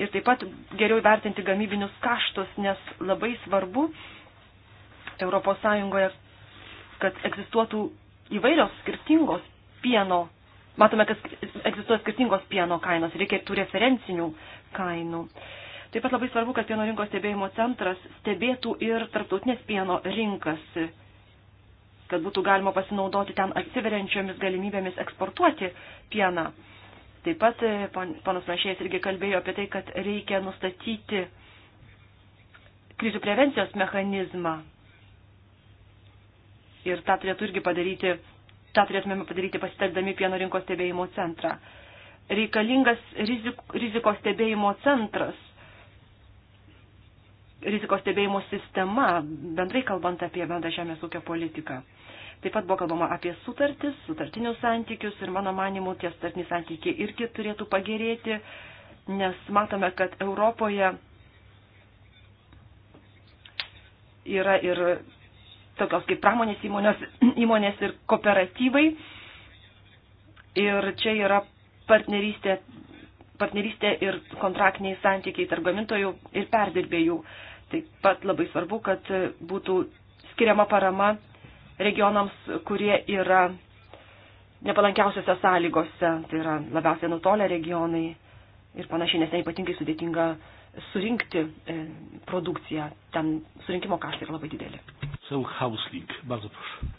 B: ir taip pat geriau vertinti gamybinius kaštus, nes labai svarbu ES, kad egzistuotų įvairios skirtingos pieno matome, kad egzistuoja skirtingos pieno kainos, reikia tų referencinių kainų. Taip pat labai svarbu, kad pieno rinkos stebėjimo centras stebėtų ir tarptautinės pieno rinkas, kad būtų galima pasinaudoti ten atsiveriančiomis galimybėmis eksportuoti pieną. Taip pat e, panas Rašėjas irgi kalbėjo apie tai, kad reikia nustatyti krizių prevencijos mechanizmą. Ir tą turėtų irgi padaryti tą turėtumėme padaryti pasitelkdami pieno rinkos stebėjimo centrą. Reikalingas rizik, rizikos stebėjimo centras, rizikos stebėjimo sistema, bendrai kalbant apie bendrą žemės ūkio politiką. Taip pat buvo kalbama apie sutartis, sutartinius santykius ir mano manimu tie sutartiniai santykiai irgi turėtų pagerėti, nes matome, kad Europoje yra ir tokios kaip pramonės įmonės, įmonės ir kooperatyvai. Ir čia yra partnerystė, partnerystė ir kontraktiniai santykiai tarp gamintojų ir perdirbėjų. Taip pat labai svarbu, kad būtų skiriama parama regionams, kurie yra nepalankiausiose sąlygose, tai yra labiausiai nutolę regionai ir panašiai, nes ten ypatingai sudėtinga uh, surinkti e, produkciją, ten surinkimo kaštai yra labai dideli.
A: Sel Hausling, bardzo proszę.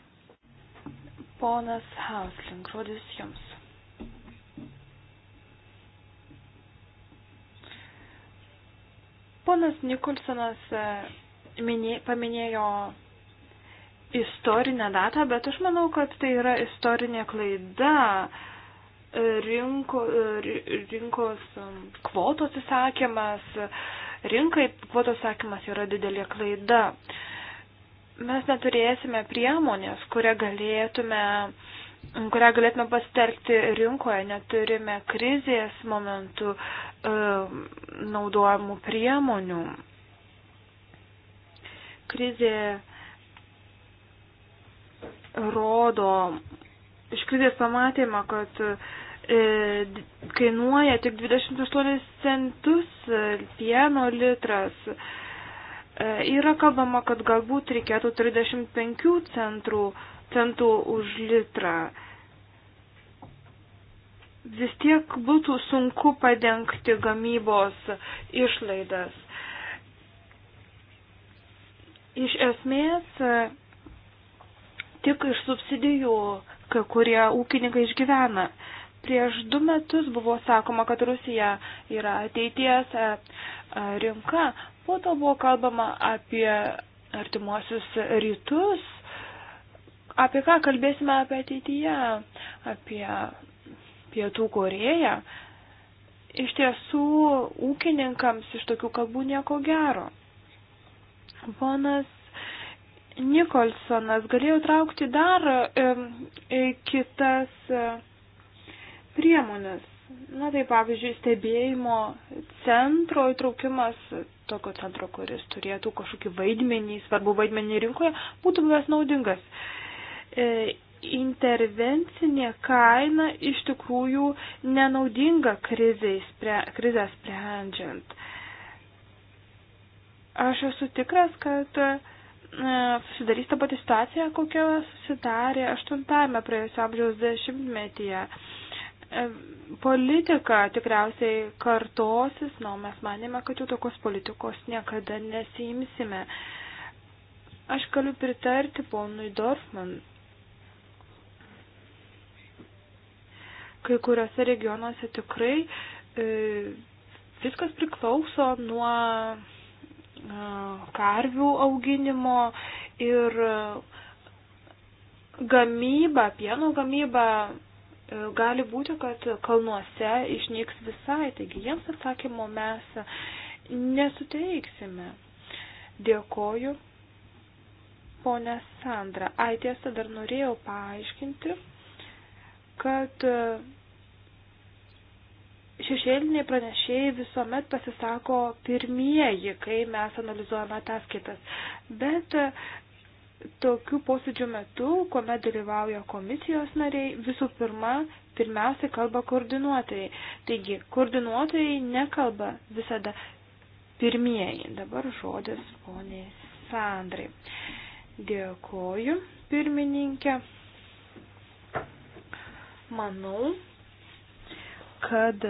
B: Ponas Hausling, žodis jums. Ponas Nikolsonas e, minė, paminėjo istorinę datą, bet aš manau, kad tai yra istorinė klaida. Uh, rinko, rinkos um, kvotų atsisakymas, rinkai kvotų atsisakymas yra didelė klaida. Mes neturėsime priemonės, kurią galėtume, kurią galėtume pasitelkti rinkoje, neturime krizės momentų um, naudojamų priemonių. Krizė rodo iš krizės pamatėme, kad E, kainuoja tik 28 centus e, pieno litras. E, yra kalbama, kad galbūt reikėtų 35 centrų, centų už litrą. Vis tiek būtų sunku padengti gamybos išlaidas. Iš esmės, tik iš subsidijų kai kurie ūkininkai išgyvena. Prieš du metus buvo sakoma, kad Rusija yra ateities e, e, rinka, po to buvo kalbama apie artimuosius rytus, apie ką kalbėsime apie ateityje, apie Pietų Koreją. Iš tiesų, ūkininkams iš tokių kalbų nieko gero. Ponas Nikolsonas galėjo traukti dar e, e, kitas. E, priemonės. Na tai pavyzdžiui, stebėjimo centro įtraukimas, tokio centro, kuris turėtų kažkokį vaidmenį, svarbu vaidmenį rinkoje, būtų buvęs naudingas. E, intervencinė kaina iš tikrųjų nenaudinga krizę spre, sprendžiant. Aš esu tikras, kad e, susidarys ta pati situacija, kokia susidarė 8-ame praėjusio amžiaus dešimtmetyje. E, E, politika tikriausiai kartosis, na, nu, mes manėme, kad jau tokios politikos niekada nesimsime. Aš galiu pritarti ponui Dorfman. Kai kuriuose regionuose tikrai e, viskas priklauso nuo e, karvių auginimo ir gamyba, pieno gamyba gali būti, kad kalnuose išnyks visai, taigi jiems atsakymo mes nesuteiksime. Dėkoju, ponė Sandra. Ai tiesa, dar norėjau paaiškinti, kad e, šešėliniai pranešėjai visuomet pasisako pirmieji, kai mes analizuojame ataskaitas. Bet e, tokių posėdžių metu, kuomet dalyvauja komisijos nariai, visų pirma, pirmiausia kalba koordinuotojai. Taigi, koordinuotojai nekalba visada pirmieji. Dabar žodis poniai Sandrai. Dėkoju, pirmininkė. Manau, kad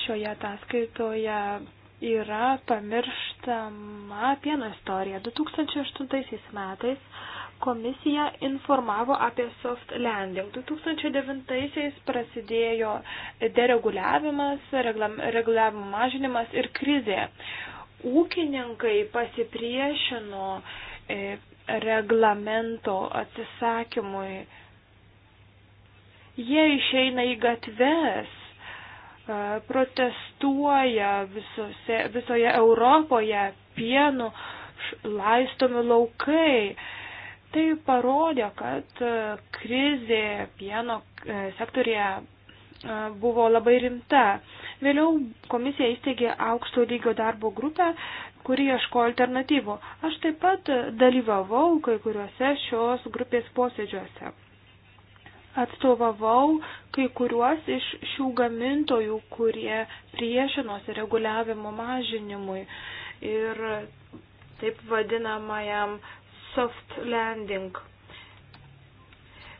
B: šioje ataskaitoje yra pamirštama pieno istorija. 2008 metais komisija informavo apie soft landing. 2009-aisiais prasidėjo dereguliavimas, reguliavimo mažinimas ir krizė. Ūkininkai pasipriešino e, reglamento atsisakymui. Jie išeina į gatves E, protestuoja visose, visoje Europoje pienų laistomi laukai. Tai parodė, kad e, krizė pieno e, sektorija buvo labai rimta. Vėliau komisija įsteigė aukšto lygio darbo grupę, kuri ieško alternatyvų. Aš taip pat dalyvavau kai kuriuose šios grupės posėdžiuose atstovavau kai kuriuos iš šių gamintojų, kurie priešinosi reguliavimo mažinimui ir taip vadinamajam soft landing.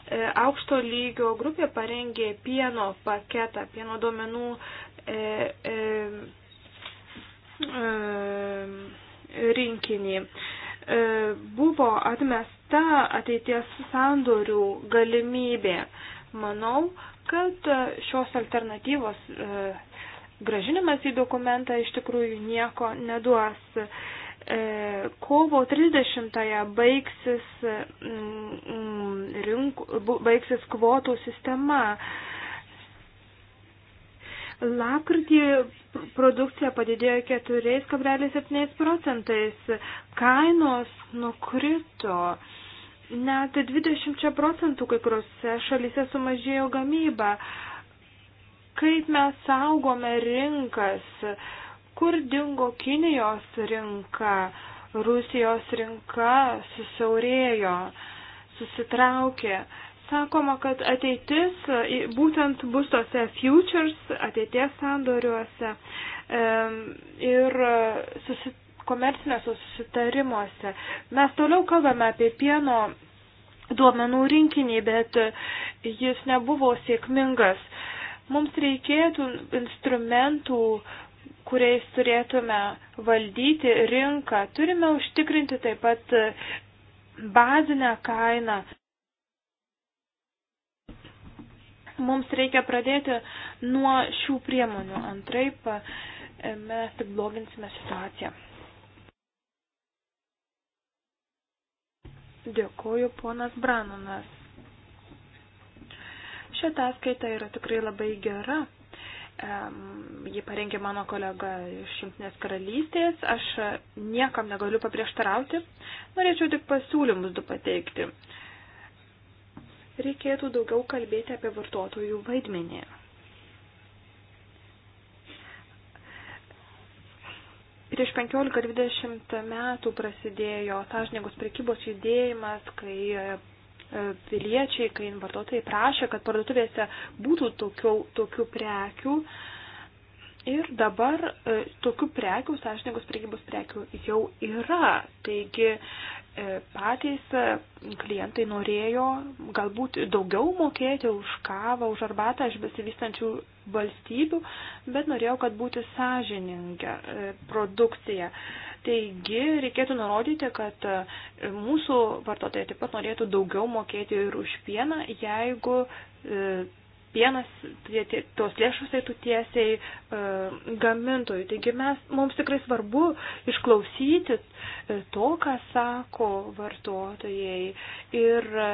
B: E, aukšto lygio grupė parengė pieno paketą, pieno duomenų e, e, e, rinkinį. E, E, buvo atmesta ateities sandorių galimybė. Manau, kad šios alternatyvos e, gražinimas į dokumentą iš tikrųjų nieko neduos. E, kovo 30-ąją baigsis, mm, mm, rink, baigsis kvotų sistema Lapkritį produkcija padidėjo 4,7 procentais, kainos nukrito. Net 20 procentų kai kuriuose šalyse sumažėjo gamyba. Kaip mes saugome rinkas? Kur dingo Kinijos rinka? Rusijos rinka susiaurėjo, susitraukė sakoma, kad ateitis būtent bus tose futures, ateities sandoriuose ir susit komercinėse susitarimuose. Mes toliau kalbame apie pieno duomenų rinkinį, bet jis nebuvo sėkmingas. Mums reikėtų instrumentų, kuriais turėtume valdyti rinką. Turime užtikrinti taip pat bazinę kainą. Mums reikia pradėti nuo šių priemonių, antraip e, mes tik bloginsime situaciją. Dėkuoju, ponas Branonas. Ši ataskaita yra tikrai labai gera. Jį parengė mano kolega iš Junktinės karalystės. Aš niekam negaliu paprieštarauti. Norėčiau tik pasiūlymus du pateikti reikėtų daugiau kalbėti apie vartotojų vaidmenį. Prieš 15-20 metų prasidėjo sąžininkos prekybos judėjimas, kai e, piliečiai, kai vartotojai prašė, kad parduotuvėse būtų tokių, tokių prekių, Ir dabar e, tokių prekių, sąžininkos priekybos prekių jau yra. Taigi e, patys e, klientai norėjo galbūt daugiau mokėti už kavą, už arbatą iš besivystančių valstybių, bet norėjo, kad būtų sąžininga e, produkcija. Taigi reikėtų nurodyti, kad e, mūsų vartotojai taip pat norėtų daugiau mokėti ir už pieną, jeigu e, pienas, tie, tie, tos lėšos eitų tiesiai e, gamintojų. Taigi mes, mums tikrai svarbu išklausyti e, to, ką sako vartotojai. Ir e,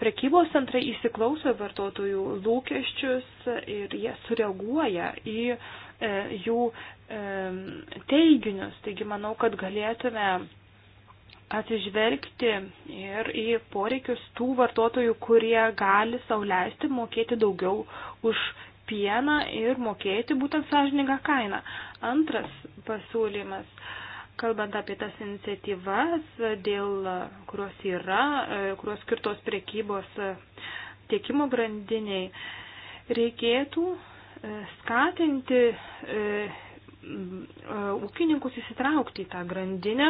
B: prekybos centrai įsiklauso vartotojų lūkesčius ir jie sureaguoja į e, jų e, teiginius. Taigi manau, kad galėtume atsižvelgti ir į poreikius tų vartotojų, kurie gali sauliaisti mokėti daugiau už pieną ir mokėti būtent sąžiningą kainą. Antras pasiūlymas, kalbant apie tas iniciatyvas, dėl kurios yra, kurios skirtos priekybos tiekimo grandiniai, reikėtų e, skatinti e, e, ūkininkus įsitraukti į tą grandinę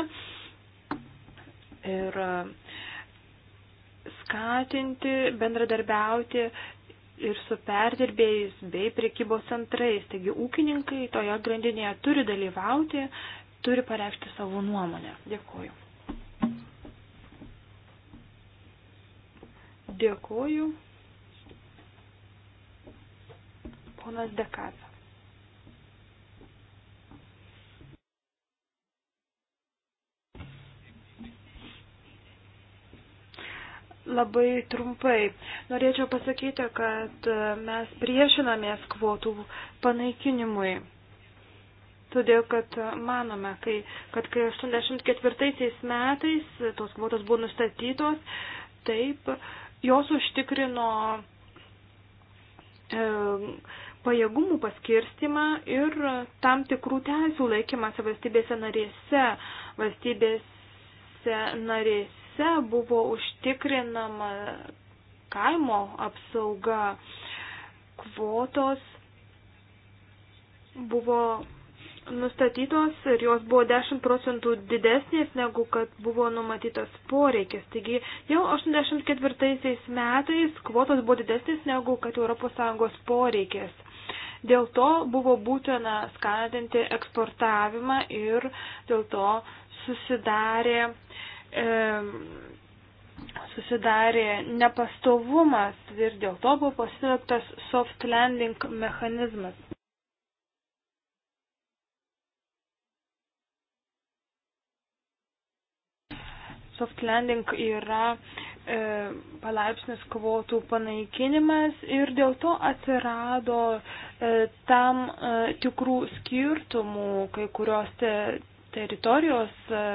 B: ir e, skatinti bendradarbiauti ir su perdirbėjais bei priekybos centrais. Taigi ūkininkai toje grandinėje turi dalyvauti, turi pareikšti savo nuomonę. Dėkuoju. Dėkuoju. Ponas Dekatas. Labai trumpai. Norėčiau pasakyti, kad mes priešinamės kvotų panaikinimui. Todėl, kad manome, kai, kad kai 84 metais tos kvotos buvo nustatytos, taip, jos užtikrino e, pajėgumų paskirstimą ir tam tikrų teisų laikymąsi valstybėse narėse. Valstybėse narėse juose buvo užtikrinama kaimo apsauga, kvotos buvo nustatytos ir jos buvo 10 procentų didesnės negu kad buvo numatytas poreikis. Taigi jau 84 metais kvotos buvo didesnės negu kad ES poreikis. Dėl to buvo būtina skatinti eksportavimą ir dėl to susidarė E, susidarė nepastovumas ir dėl to buvo pasirinktas soft landing mechanizmas. Soft landing yra e, palaipsnis kvotų panaikinimas ir dėl to atsirado e, tam e, tikrų skirtumų, kai kurios te, teritorijos e,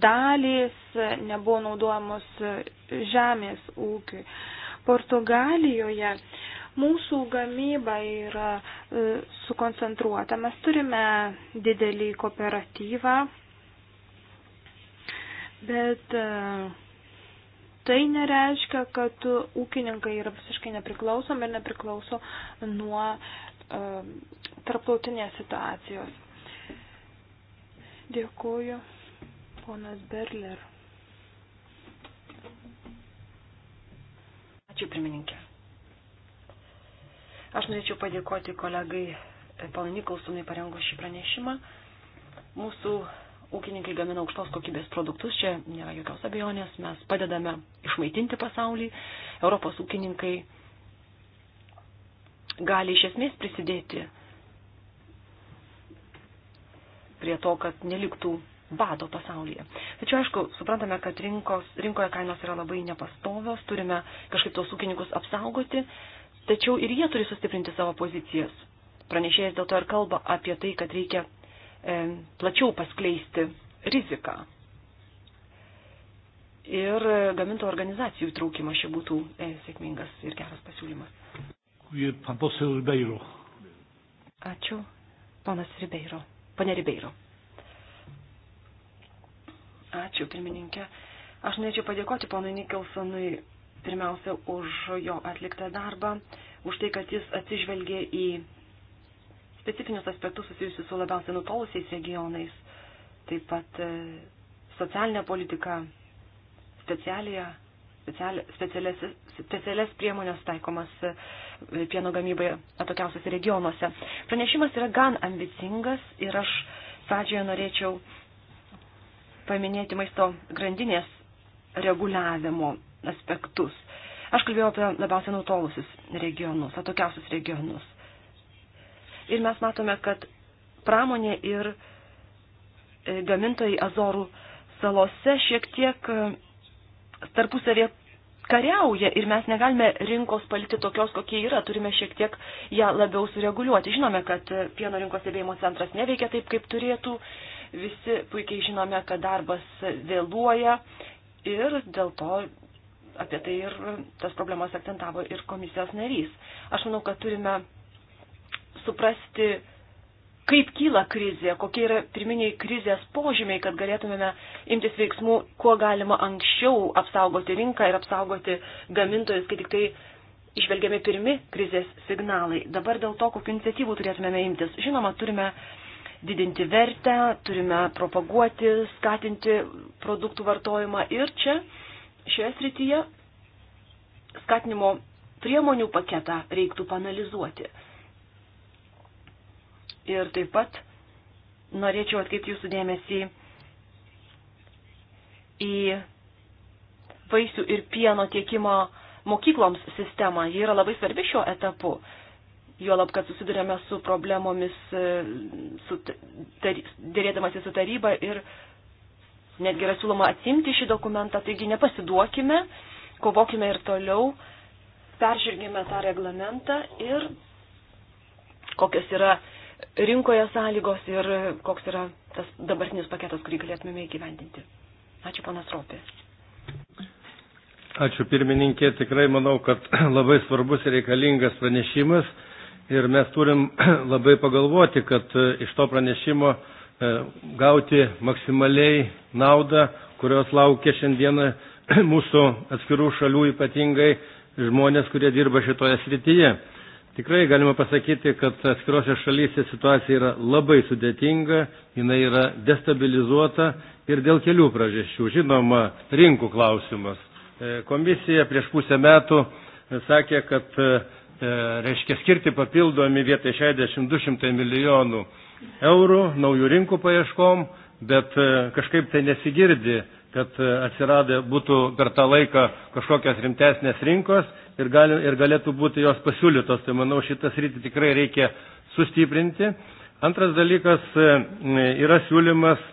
B: dalys nebuvo naudojamos žemės ūkiui. Portugalijoje mūsų gamyba yra e, sukoncentruota. Mes turime didelį kooperatyvą, bet e, tai nereiškia, kad ūkininkai yra visiškai nepriklausomi ir nepriklauso nuo e, tarptautinės situacijos. Dėkuoju. Ponas Berler. Ačiū, pirmininkė. Aš norėčiau padėkoti kolegai e, Palanį Nikolsonui parengus šį pranešimą. Mūsų ūkininkai gamina aukštos kokybės produktus, čia nėra jokios abejonės, mes padedame išmaitinti pasaulį, Europos ūkininkai gali iš esmės prisidėti prie to, kad neliktų bado pasaulyje. Tačiau, aišku, suprantame, kad rinkos, rinkoje kainos yra labai nepastovios, turime kažkaip tos ūkininkus apsaugoti, tačiau ir jie turi sustiprinti savo pozicijas. Pranešėjas dėl to ir kalba apie tai, kad reikia e, plačiau paskleisti riziką. Ir gamintų organizacijų traukimas čia būtų e, sėkmingas ir geras pasiūlymas. Ačiū, ponas Ribeiro. Pane Ribeiro. Ačiū, pirmininkė. Aš norėčiau padėkoti ponui Nikelsonui pirmiausia už jo atliktą darbą, už tai, kad jis atsižvelgė į specifinius aspektus susijusius su labiausiai nutolusiais regionais, taip pat e, socialinę politiką, specialią, specialias, specialias priemonės taikomas e, pieno gamybai atokiausiose regionuose. Pranešimas yra gan ambicingas ir aš pradžioje norėčiau paminėti maisto grandinės reguliavimo aspektus. Aš kalbėjau apie labiausiai nutolusius regionus, atokiausius regionus. Ir mes matome, kad pramonė ir e, gamintojai Azorų salose šiek tiek e, tarpusavė kariauja ir mes negalime rinkos palikti tokios, kokie yra, turime šiek tiek ją labiau sureguliuoti. Žinome, kad e, pieno rinkos stebėjimo centras neveikia taip, kaip turėtų, Visi puikiai žinome, kad darbas vėluoja ir dėl to apie tai ir tas problemas akcentavo ir komisijos narys. Aš manau, kad turime suprasti, kaip kyla krizė, kokie yra pirminiai krizės požymiai, kad galėtumėme imtis veiksmų, kuo galima anksčiau apsaugoti rinką ir apsaugoti gamintojus, kai tik tai išvelgiami pirmi krizės signalai. Dabar dėl to, kokiu iniciatyvų turėtumėme imtis. Žinoma, turime didinti vertę, turime propaguoti, skatinti produktų vartojimą ir čia, šioje srityje, skatinimo priemonių paketą reiktų panalizuoti. Ir taip pat norėčiau atkreipti jūsų dėmesį į vaisių ir pieno tiekimo mokykloms sistemą. Ji yra labai svarbi šiuo etapu juolab, kad susidurėme su problemomis e, su tar, dėrėdamasi su taryba ir netgi yra siūloma atsimti šį dokumentą, taigi nepasiduokime, kovokime ir toliau, peržvelgime tą reglamentą ir kokios yra rinkoje sąlygos ir koks yra tas dabartinis paketas, kurį galėtume įgyvendinti. Ačiū, panas Ropė.
A: Ačiū pirmininkė, tikrai manau, kad labai svarbus ir reikalingas pranešimas ir mes turim labai pagalvoti, kad e, iš to pranešimo e, gauti maksimaliai naudą, kurios laukia šiandieną mūsų atskirų šalių ypatingai žmonės, kurie dirba šitoje srityje. Tikrai galima pasakyti, kad atskirose šalyse situacija yra labai sudėtinga, jinai yra destabilizuota ir dėl kelių priežasčių. Žinoma, rinkų klausimas. E, komisija prieš pusę metų sakė, kad E, reiškia skirti papildomi vietoj 60-200 milijonų eurų naujų rinkų paieškom, bet e, kažkaip tai nesigirdi, kad e, atsiradė būtų per tą laiką kažkokios rimtesnės rinkos ir, gali, ir galėtų būti jos pasiūlytos. Tai manau, šitas rytį tikrai reikia sustiprinti. Antras dalykas yra siūlymas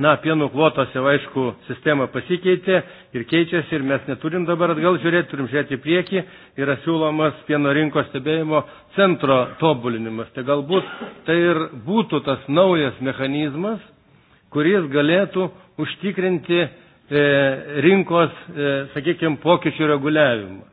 A: Na, pieno kvotos jau aišku sistema pasikeitė ir keičiasi ir mes neturim dabar atgal žiūrėti, turim žiūrėti į priekį. Yra siūlomas pieno rinkos stebėjimo centro tobulinimas. Tai galbūt tai ir būtų tas naujas mechanizmas, kuris galėtų užtikrinti e, rinkos, e, sakykime, pokyčių reguliavimą.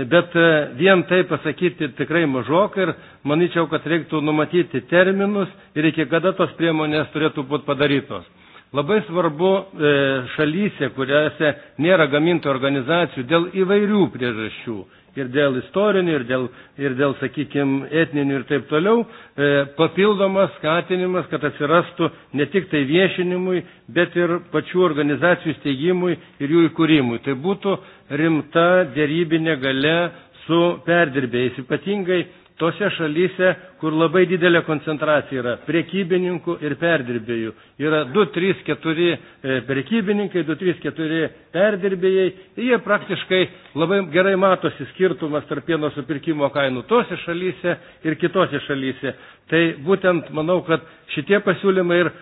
A: E, bet vien tai pasakyti tikrai mažok ir manyčiau, kad reiktų numatyti terminus ir iki kada tos priemonės turėtų būti padarytos. Labai svarbu e, šalyse, kuriuose nėra gamintų organizacijų dėl įvairių priežasčių ir dėl istorinių, ir dėl, ir dėl sakykime, etninių ir taip toliau, e, papildomas skatinimas, kad atsirastų ne tik tai viešinimui, bet ir pačių organizacijų steigimui ir jų įkūrimui. Tai būtų rimta dėrybinė gale su perdirbėjais, ypatingai tose šalyse, kur labai didelė koncentracija yra priekybininkų ir perdirbėjų. Yra 2-3-4 priekybininkai, 2-3-4 perdirbėjai. Jie praktiškai labai gerai matosi skirtumas tarp pieno supirkimo kainų tose šalyse ir kitose šalyse. Tai būtent manau, kad šitie pasiūlymai ir e,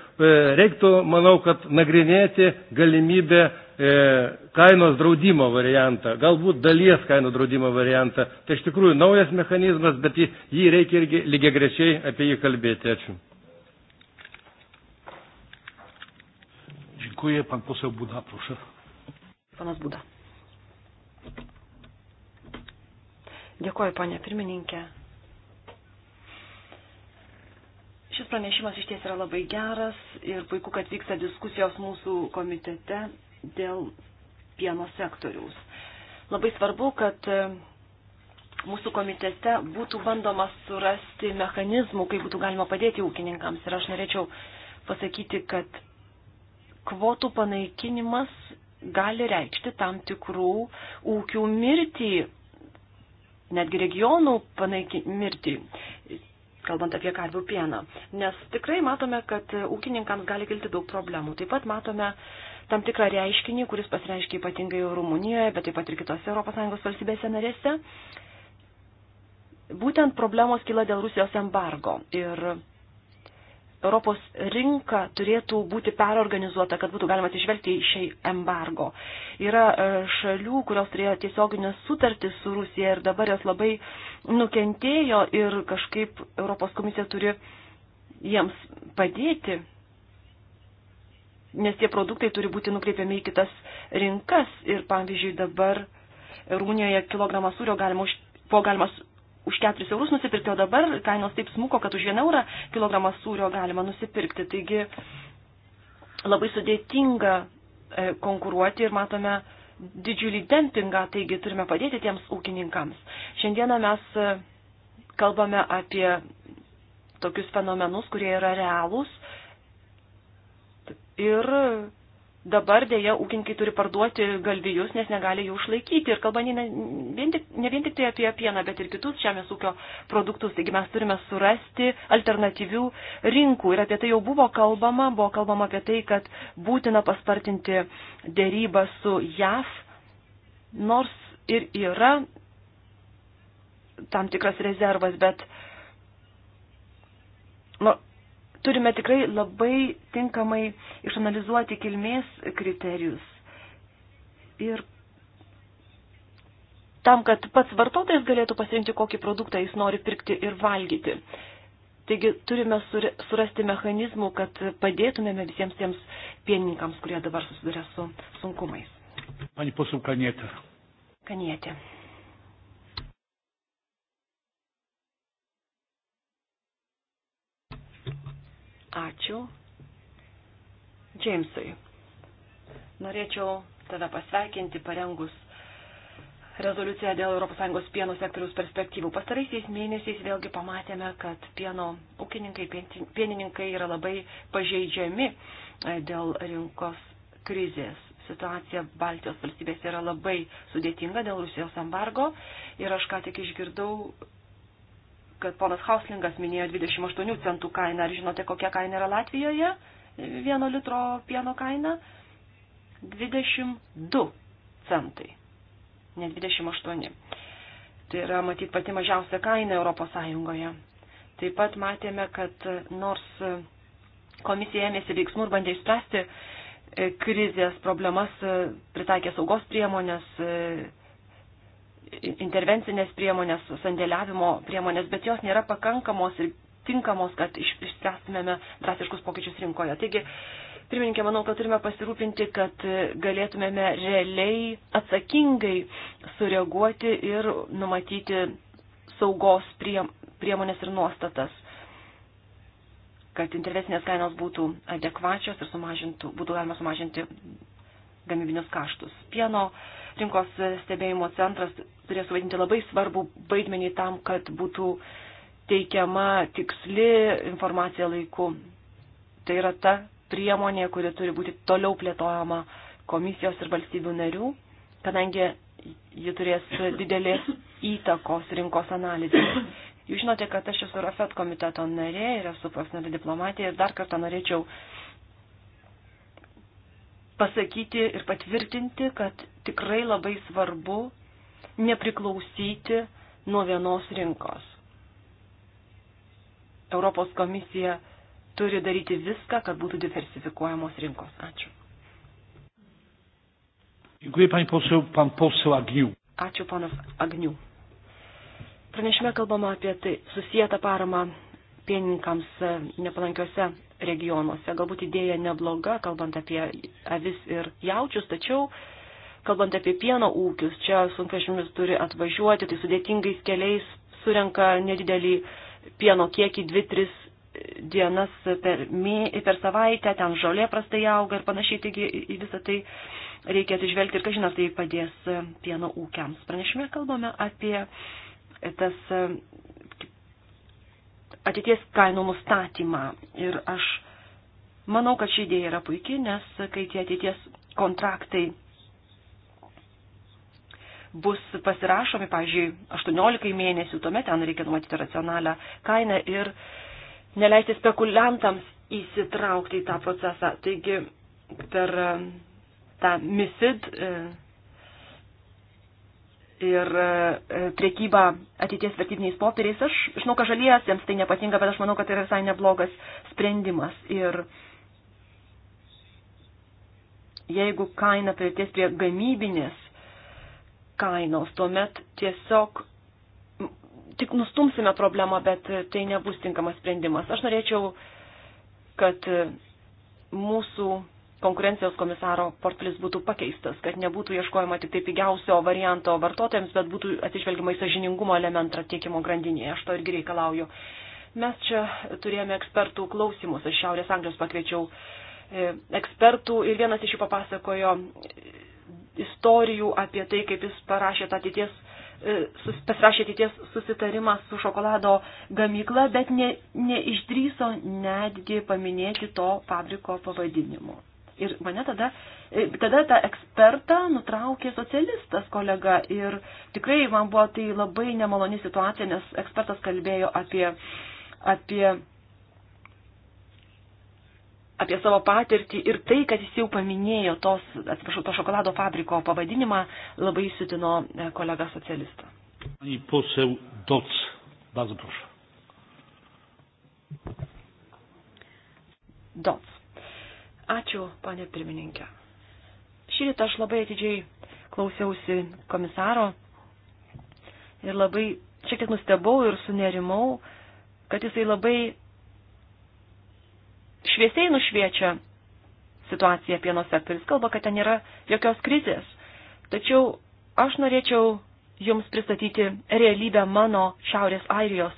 A: reiktų, manau, kad nagrinėti galimybę E, kainos draudimo variantą, galbūt dalies kainų draudimo variantą. Tai iš tikrųjų naujas mechanizmas, bet jį, jį reikia irgi lygiai grečiai apie jį kalbėti. Ačiū. Dziękuję. Pan poseł Buda, proszę.
B: Panas Buda. Dėkuoju, ponė pirmininkė. Šis pranešimas iš ties yra labai geras ir puiku, kad vyksta diskusijos mūsų komitete dėl pieno sektoriaus. Labai svarbu, kad e, mūsų komitete būtų bandoma surasti mechanizmų, kaip būtų galima padėti ūkininkams. Ir aš norėčiau pasakyti, kad kvotų panaikinimas gali reikšti tam tikrų ūkių mirtį, netgi regionų mirtį, kalbant apie karvių pieną. Nes tikrai matome, kad ūkininkams gali kilti daug problemų. Taip pat matome, tam tikrą reiškinį, kuris pasireiškia ypatingai Rumunijoje, bet taip pat ir kitose ES valstybėse narėse. Būtent problemos kyla dėl Rusijos embargo ir Europos rinka turėtų būti perorganizuota, kad būtų galima atsižvelgti į šiai embargo. Yra e, šalių, kurios turėjo tiesioginę sutartį su Rusija ir dabar jos labai nukentėjo ir kažkaip Europos komisija turi jiems padėti nes tie produktai turi būti nukreipiami į kitas rinkas. Ir pavyzdžiui, dabar Rumunijoje kilogramą sūrio galima už, buvo galima už 4 eurus nusipirkti, o dabar kainos taip smuko, kad už 1 eurą kilogramą sūrio galima nusipirkti. Taigi labai sudėtinga e, konkuruoti ir matome didžiulį dempingą, taigi turime padėti tiems ūkininkams. Šiandieną mes e, kalbame apie tokius fenomenus, kurie yra realūs Ir dabar dėja ūkininkai turi parduoti galvijus, nes negali jų išlaikyti. Ir kalba ne vien, tik, ne vien tik tai apie pieną, bet ir kitus žemės ūkio produktus. Taigi mes turime surasti alternatyvių rinkų. Ir apie tai jau buvo kalbama, buvo kalbama apie tai, kad būtina paspartinti dėrybą su JAF, nors ir yra tam tikras rezervas, bet turime tikrai labai tinkamai išanalizuoti kilmės kriterijus. Ir tam, kad pats vartotojas galėtų pasirinkti, kokį produktą jis nori pirkti ir valgyti. Taigi turime surasti mechanizmų, kad padėtumėme visiems tiems pienininkams, kurie dabar susiduria su
A: sunkumais. Pani posūkanietė.
B: Kanietė. Kanietė. Ačiū. Džeimsui. Norėčiau tave pasveikinti parengus rezoliuciją dėl ES pieno sektoriaus perspektyvų. Pastaraisiais mėnesiais vėlgi pamatėme, kad pieno ūkininkai, pienininkai yra labai pažeidžiami e, dėl rinkos krizės. Situacija Baltijos valstybėse yra labai sudėtinga dėl Rusijos embargo ir aš ką tik išgirdau kad ponas Hauslingas minėjo 28 centų kainą. Ar žinote, kokia kaina yra Latvijoje? Vieno litro pieno kaina? 22 centai. Ne 28. Tai yra, matyt, pati mažiausia kaina Europos Sąjungoje. Taip pat matėme, kad nors komisija ėmėsi veiksmų ir bandė išspręsti krizės problemas, pritaikė saugos priemonės, intervencinės priemonės, sandėliavimo priemonės, bet jos nėra pakankamos ir tinkamos, kad išspręstumėme drastiškus pokyčius rinkoje. Taigi, pirmininkė, manau, kad turime pasirūpinti, kad galėtumėme realiai atsakingai sureaguoti ir numatyti saugos priemonės ir nuostatas kad intervencinės kainos būtų adekvačios ir sumažintų, būtų galima sumažinti gamybinius kaštus. Pieno uh, rinkos stebėjimo centras turės suvaidinti labai svarbų vaidmenį tam, kad būtų teikiama tiksli informacija laiku. Tai yra ta priemonė, kuri turi būti toliau plėtojama komisijos ir valstybių narių, kadangi ji turės didelės įtakos rinkos analizėje. Jūs žinote, kad aš esu RAFET komiteto narė ir esu profesionali diplomatija ir dar kartą norėčiau pasakyti ir patvirtinti, kad tikrai labai svarbu nepriklausyti nuo vienos rinkos. Europos komisija turi daryti viską, kad būtų diversifikuojamos rinkos. Ačiū.
A: Dziękuję Pani poseł, Pan poseł Agniu.
B: Ačiū, ponas Agniu. Pranešime kalbama apie tai susijęta parama pieninkams e, nepalankiuose regionuose. Galbūt idėja nebloga, kalbant apie avis ir jaučius, tačiau kalbant apie pieno ūkius, čia sunkvežimis turi atvažiuoti, tai sudėtingais keliais surenka nedidelį pieno kiekį 2-3 dienas per, mė, per savaitę, ten žolė prastai auga ir panašiai, taigi į visą tai reikia atsižvelgti ir, ką žinot, tai padės pieno ūkiams. Pranešime kalbame apie tas ateities kainų nustatymą. Ir aš manau, kad ši idėja yra puikia, nes kai tie ateities kontraktai bus pasirašomi, pavyzdžiui, 18 mėnesių, tuomet ten reikia numatyti racionalią kainą ir neleisti spekuliantams įsitraukti į tą procesą. Taigi per e, tą MISID e, ir e, priekybą ateities vertybiniais popieriais. Aš žinau, kad žalies jiems tai nepatinka, bet aš manau, kad tai yra visai neblogas sprendimas. Ir jeigu kaina prieties prie gamybinės kainos, tuomet tiesiog tik nustumsime problemą, bet tai nebus tinkamas sprendimas. Aš norėčiau, kad mūsų konkurencijos komisaro portfelis būtų pakeistas, kad nebūtų ieškojama tik tai pigiausio varianto vartotojams, bet būtų atsižvelgiama į sažiningumo elementą tiekimo grandinėje. Aš to irgi reikalauju. Mes čia turėjome ekspertų klausimus, aš Šiaurės Anglijos pakviečiau e, ekspertų ir vienas iš jų papasakojo e, istorijų apie tai, kaip jis parašė tą ateities e, sus, pasirašė ateities susitarimą su šokolado gamykla, bet ne, neišdryso netgi paminėti to fabriko pavadinimu. Ir mane tada, e, tada tą ekspertą nutraukė socialistas kolega ir tikrai man buvo tai labai nemaloni situacija, nes ekspertas kalbėjo apie, apie, apie savo patirtį ir tai, kad jis jau paminėjo tos, atsiprašau, to šokolado fabriko pavadinimą, labai sutino e, kolega socialistą.
A: Pani poseł Doc, bardzo proszę. Doc.
B: Ačiū, ponė pirmininkė. Šį rytą aš labai atidžiai klausiausi komisaro ir labai šiek tiek nustebau ir sunerimau, kad jisai labai šviesiai nušviečia situaciją pieno sektorius. Kalba, kad ten nėra jokios krizės. Tačiau aš norėčiau jums pristatyti realybę mano Šiaurės Airijos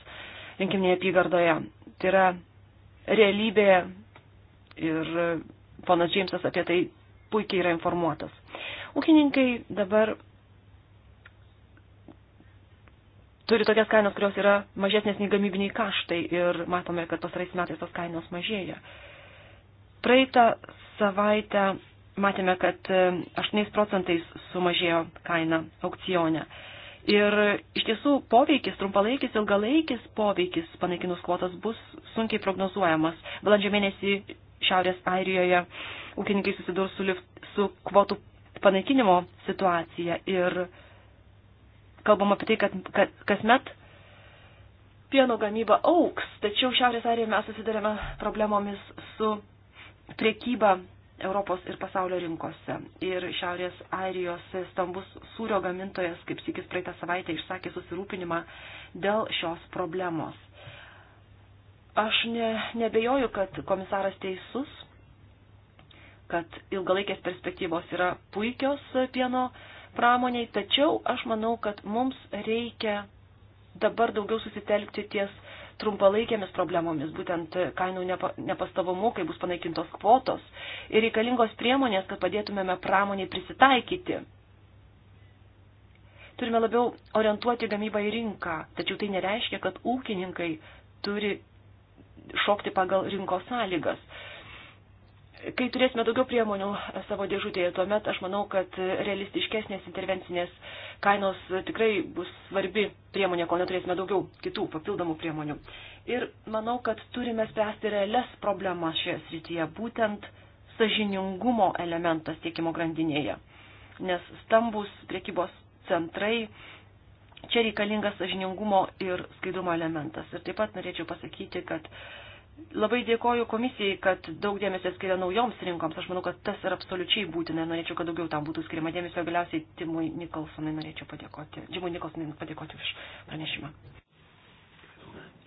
B: rinkiminėje apygardoje. Tai yra realybė ir ponas Džeimsas apie tai puikiai yra informuotas. Ūkininkai dabar turi tokias kainas, kurios yra mažesnės nei gamybiniai kaštai ir matome, kad pasarais metais tos kainos mažėja. Praeitą savaitę matėme, kad 8 e, procentais sumažėjo kaina aukcione. Ir iš tiesų poveikis, trumpalaikis, ilgalaikis poveikis panaikinus kvotas bus sunkiai prognozuojamas. Balandžio mėnesį Šiaurės Airijoje ūkininkai susidurs su, lift, su kvotų panaikinimo situacija ir kalbam apie tai, kad, kad kasmet pieno gamyba auks, tačiau Šiaurės Airijoje mes susidarėme problemomis su priekyba Europos ir pasaulio rinkose. Ir Šiaurės Airijos stambus sūrio gamintojas, kaip sikis praeitą savaitę, išsakė susirūpinimą dėl šios problemos. Aš ne, nebejoju, kad komisaras teisus, kad ilgalaikės perspektyvos yra puikios pieno pramoniai, tačiau aš manau, kad mums reikia dabar daugiau susitelkti ties trumpalaikėmis problemomis, būtent kainų nepastovumu, kai bus panaikintos kvotos ir reikalingos priemonės, kad padėtumėme pramoniai prisitaikyti. Turime labiau orientuoti gamybą į rinką, tačiau tai nereiškia, kad ūkininkai turi šokti pagal rinkos sąlygas. Kai turėsime daugiau priemonių savo dėžutėje, tuomet aš manau, kad realistiškesnės intervencinės kainos tikrai bus svarbi priemonė, kol neturėsime daugiau kitų papildomų priemonių. Ir manau, kad turime spręsti realias problemas šioje srityje, būtent sažiningumo elementas tiekimo grandinėje. Nes stambus priekybos centrai Čia reikalingas sažiningumo ir skaidumo elementas. Ir taip pat norėčiau pasakyti, kad labai dėkoju komisijai, kad daug dėmesio skiria naujoms rinkoms. Aš manau, kad tas yra absoliučiai būtina ir norėčiau, kad daugiau tam būtų skiriama dėmesio. Galiausiai Timui Nikolsonui norėčiau padėkoti, Džimui Nikolsonui padėkoti už
A: pranešimą.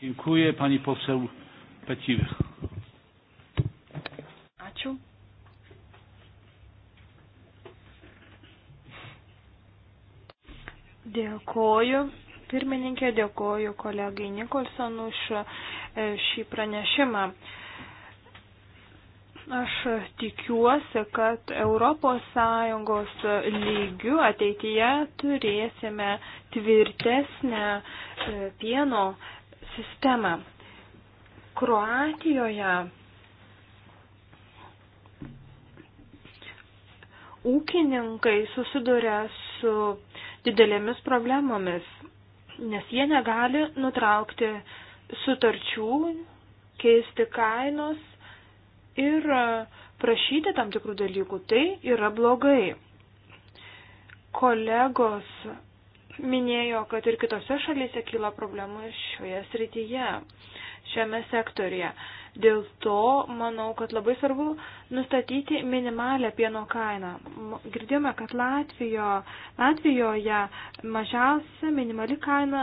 A: Dziękuję pani poseł Peciwych.
B: Ačiū. Dėkoju. Pirmininkė, dėkoju kolegai Nikolson už e, šį pranešimą. Aš tikiuosi, kad ES lygių ateityje turėsime tvirtesnę e, pieno sistemą. Kroatijoje ūkininkai susiduria su didelėmis problemomis, nes jie negali nutraukti sutarčių, keisti kainos ir e, prašyti tam tikrų dalykų. Tai yra blogai. Kolegos minėjo, kad ir kitose šalyse kyla problemų šioje srityje, šiame sektorija. Dėl to manau, kad labai svarbu nustatyti minimalę pieno kainą. Girdėjome, kad Latvijo, Latvijoje mažiausia minimali kaina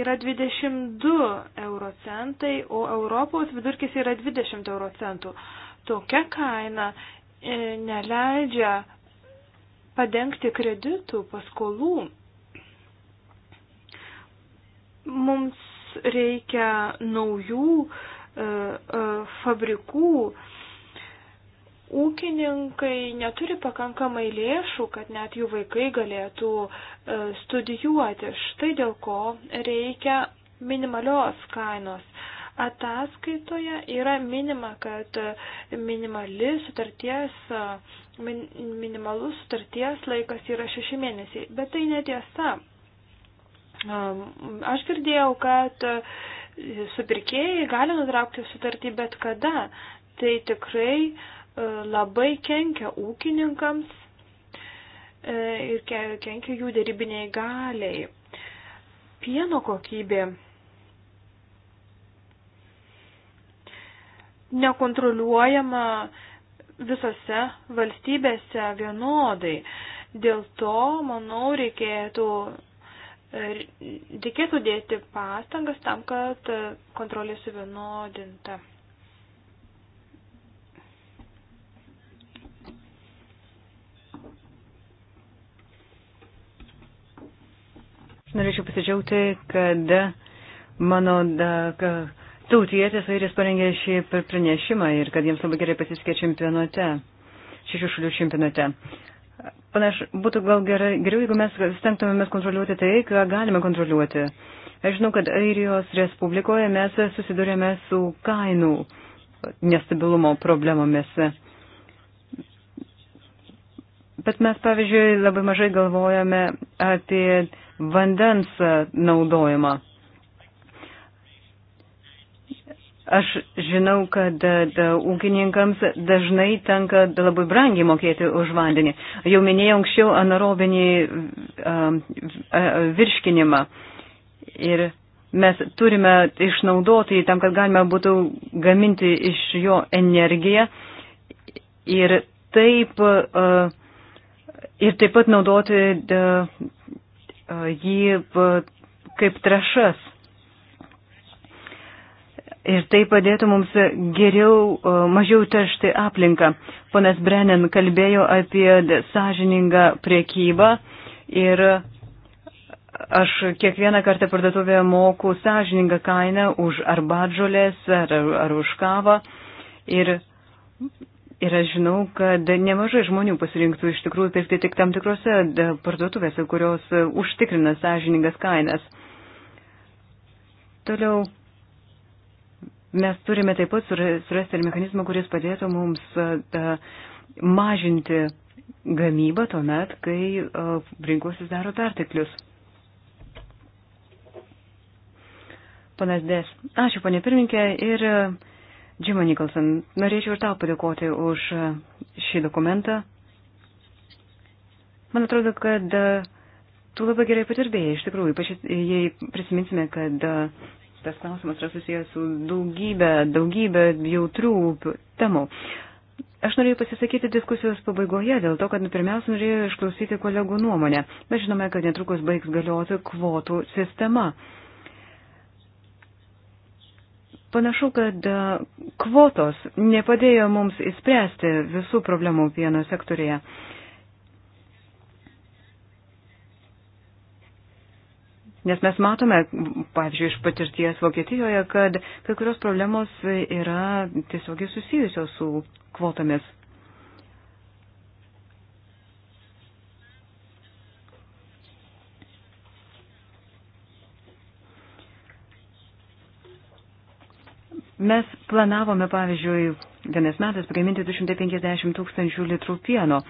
B: yra 22 euro centai, o Europos vidurkis yra 20 euro centų. Tokia kaina e, neleidžia padengti kreditų, paskolų. Mums reikia naujų uh, E, e, fabrikų, ūkininkai neturi pakankamai lėšų, kad net jų vaikai galėtų e, studijuoti. Štai dėl ko reikia minimalios kainos. Ataskaitoje yra minima, kad minimali sutarties, min, minimalus sutarties laikas yra šeši mėnesiai, bet tai netiesa. Aš girdėjau, kad supirkėjai gali nutraukti sutartį bet kada. Tai tikrai e, labai kenkia ūkininkams e, ir kenkia jų dėrybiniai galiai. Pieno kokybė. Nekontroliuojama visose valstybėse vienodai. Dėl to, manau, reikėtų reikėtų dėti pastangas tam, kad kontrolė suvienodinta. Aš norėčiau pasidžiaugti, kad mano tautietis airis parengė šį pranešimą ir kad jiems labai gerai pasisekė čempionate, šešių šalių čempionate. Panaš, būtų gal gerai, geriau, jeigu mes stengtumėmės kontroliuoti tai, ką galime kontroliuoti. Aš žinau, kad Airijos Respublikoje mes susidurėme su kainų nestabilumo problemomis. Bet mes, pavyzdžiui, labai mažai galvojame apie vandens naudojimą. Aš žinau, kad da, ūkininkams dažnai tenka labai brangiai mokėti už vandenį. Jau minėjau anksčiau anaerobinį um, virškinimą. Ir mes turime išnaudoti tam, kad galime būtų gaminti iš jo energiją ir taip, a, ir taip pat naudoti a, a, jį kaip trašas. Ir tai padėtų mums geriau, e, mažiau teršti aplinką. Ponas Brennan kalbėjo apie sąžiningą priekybą ir aš kiekvieną kartą parduotuvėje moku sąžiningą kainą už arbatžolės ar, ar už kavą. Ir, ir aš žinau, kad nemažai žmonių pasirinktų iš tikrųjų pirkti tik tam tikrose e, parduotuvėse, kurios e, užtikrina sąžiningas kainas. Toliau Mes turime taip pat surasti ir mechanizmą, kuris padėtų mums da, mažinti gamybą tuomet, kai rinkos susidaro perteklius. Panas Des. Ačiū, ponė pirminkė. Ir Džima Nikolson, norėčiau ir tau padėkoti už šį dokumentą. Man atrodo, kad tu labai gerai padirbėjai, iš tikrųjų, ypač jei prisiminsime, kad tas klausimas yra susijęs su daugybė, daugybė jautrių temų. Aš norėjau pasisakyti diskusijos pabaigoje dėl to, kad pirmiausia norėjau išklausyti kolegų nuomonę. Mes žinome, kad netrukus baigs galioti kvotų sistema. Panašu, kad e, kvotos nepadėjo mums įspręsti visų problemų pieno sektorėje. Nes mes matome, pavyzdžiui, iš patirties Vokietijoje, kad kai kurios problemos yra tiesiogiai susijusios su kvotomis. Mes planavome, pavyzdžiui, vienas metas pagaminti 250 tūkstančių litrų pieno.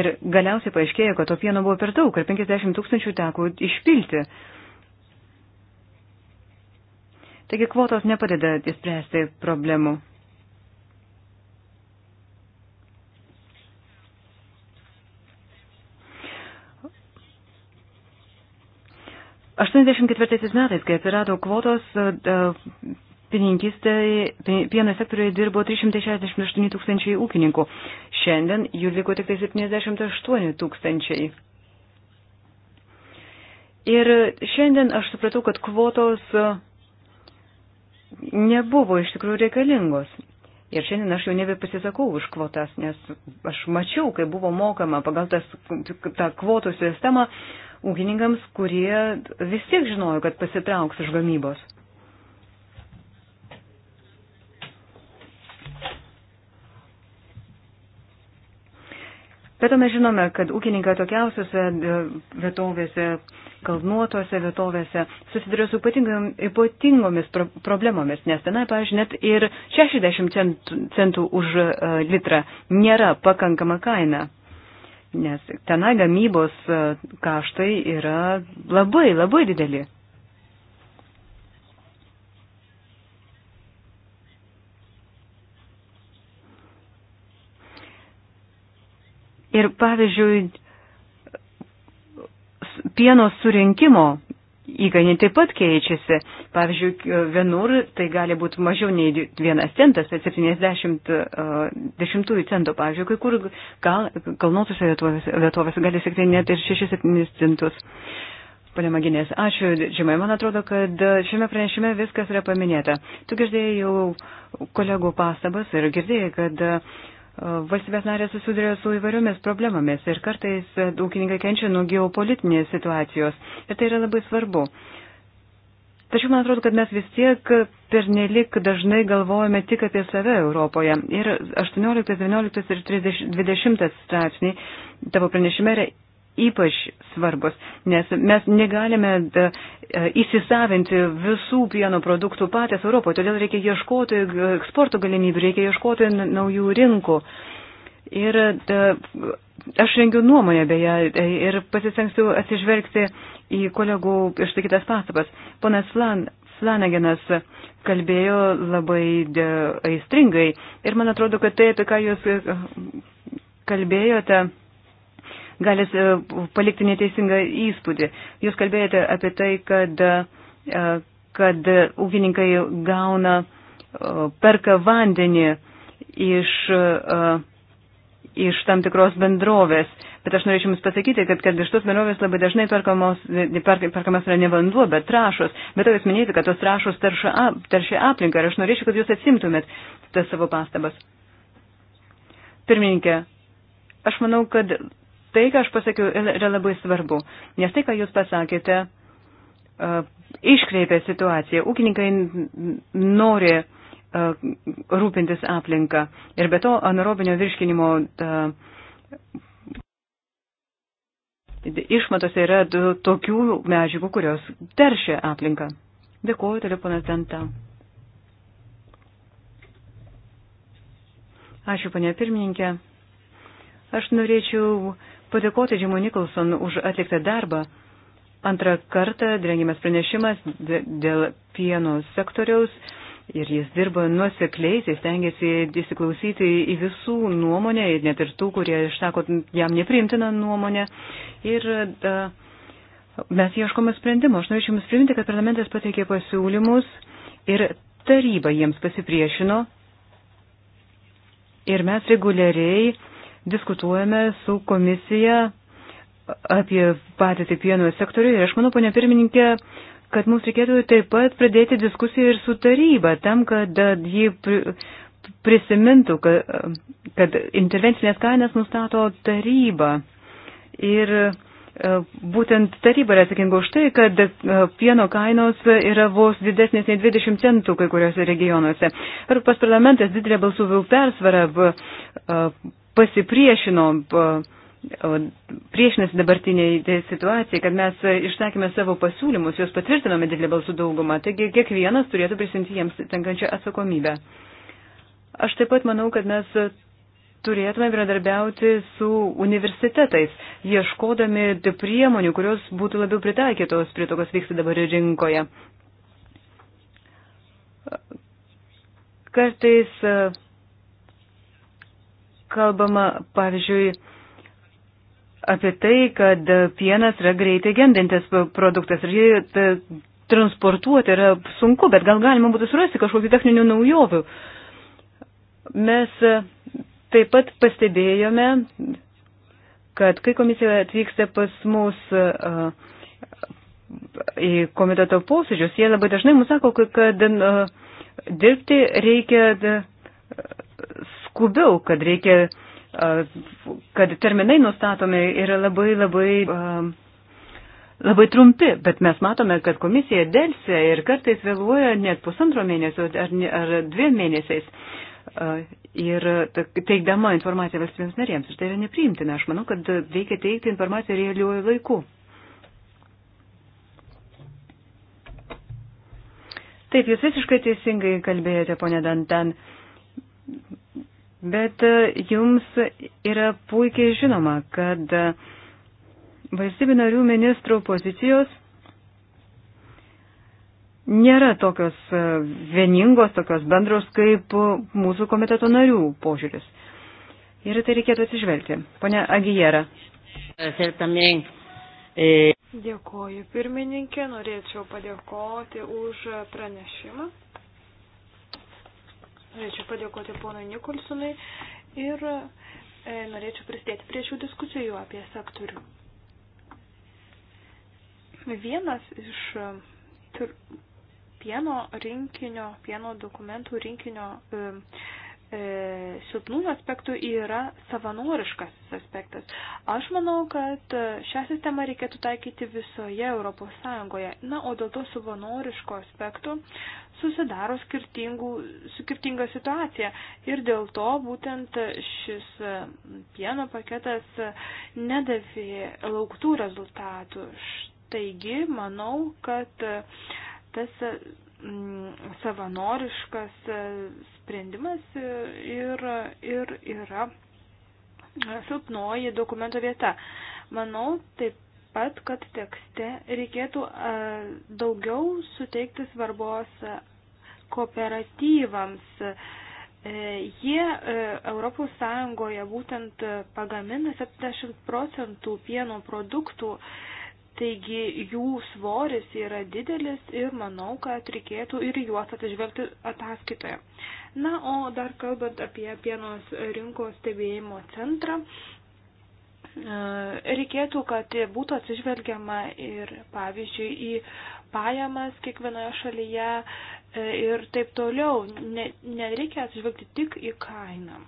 B: Ir galiausiai paaiškėjo, kad to pieno buvo per daug ir 50 tūkstančių teko išpilti. Taigi kvotos nepadeda įspręsti problemų. Aštuoniasdešimt ketvirtaisiais metais, kai atsirado kvotos, e, pieno sektoriuje dirbo 368 tūkstančiai ūkininkų. Šiandien jų liko tik tai 78 tūkstančiai. Ir šiandien aš supratau, kad kvotos nebuvo iš tikrųjų reikalingos. Ir šiandien aš jau nebepasisakau už kvotas, nes aš mačiau, kai buvo mokama pagal tas, tą kvotų sistemą ūkininkams, kurie vis tiek žinojo, kad pasitrauks iš gamybos. Bet to mes žinome, kad ūkininkai tokiausiose e, vietovėse, kalnuotose vietovėse susiduria su ypatingomis pro problemomis, nes tenai, pavyzdžiui, net ir 60 centų už e, litrą nėra pakankama kaina, nes tenai gamybos e, kaštai yra labai, labai dideli. Ir pavyzdžiui, pieno surinkimo įkainiai taip pat keičiasi. Pavyzdžiui, vienur tai gali būti mažiau nei vienas centas, tai 70 dešimtųjų centų. Pavyzdžiui, kai kur kal, kalnuotose vietovėse, vietovėse gali siekti net ir 6-7 centus. Pane Maginės, ačiū, Džimai. Man atrodo, kad šiame pranešime viskas yra paminėta. Tu girdėjai jau kolegų pastabas ir girdėjai, kad uh, Valstybės narės susiduria su įvairiomis problemomis ir kartais e, ūkininkai kenčia nuo geopolitinės situacijos. Ir tai yra labai svarbu. Tačiau man atrodo, kad mes vis tiek pernelik dažnai galvojame tik apie save Europoje. Ir 18, 19 ir 30, 20 straipsniai tavo pranešime yra ypač svarbus, nes mes negalime e, e, įsisavinti visų pieno produktų patys Europoje, todėl reikia ieškoti eksporto galimybių, reikia ieškoti naujų rinkų. Ir da, e, aš rengiu nuomonę beje ir pasisengsiu atsižvelgti į kolegų išsakytas pastabas. Ponas Flan, Flanagenas kalbėjo labai de, aistringai ir man atrodo, kad tai, apie ką jūs kalbėjote, gali e, palikti neteisingą įspūdį. Jūs kalbėjote apie tai, kad, e, kad ūkininkai gauna, e, perka vandenį iš, iš tam tikros bendrovės. Bet aš norėčiau Jums pasakyti, kad, kad iš tos bendrovės labai dažnai perkamos, per, perkamas yra ne vanduo, bet trašos. Bet to Jūs minėjote, kad tos trašos taršia, taršia aplinką ir aš norėčiau, kad Jūs atsimtumėt tas savo pastabas. Pirmininkė, aš manau, kad tai, ką aš pasakiau, yra labai svarbu, nes tai, ką jūs pasakėte, e, iškreipia situaciją. Ūkininkai nori e, rūpintis aplinką ir be to anaerobinio virškinimo e, išmatose yra tokių medžiagų, kurios teršia aplinką. Dėkuoju, telefonas Danta. Ačiū, panė pirmininkė. Aš norėčiau uh, padėkoti Džimui Nikolson už atliktą darbą. Antrą kartą rengiamas pranešimas dėl pieno sektoriaus ir jis dirba nuosekliai, jis tengiasi įsiklausyti į visų nuomonę ir net ir tų, kurie išsako jam neprimtiną nuomonę. Ir da, mes ieškome sprendimo. Aš norėčiau Jums priminti, kad parlamentas pateikė pasiūlymus ir taryba jiems pasipriešino. Ir mes reguliariai diskutuojame su komisija apie patirtį pieno sektoriuje. Ir aš manau, ponia pirmininkė, kad mums reikėtų taip pat pradėti diskusiją ir su taryba, tam, kad e, ji prisimintų, kad, kad intervencinės kainas nustato taryba. Ir e, būtent taryba yra atsakinga už tai, kad e, pieno kainos yra vos didesnės nei 20 centų kai kuriuose regionuose. Europos parlamentas didelė balsų persvara pasipriešino, priešinasi dabartiniai tai situacijai, kad mes išsakėme savo pasiūlymus, juos patvirtinome didelį balsų daugumą, taigi kiekvienas turėtų prisimti jiems tenkančią atsakomybę. Aš taip pat manau, kad mes turėtume bendradarbiauti su universitetais, ieškodami priemonių, kurios būtų labiau pritaikytos prie to, kas vyksta dabar rinkoje. Kartais kalbama, pavyzdžiui, apie tai, kad pienas yra greitai gendantis produktas ir jį e, transportuoti yra sunku, bet gal galima būtų surasti kažkokių techninių naujovių. Mes e, taip pat pastebėjome, kad kai komisija atvyksta pas mus e, į komiteto posėdžius, jie labai dažnai mums sako, kad dirbti reikia skubiau, kad reikia, kad terminai nustatomi yra labai labai. Labai trumpi, bet mes matome, kad komisija dėlsia ir kartais vėluoja net pusantro mėnesio ar, ar dviem mėnesiais ir teikdama informaciją valstybėms narėms. Ir tai yra nepriimtina. Aš manau, kad reikia teikti informaciją realiuoju laiku. Taip, jūs visiškai teisingai kalbėjote, ponė Dantan. Bet e, jums yra puikiai žinoma, kad e, valstybių narių ministrų pozicijos nėra tokios e, vieningos, tokios bendros kaip mūsų komiteto narių požiūris. Ir tai reikėtų atsižvelgti. Pone Agijera.
C: Eh,
B: Dėkoju pirmininkė, norėčiau padėkoti už pranešimą. Norėčiau padėkoti ponui Nikolsonui ir e, norėčiau prisidėti prie šių diskusijų apie sektorių. Vienas iš e, pieno rinkinio, pieno dokumentų rinkinio e, E, silpnųjų aspektų yra savanoriškas aspektas. Aš manau, kad e, šią sistemą reikėtų taikyti visoje Europos Sąjungoje. Na, o dėl to savanoriško aspektų susidaro skirtinga situacija. Ir dėl to būtent šis e, pieno paketas nedavė lauktų rezultatų. Taigi, manau, kad tas Mm, savanoriškas e, sprendimas e, ir, ir yra silpnoji dokumento vieta. Manau taip pat, kad tekste reikėtų e, daugiau suteikti svarbos kooperatyvams. Jie Europos Sąjungoje būtent pagamina 70 procentų pieno produktų Taigi jų svoris yra didelis ir manau, kad reikėtų ir juos atsižvelgti ataskaitoje. Na, o dar kalbant apie pienos rinkos stebėjimo centrą, e, reikėtų, kad būtų atsižvelgiama ir, pavyzdžiui, į pajamas kiekvienoje šalyje e, ir taip toliau. Ne, nereikia atsižvelgti tik į kainą.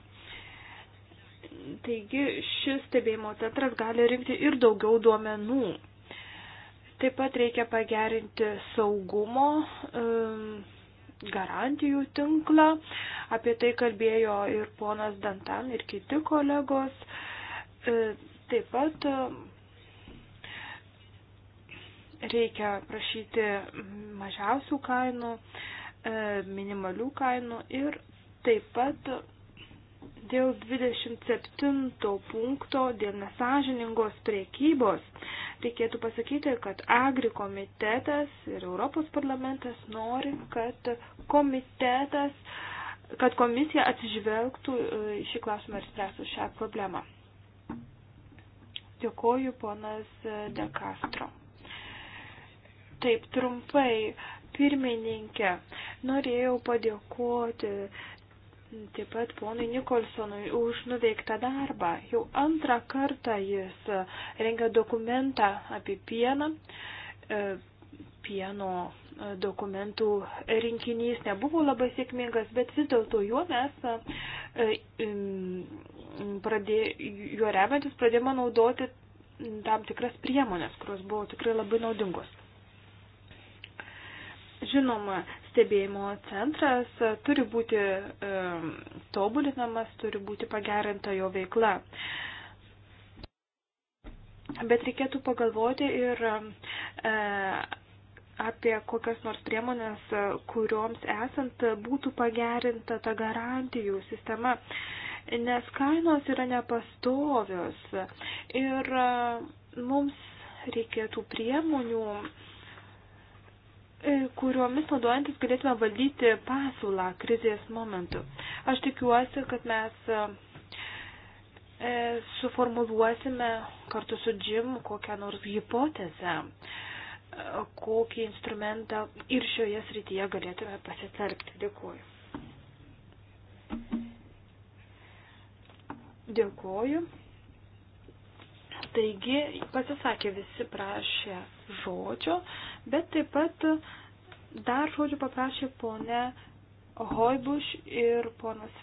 B: Taigi šis stebėjimo centras gali rinkti ir daugiau duomenų. Taip pat reikia pagerinti saugumo garantijų tinklą. Apie tai kalbėjo ir ponas Dantan, ir kiti kolegos. E, taip pat reikia prašyti mažiausių kainų, e, minimalių kainų ir taip pat dėl 27 punkto, dėl nesažiningos priekybos, reikėtų pasakyti, kad Agri komitetas ir Europos parlamentas nori, kad komitetas, kad komisija atsižvelgtų e, šį klausimą ir spręstų šią problemą. Dėkoju, ponas De Castro. Taip trumpai, pirmininkė, norėjau padėkoti taip pat ponui Nikolsonui už nuveiktą darbą. Jau antrą kartą jis e, rengia dokumentą apie pieną. E, pieno e, dokumentų rinkinys nebuvo labai sėkmingas, bet vis dėlto juo mes pradė, juo remiantis pradėjome naudoti tam tikras priemonės, kurios buvo tikrai labai naudingos. Žinoma, stebėjimo centras turi būti e, tobulinamas, turi būti pagerinta jo veikla. Bet reikėtų pagalvoti ir e, apie kokias nors priemonės, kurioms esant būtų pagerinta ta garantijų sistema, nes kainos yra nepastovios ir e, mums reikėtų priemonių, E, kuriomis naudojantis galėtume valdyti pasiūlą krizės momentu. Aš tikiuosi, kad mes e, suformuluosime kartu su Jim kokią nors hipotezę, kokį instrumentą ir šioje srityje galėtume pasitelkti. Dėkuoju. Dėkuoju. Taigi pasisakė visi prašė žodžio, bet taip pat dar žodžių paprašė ponė Hoibuš ir ponas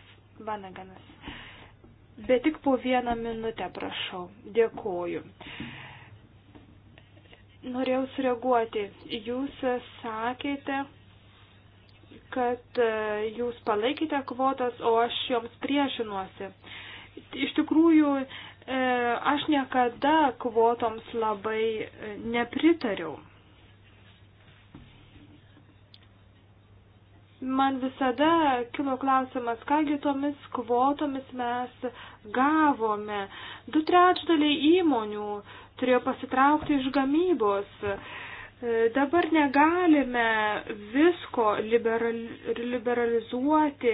B: Vanaganas. Bet tik po vieną minutę prašau. Dėkoju. Norėjau sureaguoti. Jūs sakėte, kad e, jūs palaikite kvotas, o aš joms priešinuosi. Iš tikrųjų, E, aš niekada kvotoms labai e, nepritariau. man visada kilo klausimas, kągi tomis kvotomis mes gavome. Du trečdaliai įmonių turėjo pasitraukti iš gamybos. E, dabar negalime visko liberal, liberalizuoti,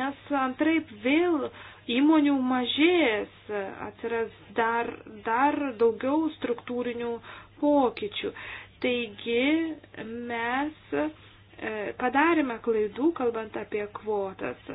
B: nes antraip vėl įmonių mažės, atsiras dar, dar daugiau struktūrinių pokyčių. Taigi mes e, padarėme klaidų, kalbant apie kvotas.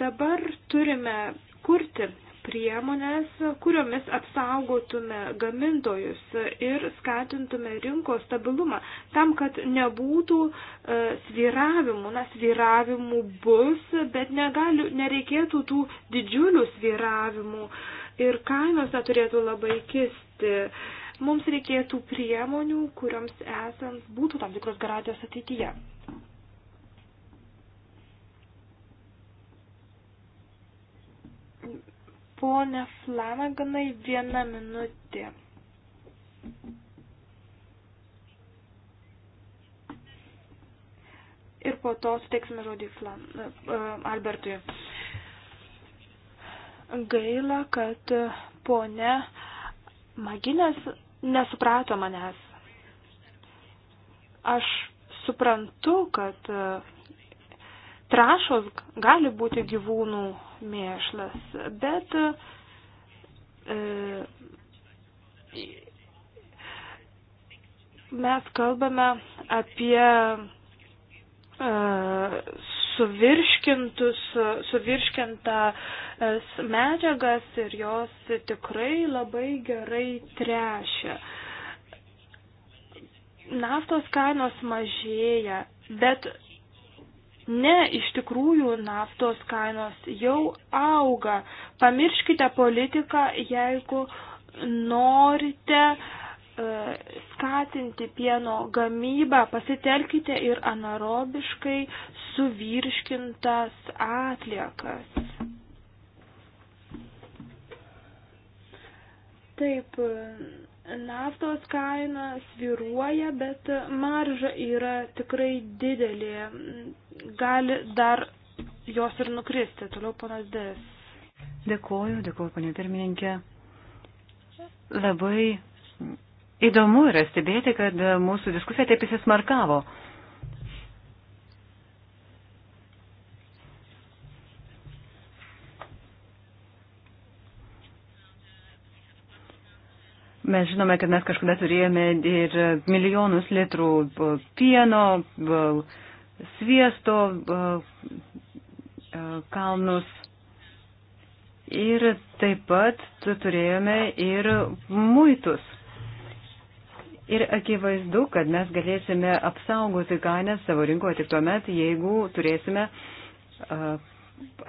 B: Dabar turime kurti priemonės, kuriomis apsaugotume gamintojus ir skatintume rinkos stabilumą, tam, kad nebūtų e, sviravimų. Na, sviravimų bus, bet negali, nereikėtų tų didžiulių sviravimų ir kainos neturėtų labai kisti. Mums reikėtų priemonių, kurioms esant būtų tam tikros garantijos ateityje. Pone Flanaganai, viena minutė. Ir po to suteiksime žodį Flan, e, e, Albertui. Gaila, kad ponė Maginės nesuprato manęs. Aš suprantu, kad e, trašos gali būti gyvūnų mėšlas. Bet e, mes kalbame apie e, suvirškintus, suvirškintas e, medžiagas ir jos tikrai labai gerai trešia. Naftos kainos mažėja, bet Ne, iš tikrųjų naftos kainos jau auga. Pamirškite politiką, jeigu norite e, skatinti pieno gamybą, pasitelkite ir anaerobiškai suvirškintas atliekas. Taip, naftos kaina sviruoja, bet marža yra tikrai didelė gali dar jos ir nukristi. Toliau ponas Dės. Dėkuoju, dėkuoju, panė pirmininkė. Labai įdomu yra stebėti, kad mūsų diskusija taip įsismarkavo. Mes žinome, kad mes kažkada turėjome ir milijonus litrų pieno, sviesto kalnus. Ir taip pat turėjome ir muitus. Ir akivaizdu, kad mes galėsime apsaugoti kainą savo rinkoje tik tuomet, jeigu turėsime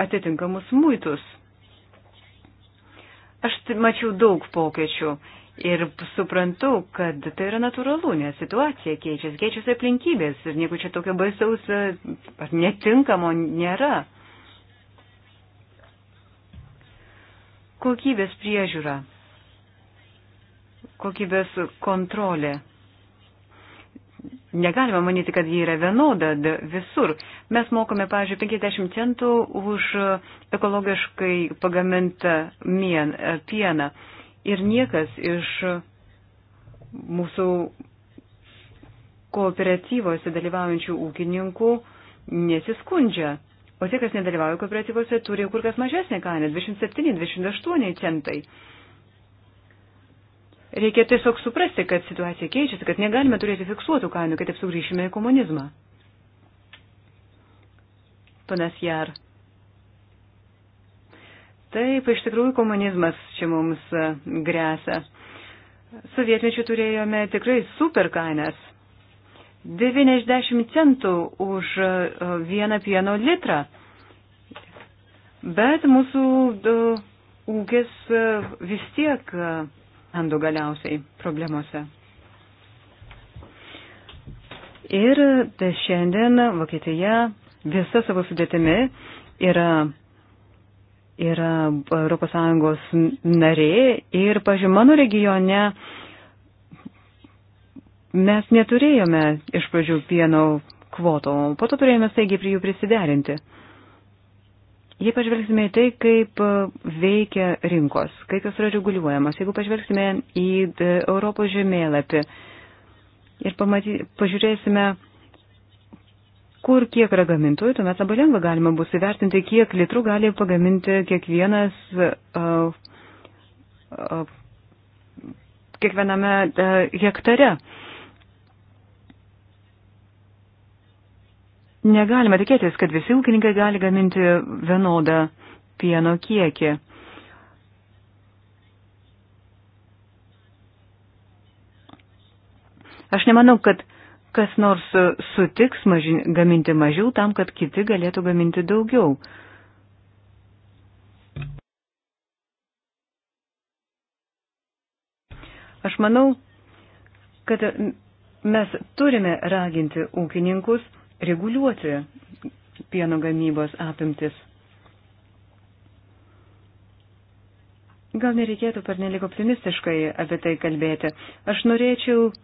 B: atitinkamus muitus. Aš mačiau daug pokėčių Ir suprantu, kad tai yra natūralu, nes situacija keičiasi, keičiasi aplinkybės ir nieko čia tokio baisaus e, ar netinkamo nėra. Kokybės priežiūra, kokybės kontrolė. Negalima manyti, kad ji yra vienoda visur. Mes mokame, pavyzdžiui, 50 centų už ekologiškai pagamintą mien, pieną ir niekas iš mūsų kooperatyvose dalyvaujančių ūkininkų nesiskundžia. O tie, kas nedalyvauja kooperatyvose, turi kur kas mažesnę kainą - 27-28 centai. Reikia tiesiog suprasti, kad situacija keičiasi, kad negalime turėti fiksuotų kainų, kitaip sugrįšime į komunizmą. Panas Jar. Taip, iš tikrųjų komunizmas čia mums e, grėsia. Sovietmečių turėjome tikrai super kainas. 90 centų už e, vieną pieno litrą. Bet mūsų e, ūkis vis tiek ando galiausiai problemuose. Ir šiandien Vokietija visa savo sudėtimi yra yra ES narė ir, pažiūrėjau, mano regione mes neturėjome iš pradžių pieno kvoto, po to turėjome staigiai prie jų prisiderinti. Jei pažvelgsime į tai, kaip veikia rinkos, kaip jos yra reguliuojamos, jeigu pažvelgsime į e, Europos žemėlapį ir pamaty, pažiūrėsime, kur kiek yra gamintojų, tuomet labai lengva galima bus įvertinti, kiek litrų gali pagaminti kiekvienas, uh, uh, kiekviename uh, hektare. Negalima tikėtis, kad visi ūkininkai gali gaminti vienodą pieno kiekį. Aš nemanau, kad uh, kas nors e, sutiks maži, gaminti mažiau tam, kad kiti galėtų gaminti daugiau. Aš manau, kad mes turime raginti ūkininkus reguliuoti pieno gamybos apimtis. Gal nereikėtų pernelik optimistiškai apie tai kalbėti. Aš norėčiau uh,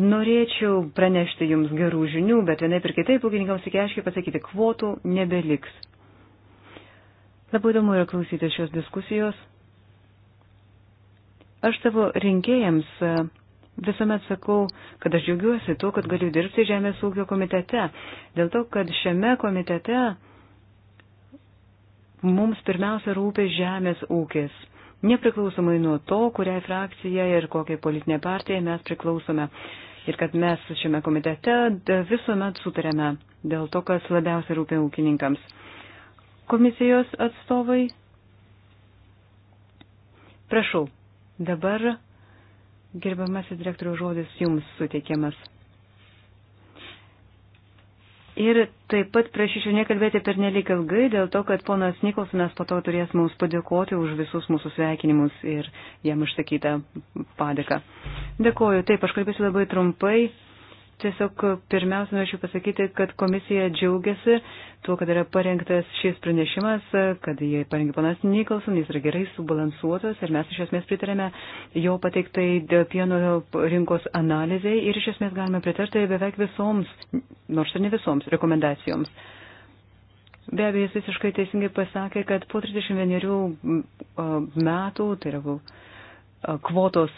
B: Norėčiau pranešti Jums gerų žinių, bet vienai per kitaip ūkininkams reikia aiškiai pasakyti, kvotų nebeliks. Labai įdomu yra klausyti šios diskusijos. Aš savo rinkėjams e, visuomet sakau, kad aš džiaugiuosi tuo, kad galiu dirbti Žemės ūkio komitete, dėl to, kad šiame komitete mums pirmiausia rūpi Žemės ūkis nepriklausomai nuo to, kuriai frakcijai ir kokiai politinė partija mes priklausome. Ir kad mes šiame komitete visuomet sutarėme dėl to, kas labiausiai rūpia ūkininkams. Komisijos atstovai, prašau, dabar gerbiamasis direktorių žodis jums suteikiamas. Ir taip pat prašyčiau nekalbėti per nelik ilgai, dėl to, kad ponas Nikolsonas po to turės mums padėkoti už visus mūsų sveikinimus ir jam išsakytą padėką. Dėkoju, taip, aš kalbėsiu labai trumpai. Tiesiog pirmiausia, norėčiau pasakyti, kad komisija džiaugiasi tuo, kad yra parengtas šis pranešimas, kad jie parengė panas Nikolson, jis yra gerai subalansuotas ir mes iš esmės pritarėme jo pateiktai pieno rinkos analizai ir iš esmės galime pritarti beveik visoms, nors ir ne visoms, rekomendacijoms. Be abejo, jis visiškai teisingai pasakė, kad po 31 metų, tai yra kvotos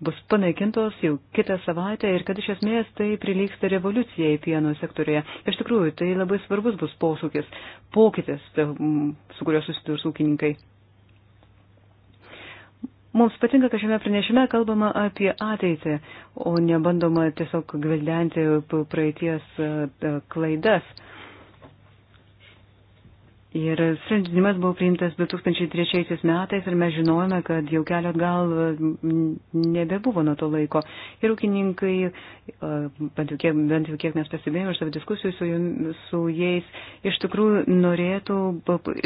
B: bus panaikintos jau kitą savaitę ir kad iš esmės tai prilyksta revoliucijai pieno sektorėje. Iš tikrųjų, tai labai svarbus bus posūkis, pokytis, tai, mm, su kuriuo susidurs ūkininkai. Mums patinka, kad šiame pranešime kalbama apie ateitį, o nebandoma tiesiog gvildenti praeities e, e, klaidas. Ir sprendimas buvo priimtas 2003 metais ir mes žinojame, kad jau kelio atgal nebebuvo nuo to laiko. Ir ūkininkai, bent jau kiek, bent jau kiek mes pastebėjome iš savo diskusijų su, su jais, iš tikrųjų norėtų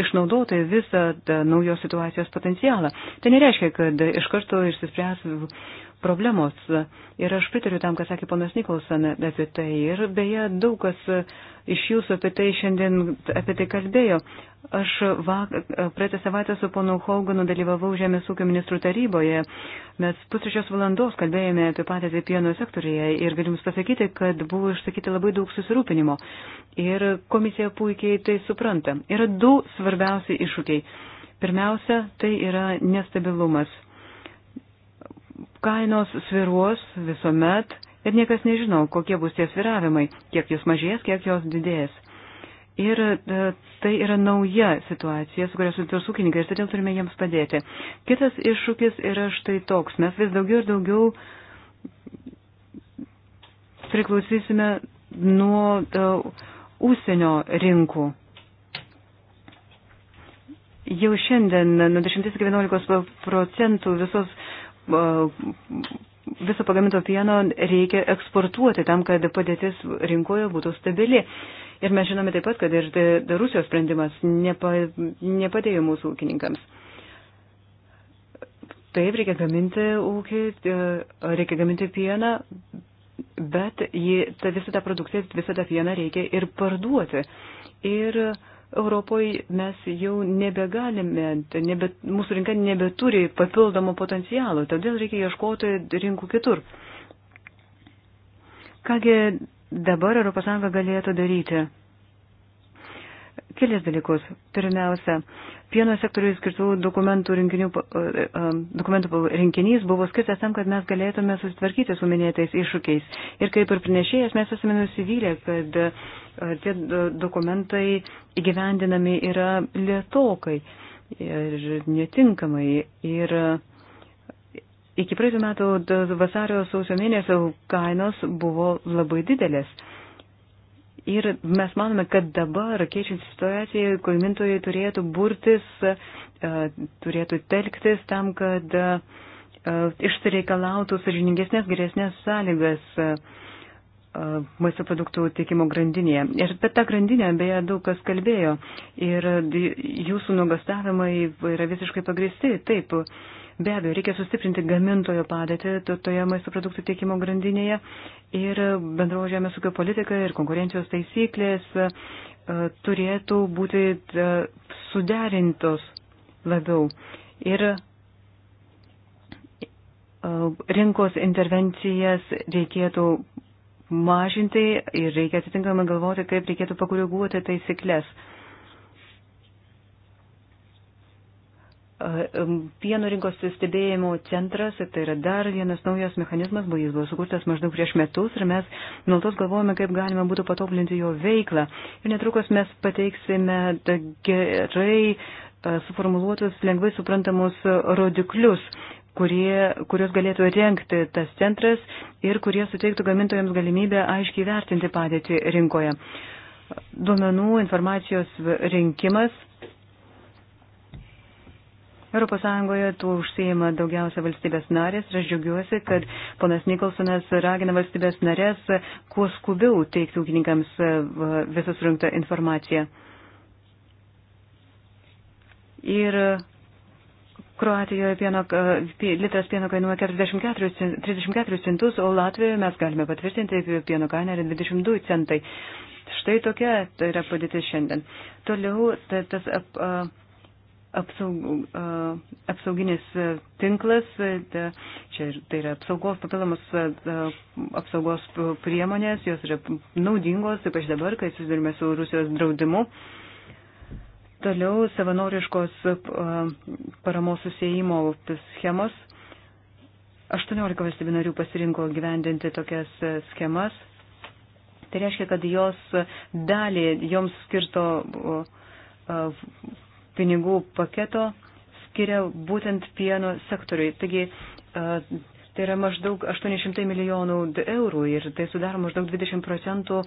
B: išnaudoti visą naujos situacijos potencialą. Tai nereiškia, kad iš karto išsispręs problemos. Ir aš pritariu tam, kas sakė ponas Nikolson apie tai. Ir beje, daug kas iš jūsų apie tai šiandien apie tai kalbėjo. Aš praeitą savaitę su ponu Hauganu dalyvavau Žemės ūkio ministrų taryboje. Mes pusryčios valandos kalbėjome apie patį pieno sektoriją ir galim pasakyti, kad buvo išsakyti labai daug susirūpinimo. Ir komisija puikiai tai supranta. Yra du svarbiausi iššūkiai. Pirmiausia, tai yra nestabilumas kainos sviruos visuomet ir niekas nežino, kokie bus tie sviravimai, kiek jos mažės, kiek jos didės. Ir e, tai yra nauja situacija, su kuria susidurs ūkininkai ir todėl turime jiems padėti. Kitas iššūkis yra štai toks. Mes vis daugiau ir daugiau priklausysime nuo uh, e, užsienio rinkų. Jau šiandien nuo 10 iki 11 procentų visos viso pagaminto pieno reikia eksportuoti tam, kad padėtis rinkoje būtų stabili. Ir mes žinome taip pat, kad ir Rusijos sprendimas nepa, nepadėjo mūsų ūkininkams. Taip, reikia gaminti ūkį, e, reikia gaminti pieną, bet jį, ta, visą tą produkciją, visą tą pieną reikia ir parduoti. Ir uh, Europoje mes jau nebegalime, nebe, mūsų rinka nebeturi papildomo potencialo, todėl reikia ieškoti rinkų kitur. Kągi dabar ES galėtų daryti? Kelias dalykus. Pirmiausia, pieno sektoriui skirtų dokumentų, rinkinių, e, e, e, dokumentų rinkinys buvo skirtas tam, kad mes galėtume susitvarkyti su minėtais iššūkiais. Ir kaip ir pranešėjas, mes esame nusivylę, kad tie dokumentai įgyvendinami yra lietokai ir netinkamai. Ir iki praeitų metų vasario sausio mėnesio kainos buvo labai didelės. Ir mes manome, kad dabar, keičiant situaciją, gamintojai turėtų burtis, turėtų telktis tam, kad išsireikalautų sažiningesnės, geresnės sąlygas maisto produktų tiekimo grandinėje. Ir apie tą grandinę beje daug kas kalbėjo ir jūsų nuogastavimai yra visiškai pagristi. Taip, be abejo, reikia sustiprinti gamintojo padėtį toje maisto produktų tiekimo grandinėje ir bendrovo žemės ūkio politika ir konkurencijos taisyklės e, turėtų būti e, suderintos labiau. Ir e, rinkos intervencijas reikėtų mažinti ir reikia atitinkamai galvoti, kaip reikėtų pakoreguoti taisyklės. E, pieno rinkos stebėjimo centras, tai yra dar vienas naujas mechanizmas, buvo jis buvo sukurtas maždaug prieš metus ir mes nuolatos galvojame, kaip galima būtų patoblinti jo veiklą. Ir netrukus mes pateiksime gerai e, suformuluotus, lengvai suprantamus rodiklius, kurie, kurios galėtų renkti tas centras ir kurie suteiktų gamintojams galimybę aiškiai vertinti padėtį rinkoje. Duomenų informacijos rinkimas. ES tuo užsieima daugiausia valstybės narės ir aš džiaugiuosi, kad ponas Nikolsonas ragina valstybės narės kuo skubiau teikti ūkininkams e, visą surinktą informaciją. Ir Kroatijoje pieno, e, litras pieno kainuoja 44, 34 centus, o Latvijoje mes galime patvirtinti e, pieno kainą yra 22 centai. Štai tokia tai yra padėtis šiandien. Toliau tai, tas ap, e, apsaug, apsauginis tinklas, tai, čia tai yra apsaugos, papildomos apsaugos priemonės, jos yra naudingos, ypač dabar, kai susidurime su Rusijos draudimu. Toliau savanoriškos paramos susijimo schemos. 18 valstybių narių pasirinko gyvendinti tokias schemas. Tai reiškia, kad jos dalį joms skirto pinigų paketo skiria būtent pieno sektoriui. Taigi Tai yra maždaug 800 milijonų eurų ir tai sudaro maždaug 20 procentų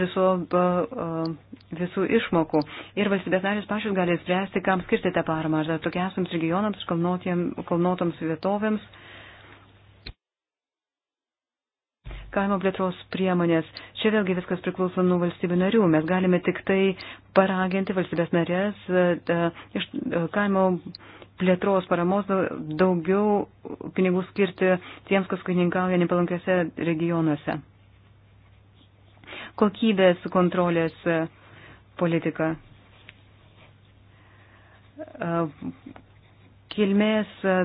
B: viso, visų išmokų. Ir valstybės narės pačios gali spręsti, kam skirti tą paramą, ar tokiasiams regionams, kalnotoms vietovėms. Kaimo plėtros priemonės. Čia vėlgi viskas priklauso nuo valstybių narių. Mes galime tik tai paraginti valstybės narės da, iš kaimo plėtros paramos daugiau pinigų skirti tiems, kas kainikauja nepalankiose regionuose. Kokybės kontrolės e, politika. E, kilmės e,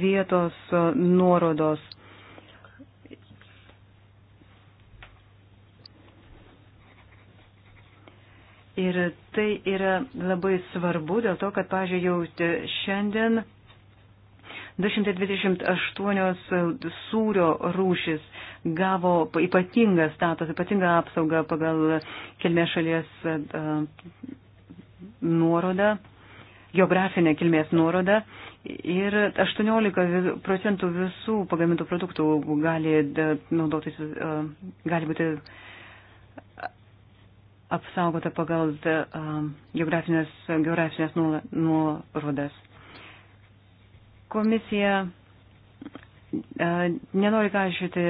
B: vietos nuorodos Ir tai yra labai svarbu dėl to, kad, pažiūrėjau, šiandien 228 sūrio rūšis gavo ypatingą statusą, ypatingą apsaugą pagal kilmės šalies nuorodą, geografinę kilmės nuorodą. Ir 18 procentų visų pagamintų produktų gali, naudotis, gali būti apsaugota pagal geografinės, geografinės nuorodas. Komisija nenori kažyti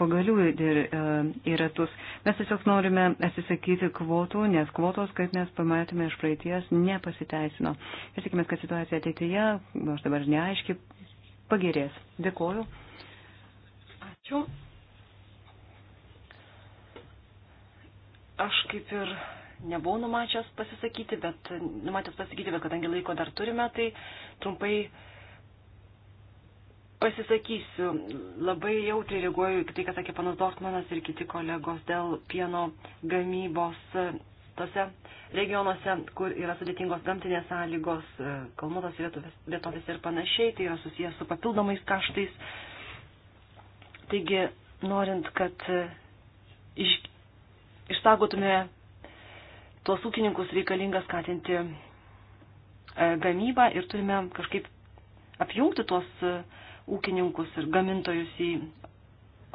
B: pagalių ir, į ratus. Mes tiesiog norime atsisakyti kvotų, nes kvotos, kaip mes pamatėme iš praeities, nepasiteisino. Ir tikime, kad situacija ateityje, nors dabar neaiški, pagerės. Dėkoju. Ačiū. Aš kaip ir nebuvau numačęs pasisakyti, bet numatęs pasakyti, bet kadangi laiko dar turime, tai trumpai pasisakysiu. Labai jautriai reaguoju į tai, ką sakė panas Dortmanas ir kiti kolegos dėl pieno gamybos tose regionuose, kur yra sudėtingos gamtinės sąlygos, kalnuotos vietovės ir panašiai, tai yra susijęs su papildomais kaštais. Taigi, norint, kad iš, išsaugotume tuos ūkininkus reikalinga skatinti e, gamybą ir turime kažkaip apjungti tuos e, ūkininkus ir gamintojus į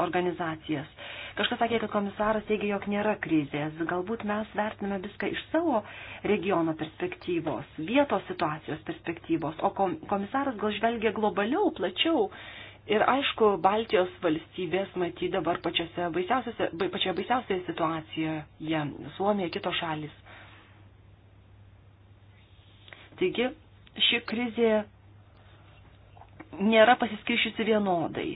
B: organizacijas. Kažkas sakė, kad komisaras teigia, jog nėra krizės. Galbūt mes vertiname viską iš savo regiono perspektyvos, vietos situacijos perspektyvos, o komisaras gal žvelgia globaliau, plačiau Ir aišku, Baltijos valstybės matyti dabar baisiausiose, pačioje baisiausioje situacijoje - Suomija, kitos šalis. Taigi, ši krizė nėra pasiskiršiusi vienodai.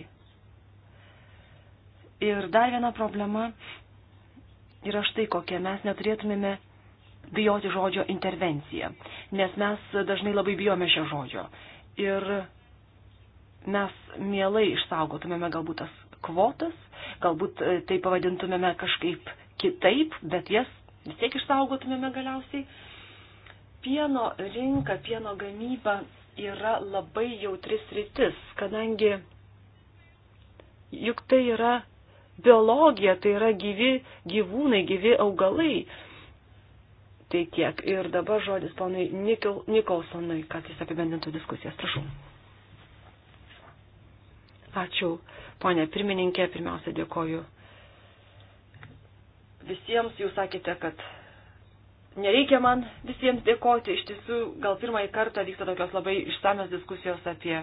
B: Ir dar viena problema yra štai kokia. Mes neturėtumėme bijoti žodžio intervencija, nes mes dažnai labai bijome šio žodžio. Ir mes mielai išsaugotumėme galbūt tas kvotas, galbūt e, tai pavadintumėme kažkaip kitaip, bet jas vis tiek išsaugotumėme galiausiai. Pieno rinka, pieno gamyba yra labai jautris rytis, kadangi juk tai yra biologija, tai yra gyvi gyvūnai, gyvi augalai. Tai tiek. Ir dabar žodis ponui Nikolsonui, kad jis apibendintų diskusijas. Prašau. Ačiū, ponė pirmininkė. Pirmiausia, dėkoju visiems. Jūs sakėte, kad nereikia man visiems dėkoti. Iš tiesų, gal pirmąjį kartą vyksta tokios labai išsamios diskusijos apie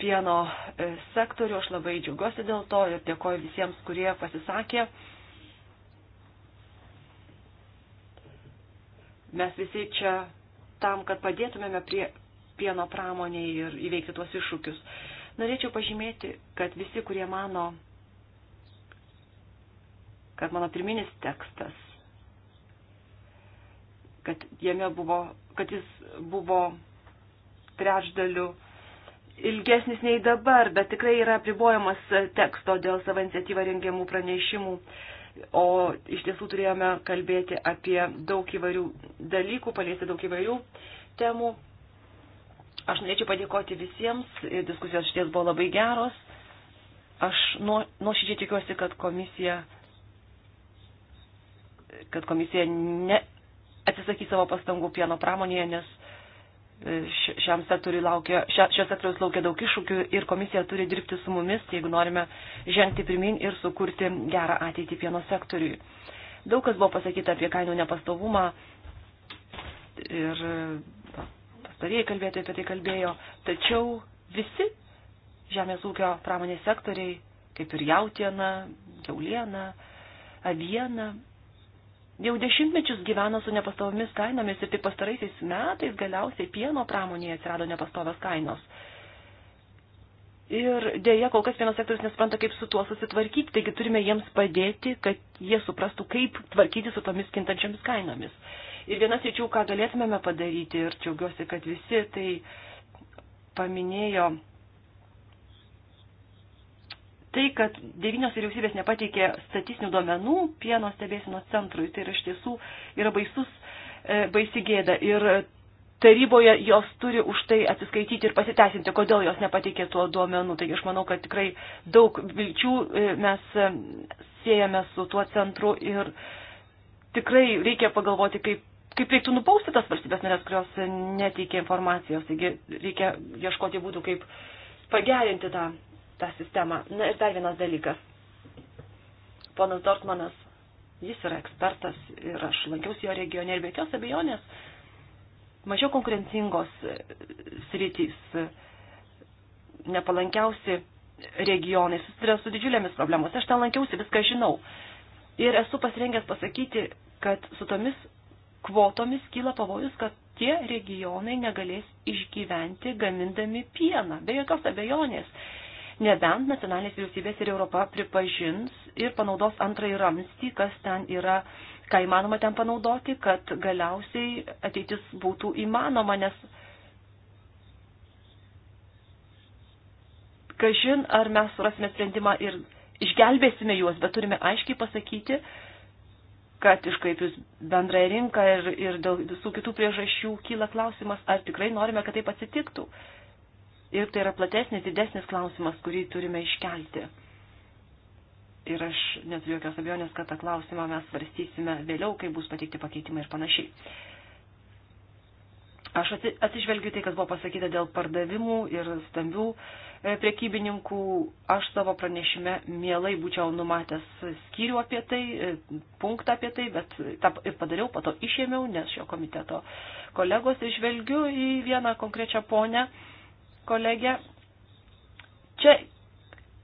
B: pieno e, sektorių. Aš labai džiaugiuosi dėl to ir dėkoju visiems, kurie pasisakė. Mes visi čia tam, kad padėtumėme prie pieno pramoniai ir įveikti tuos iššūkius. Norėčiau pažymėti, kad visi, kurie mano, kad mano pirminis tekstas, kad jame buvo, kad jis buvo trečdaliu ilgesnis nei dabar, bet tikrai yra pribojamas teksto dėl savo iniciatyvą rengiamų pranešimų. O iš tiesų turėjome kalbėti apie daug įvairių dalykų, paliesti daug įvairių temų. Aš norėčiau padėkoti visiems, diskusijos šties buvo labai geros. Aš nuoširdžiai nuo tikiuosi, kad komisija, kad komisija ne, atsisakys savo pastangų pieno pramonėje, nes e, šiam sektoriui laukia, šio sektoriaus laukia daug iššūkių ir komisija turi dirbti su mumis, jeigu norime žengti pirmin ir sukurti gerą ateitį pieno sektoriui. Daug kas buvo pasakyta apie kainų nepastovumą ir e, pastarieji kalbėtojai apie tai kalbėjo, tačiau visi žemės ūkio pramonės sektoriai, kaip ir jautiena, keuliena, aviena, jau dešimtmečius gyvena su nepastovomis kainomis ir tik pastaraisiais metais galiausiai pieno pramonėje atsirado nepastovios kainos. Ir dėja, kol kas vienas sektorius nespranta, kaip su tuo susitvarkyti, taigi turime jiems padėti, kad jie suprastų, kaip tvarkyti su tomis kintančiamis kainomis ir vienas iš jų, ką galėtumėme padaryti ir džiaugiuosi, kad visi tai paminėjo. Tai, kad devynios vyriausybės nepateikė statistinių duomenų pieno stebėsinos centrui, tai yra iš tiesų yra baisus, e, baisi gėda. Ir taryboje jos turi už tai atsiskaityti ir pasiteisinti, kodėl jos nepateikė tuo duomenų. Taigi aš manau, kad tikrai daug vilčių e, mes e, siejame su tuo centru ir tikrai reikia pagalvoti, kaip kaip reiktų nubausti tas valstybės narės, kurios neteikia informacijos. Taigi reikia ieškoti būdų, kaip pagerinti tą, tą sistemą. Na ir dar vienas dalykas. Ponas Dortmanas, jis yra ekspertas ir aš lankiausi jo regione ir be jokios abejonės mažiau konkurencingos e, sritys, e, nepalankiausi regionai susiduria su didžiulėmis problemos. Aš ten lankiausi, viską žinau. Ir esu pasirengęs pasakyti, kad su tomis kvotomis kyla pavojus, kad tie regionai negalės išgyventi gamindami pieną, be jokios abejonės. Nebent nacionalinės vyriausybės ir Europa pripažins ir panaudos antrąjį ramstį, kas ten yra, ką įmanoma ten panaudoti, kad galiausiai ateitis būtų įmanoma, nes kažin ar mes surasime sprendimą ir išgelbėsime juos, bet turime aiškiai pasakyti, kad iškaipius bendrąją rinką ir, ir dėl visų kitų priežasčių kyla klausimas, ar tikrai norime, kad taip atsitiktų. Ir tai yra platesnis, didesnis klausimas, kurį turime iškelti. Ir aš neturiu jokios abejonės, kad tą klausimą mes svarstysime vėliau, kai bus pateikti pakeitimai ir panašiai. Aš atsižvelgiu tai, kas buvo pasakyta dėl pardavimų ir stambių e, priekybininkų. Aš savo pranešime mielai būčiau numatęs skyrių apie tai, e, punktą apie tai, bet tą ir padariau, pato išėmiau, nes šio komiteto kolegos išvelgiu į vieną konkrečią ponę kolegę. Čia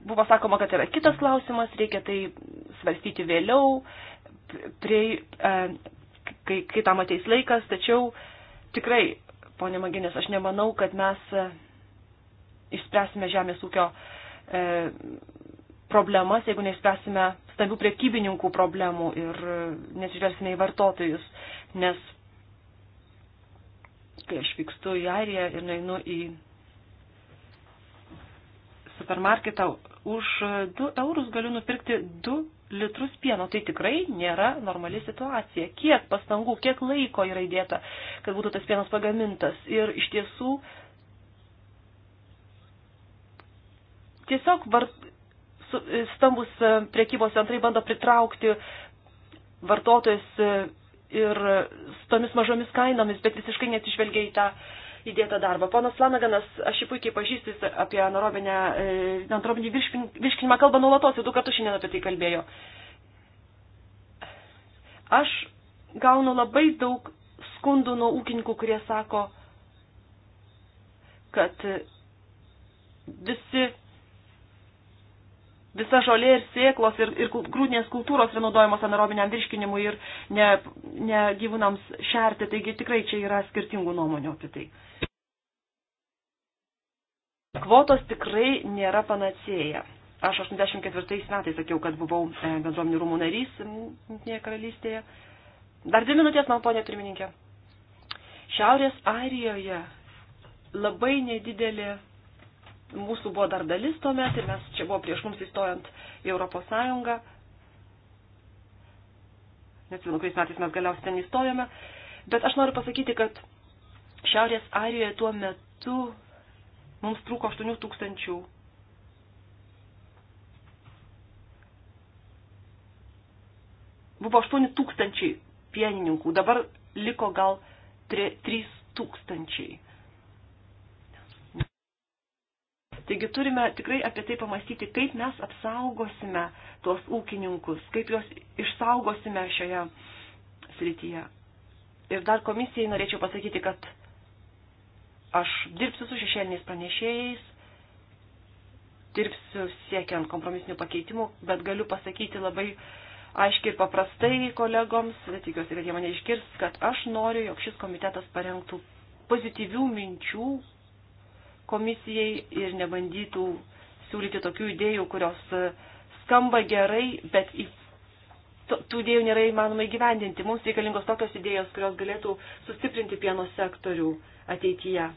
B: buvo sakoma, kad yra kitas klausimas, reikia tai svarstyti vėliau, prie, e, kai, kai tam ateis laikas, tačiau tikrai, ponė Maginės, aš nemanau, kad mes e, išspręsime žemės ūkio e, problemas, jeigu neįspręsime stambių priekybininkų problemų ir e, nesižvelgsime į vartotojus, nes kai aš vykstu į Airiją ir einu į supermarketą, už 2 e, eurus galiu nupirkti 2 litrus pieno. Tai tikrai nėra normali situacija. Kiek pastangų, kiek laiko yra įdėta, kad būtų tas pienas pagamintas. Ir iš tiesų tiesiog var, stambus e, priekybos centrai bando pritraukti vartotojus e, ir su tomis mažomis kainomis, bet visiškai netižvelgia į tą uh, įdėtą darbą. Ponas Lanaganas, aš jį puikiai pažįstu, jis apie anaerobinį virškinimą kalba nuolatos, jau du kartus šiandien apie tai kalbėjo. Aš gaunu labai daug skundų nuo ūkininkų, kurie sako, kad visi visa žolė ir sėklos ir, ir grūdinės kultūros yra naudojamos anaerobiniam virškinimui ir ne, ne gyvūnams šerti, taigi tikrai čia yra skirtingų nuomonių apie tai. Kvotos tikrai nėra panacėja. Aš 84 metais sakiau, kad buvau e, bendruomenių rūmų narys Junktinėje karalystėje. Dar dvi minutės, man ponė pirmininkė. Šiaurės Airijoje labai nedidelė mūsų buvo dar dalis tuomet ir mes čia buvo prieš mums įstojant į Europos Sąjungą. Neatsimenu, kuriais metais mes galiausiai ten įstojome. Bet aš noriu pasakyti, kad Šiaurės Airijoje tuo metu mums trūko 8 tūkstančių. Buvo 8 tūkstančiai pienininkų, dabar liko gal 3 tūkstančiai. Taigi turime tikrai apie tai pamastyti, kaip mes apsaugosime tuos ūkininkus, kaip juos išsaugosime šioje srityje. Ir dar komisijai norėčiau pasakyti, kad aš dirbsiu su šešėliniais pranešėjais, dirbsiu siekiant kompromisinių pakeitimų, bet galiu pasakyti labai aiškiai ir paprastai kolegoms, tikiuosi, kad jie mane išgirs, kad aš noriu, jog šis komitetas parengtų pozityvių minčių komisijai ir nebandytų siūlyti tokių idėjų, kurios e, skamba gerai, bet į tų idėjų nėra įmanoma įgyvendinti. Mums reikalingos tokios idėjos, kurios galėtų sustiprinti pieno sektorių ateityje.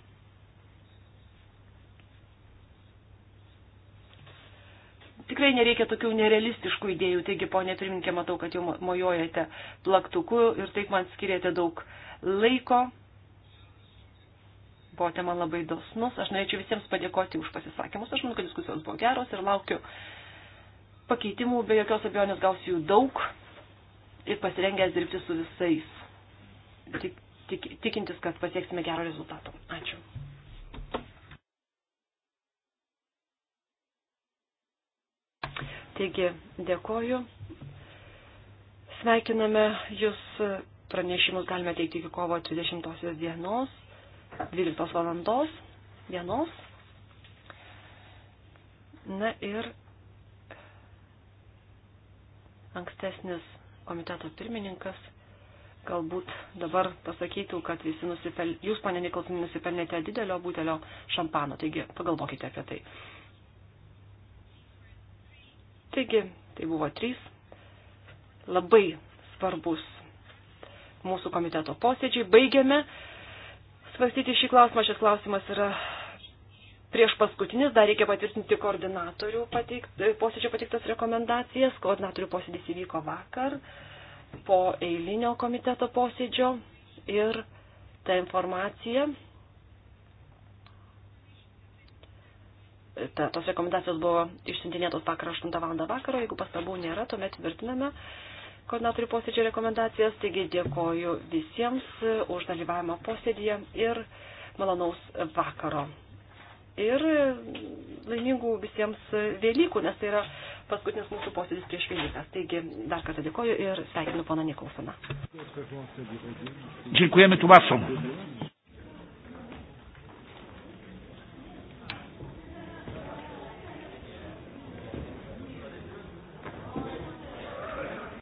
B: Tikrai nereikia tokių nerealistiškų idėjų, taigi, ponė pirminkė, matau, kad jau mojojate plaktuku ir taip man skiriate daug laiko buvo tema labai dosnus. Aš norėčiau visiems padėkoti už pasisakymus. Aš manau, kad diskusijos buvo geros ir laukiu pakeitimų. Be jokios abejonės gausiu jų daug ir pasirengęs dirbti su visais. Tik, tik, tikintis, kad pasieksime gero rezultato. Ačiū. Taigi, dėkoju. Sveikiname Jūs pranešimus galime teikti iki kovo 30 dienos. 12 valandos dienos. Na ir ankstesnis komiteto pirmininkas galbūt dabar pasakytų, kad visi nusipel... jūs, pane Nikolson, nusipelnėte didelio butelio šampano, taigi pagalvokite apie tai. Taigi, tai buvo trys labai svarbus mūsų komiteto posėdžiai. Baigiame svarstyti šį klausimą. Šis klausimas yra prieš paskutinis, dar reikia patvirtinti koordinatorių pateikt, posėdžio pateiktas rekomendacijas. Koordinatorių posėdis įvyko vakar po eilinio komiteto posėdžio ir ta informacija, ta, tos rekomendacijos buvo išsintinėtos vakar 8 val. vakaro, jeigu pastabų nėra, tuomet tvirtiname koordinatorių posėdžio rekomendacijas, taigi dėkoju visiems už dalyvavimą posėdėje ir malonaus vakaro. Ir laimingų visiems Velykų, nes tai yra paskutinis mūsų posėdis prieš Velykas. Taigi dar kartą dėkoju ir sveikinu poną Nikolsoną.
A: Dėkujame Tumasom.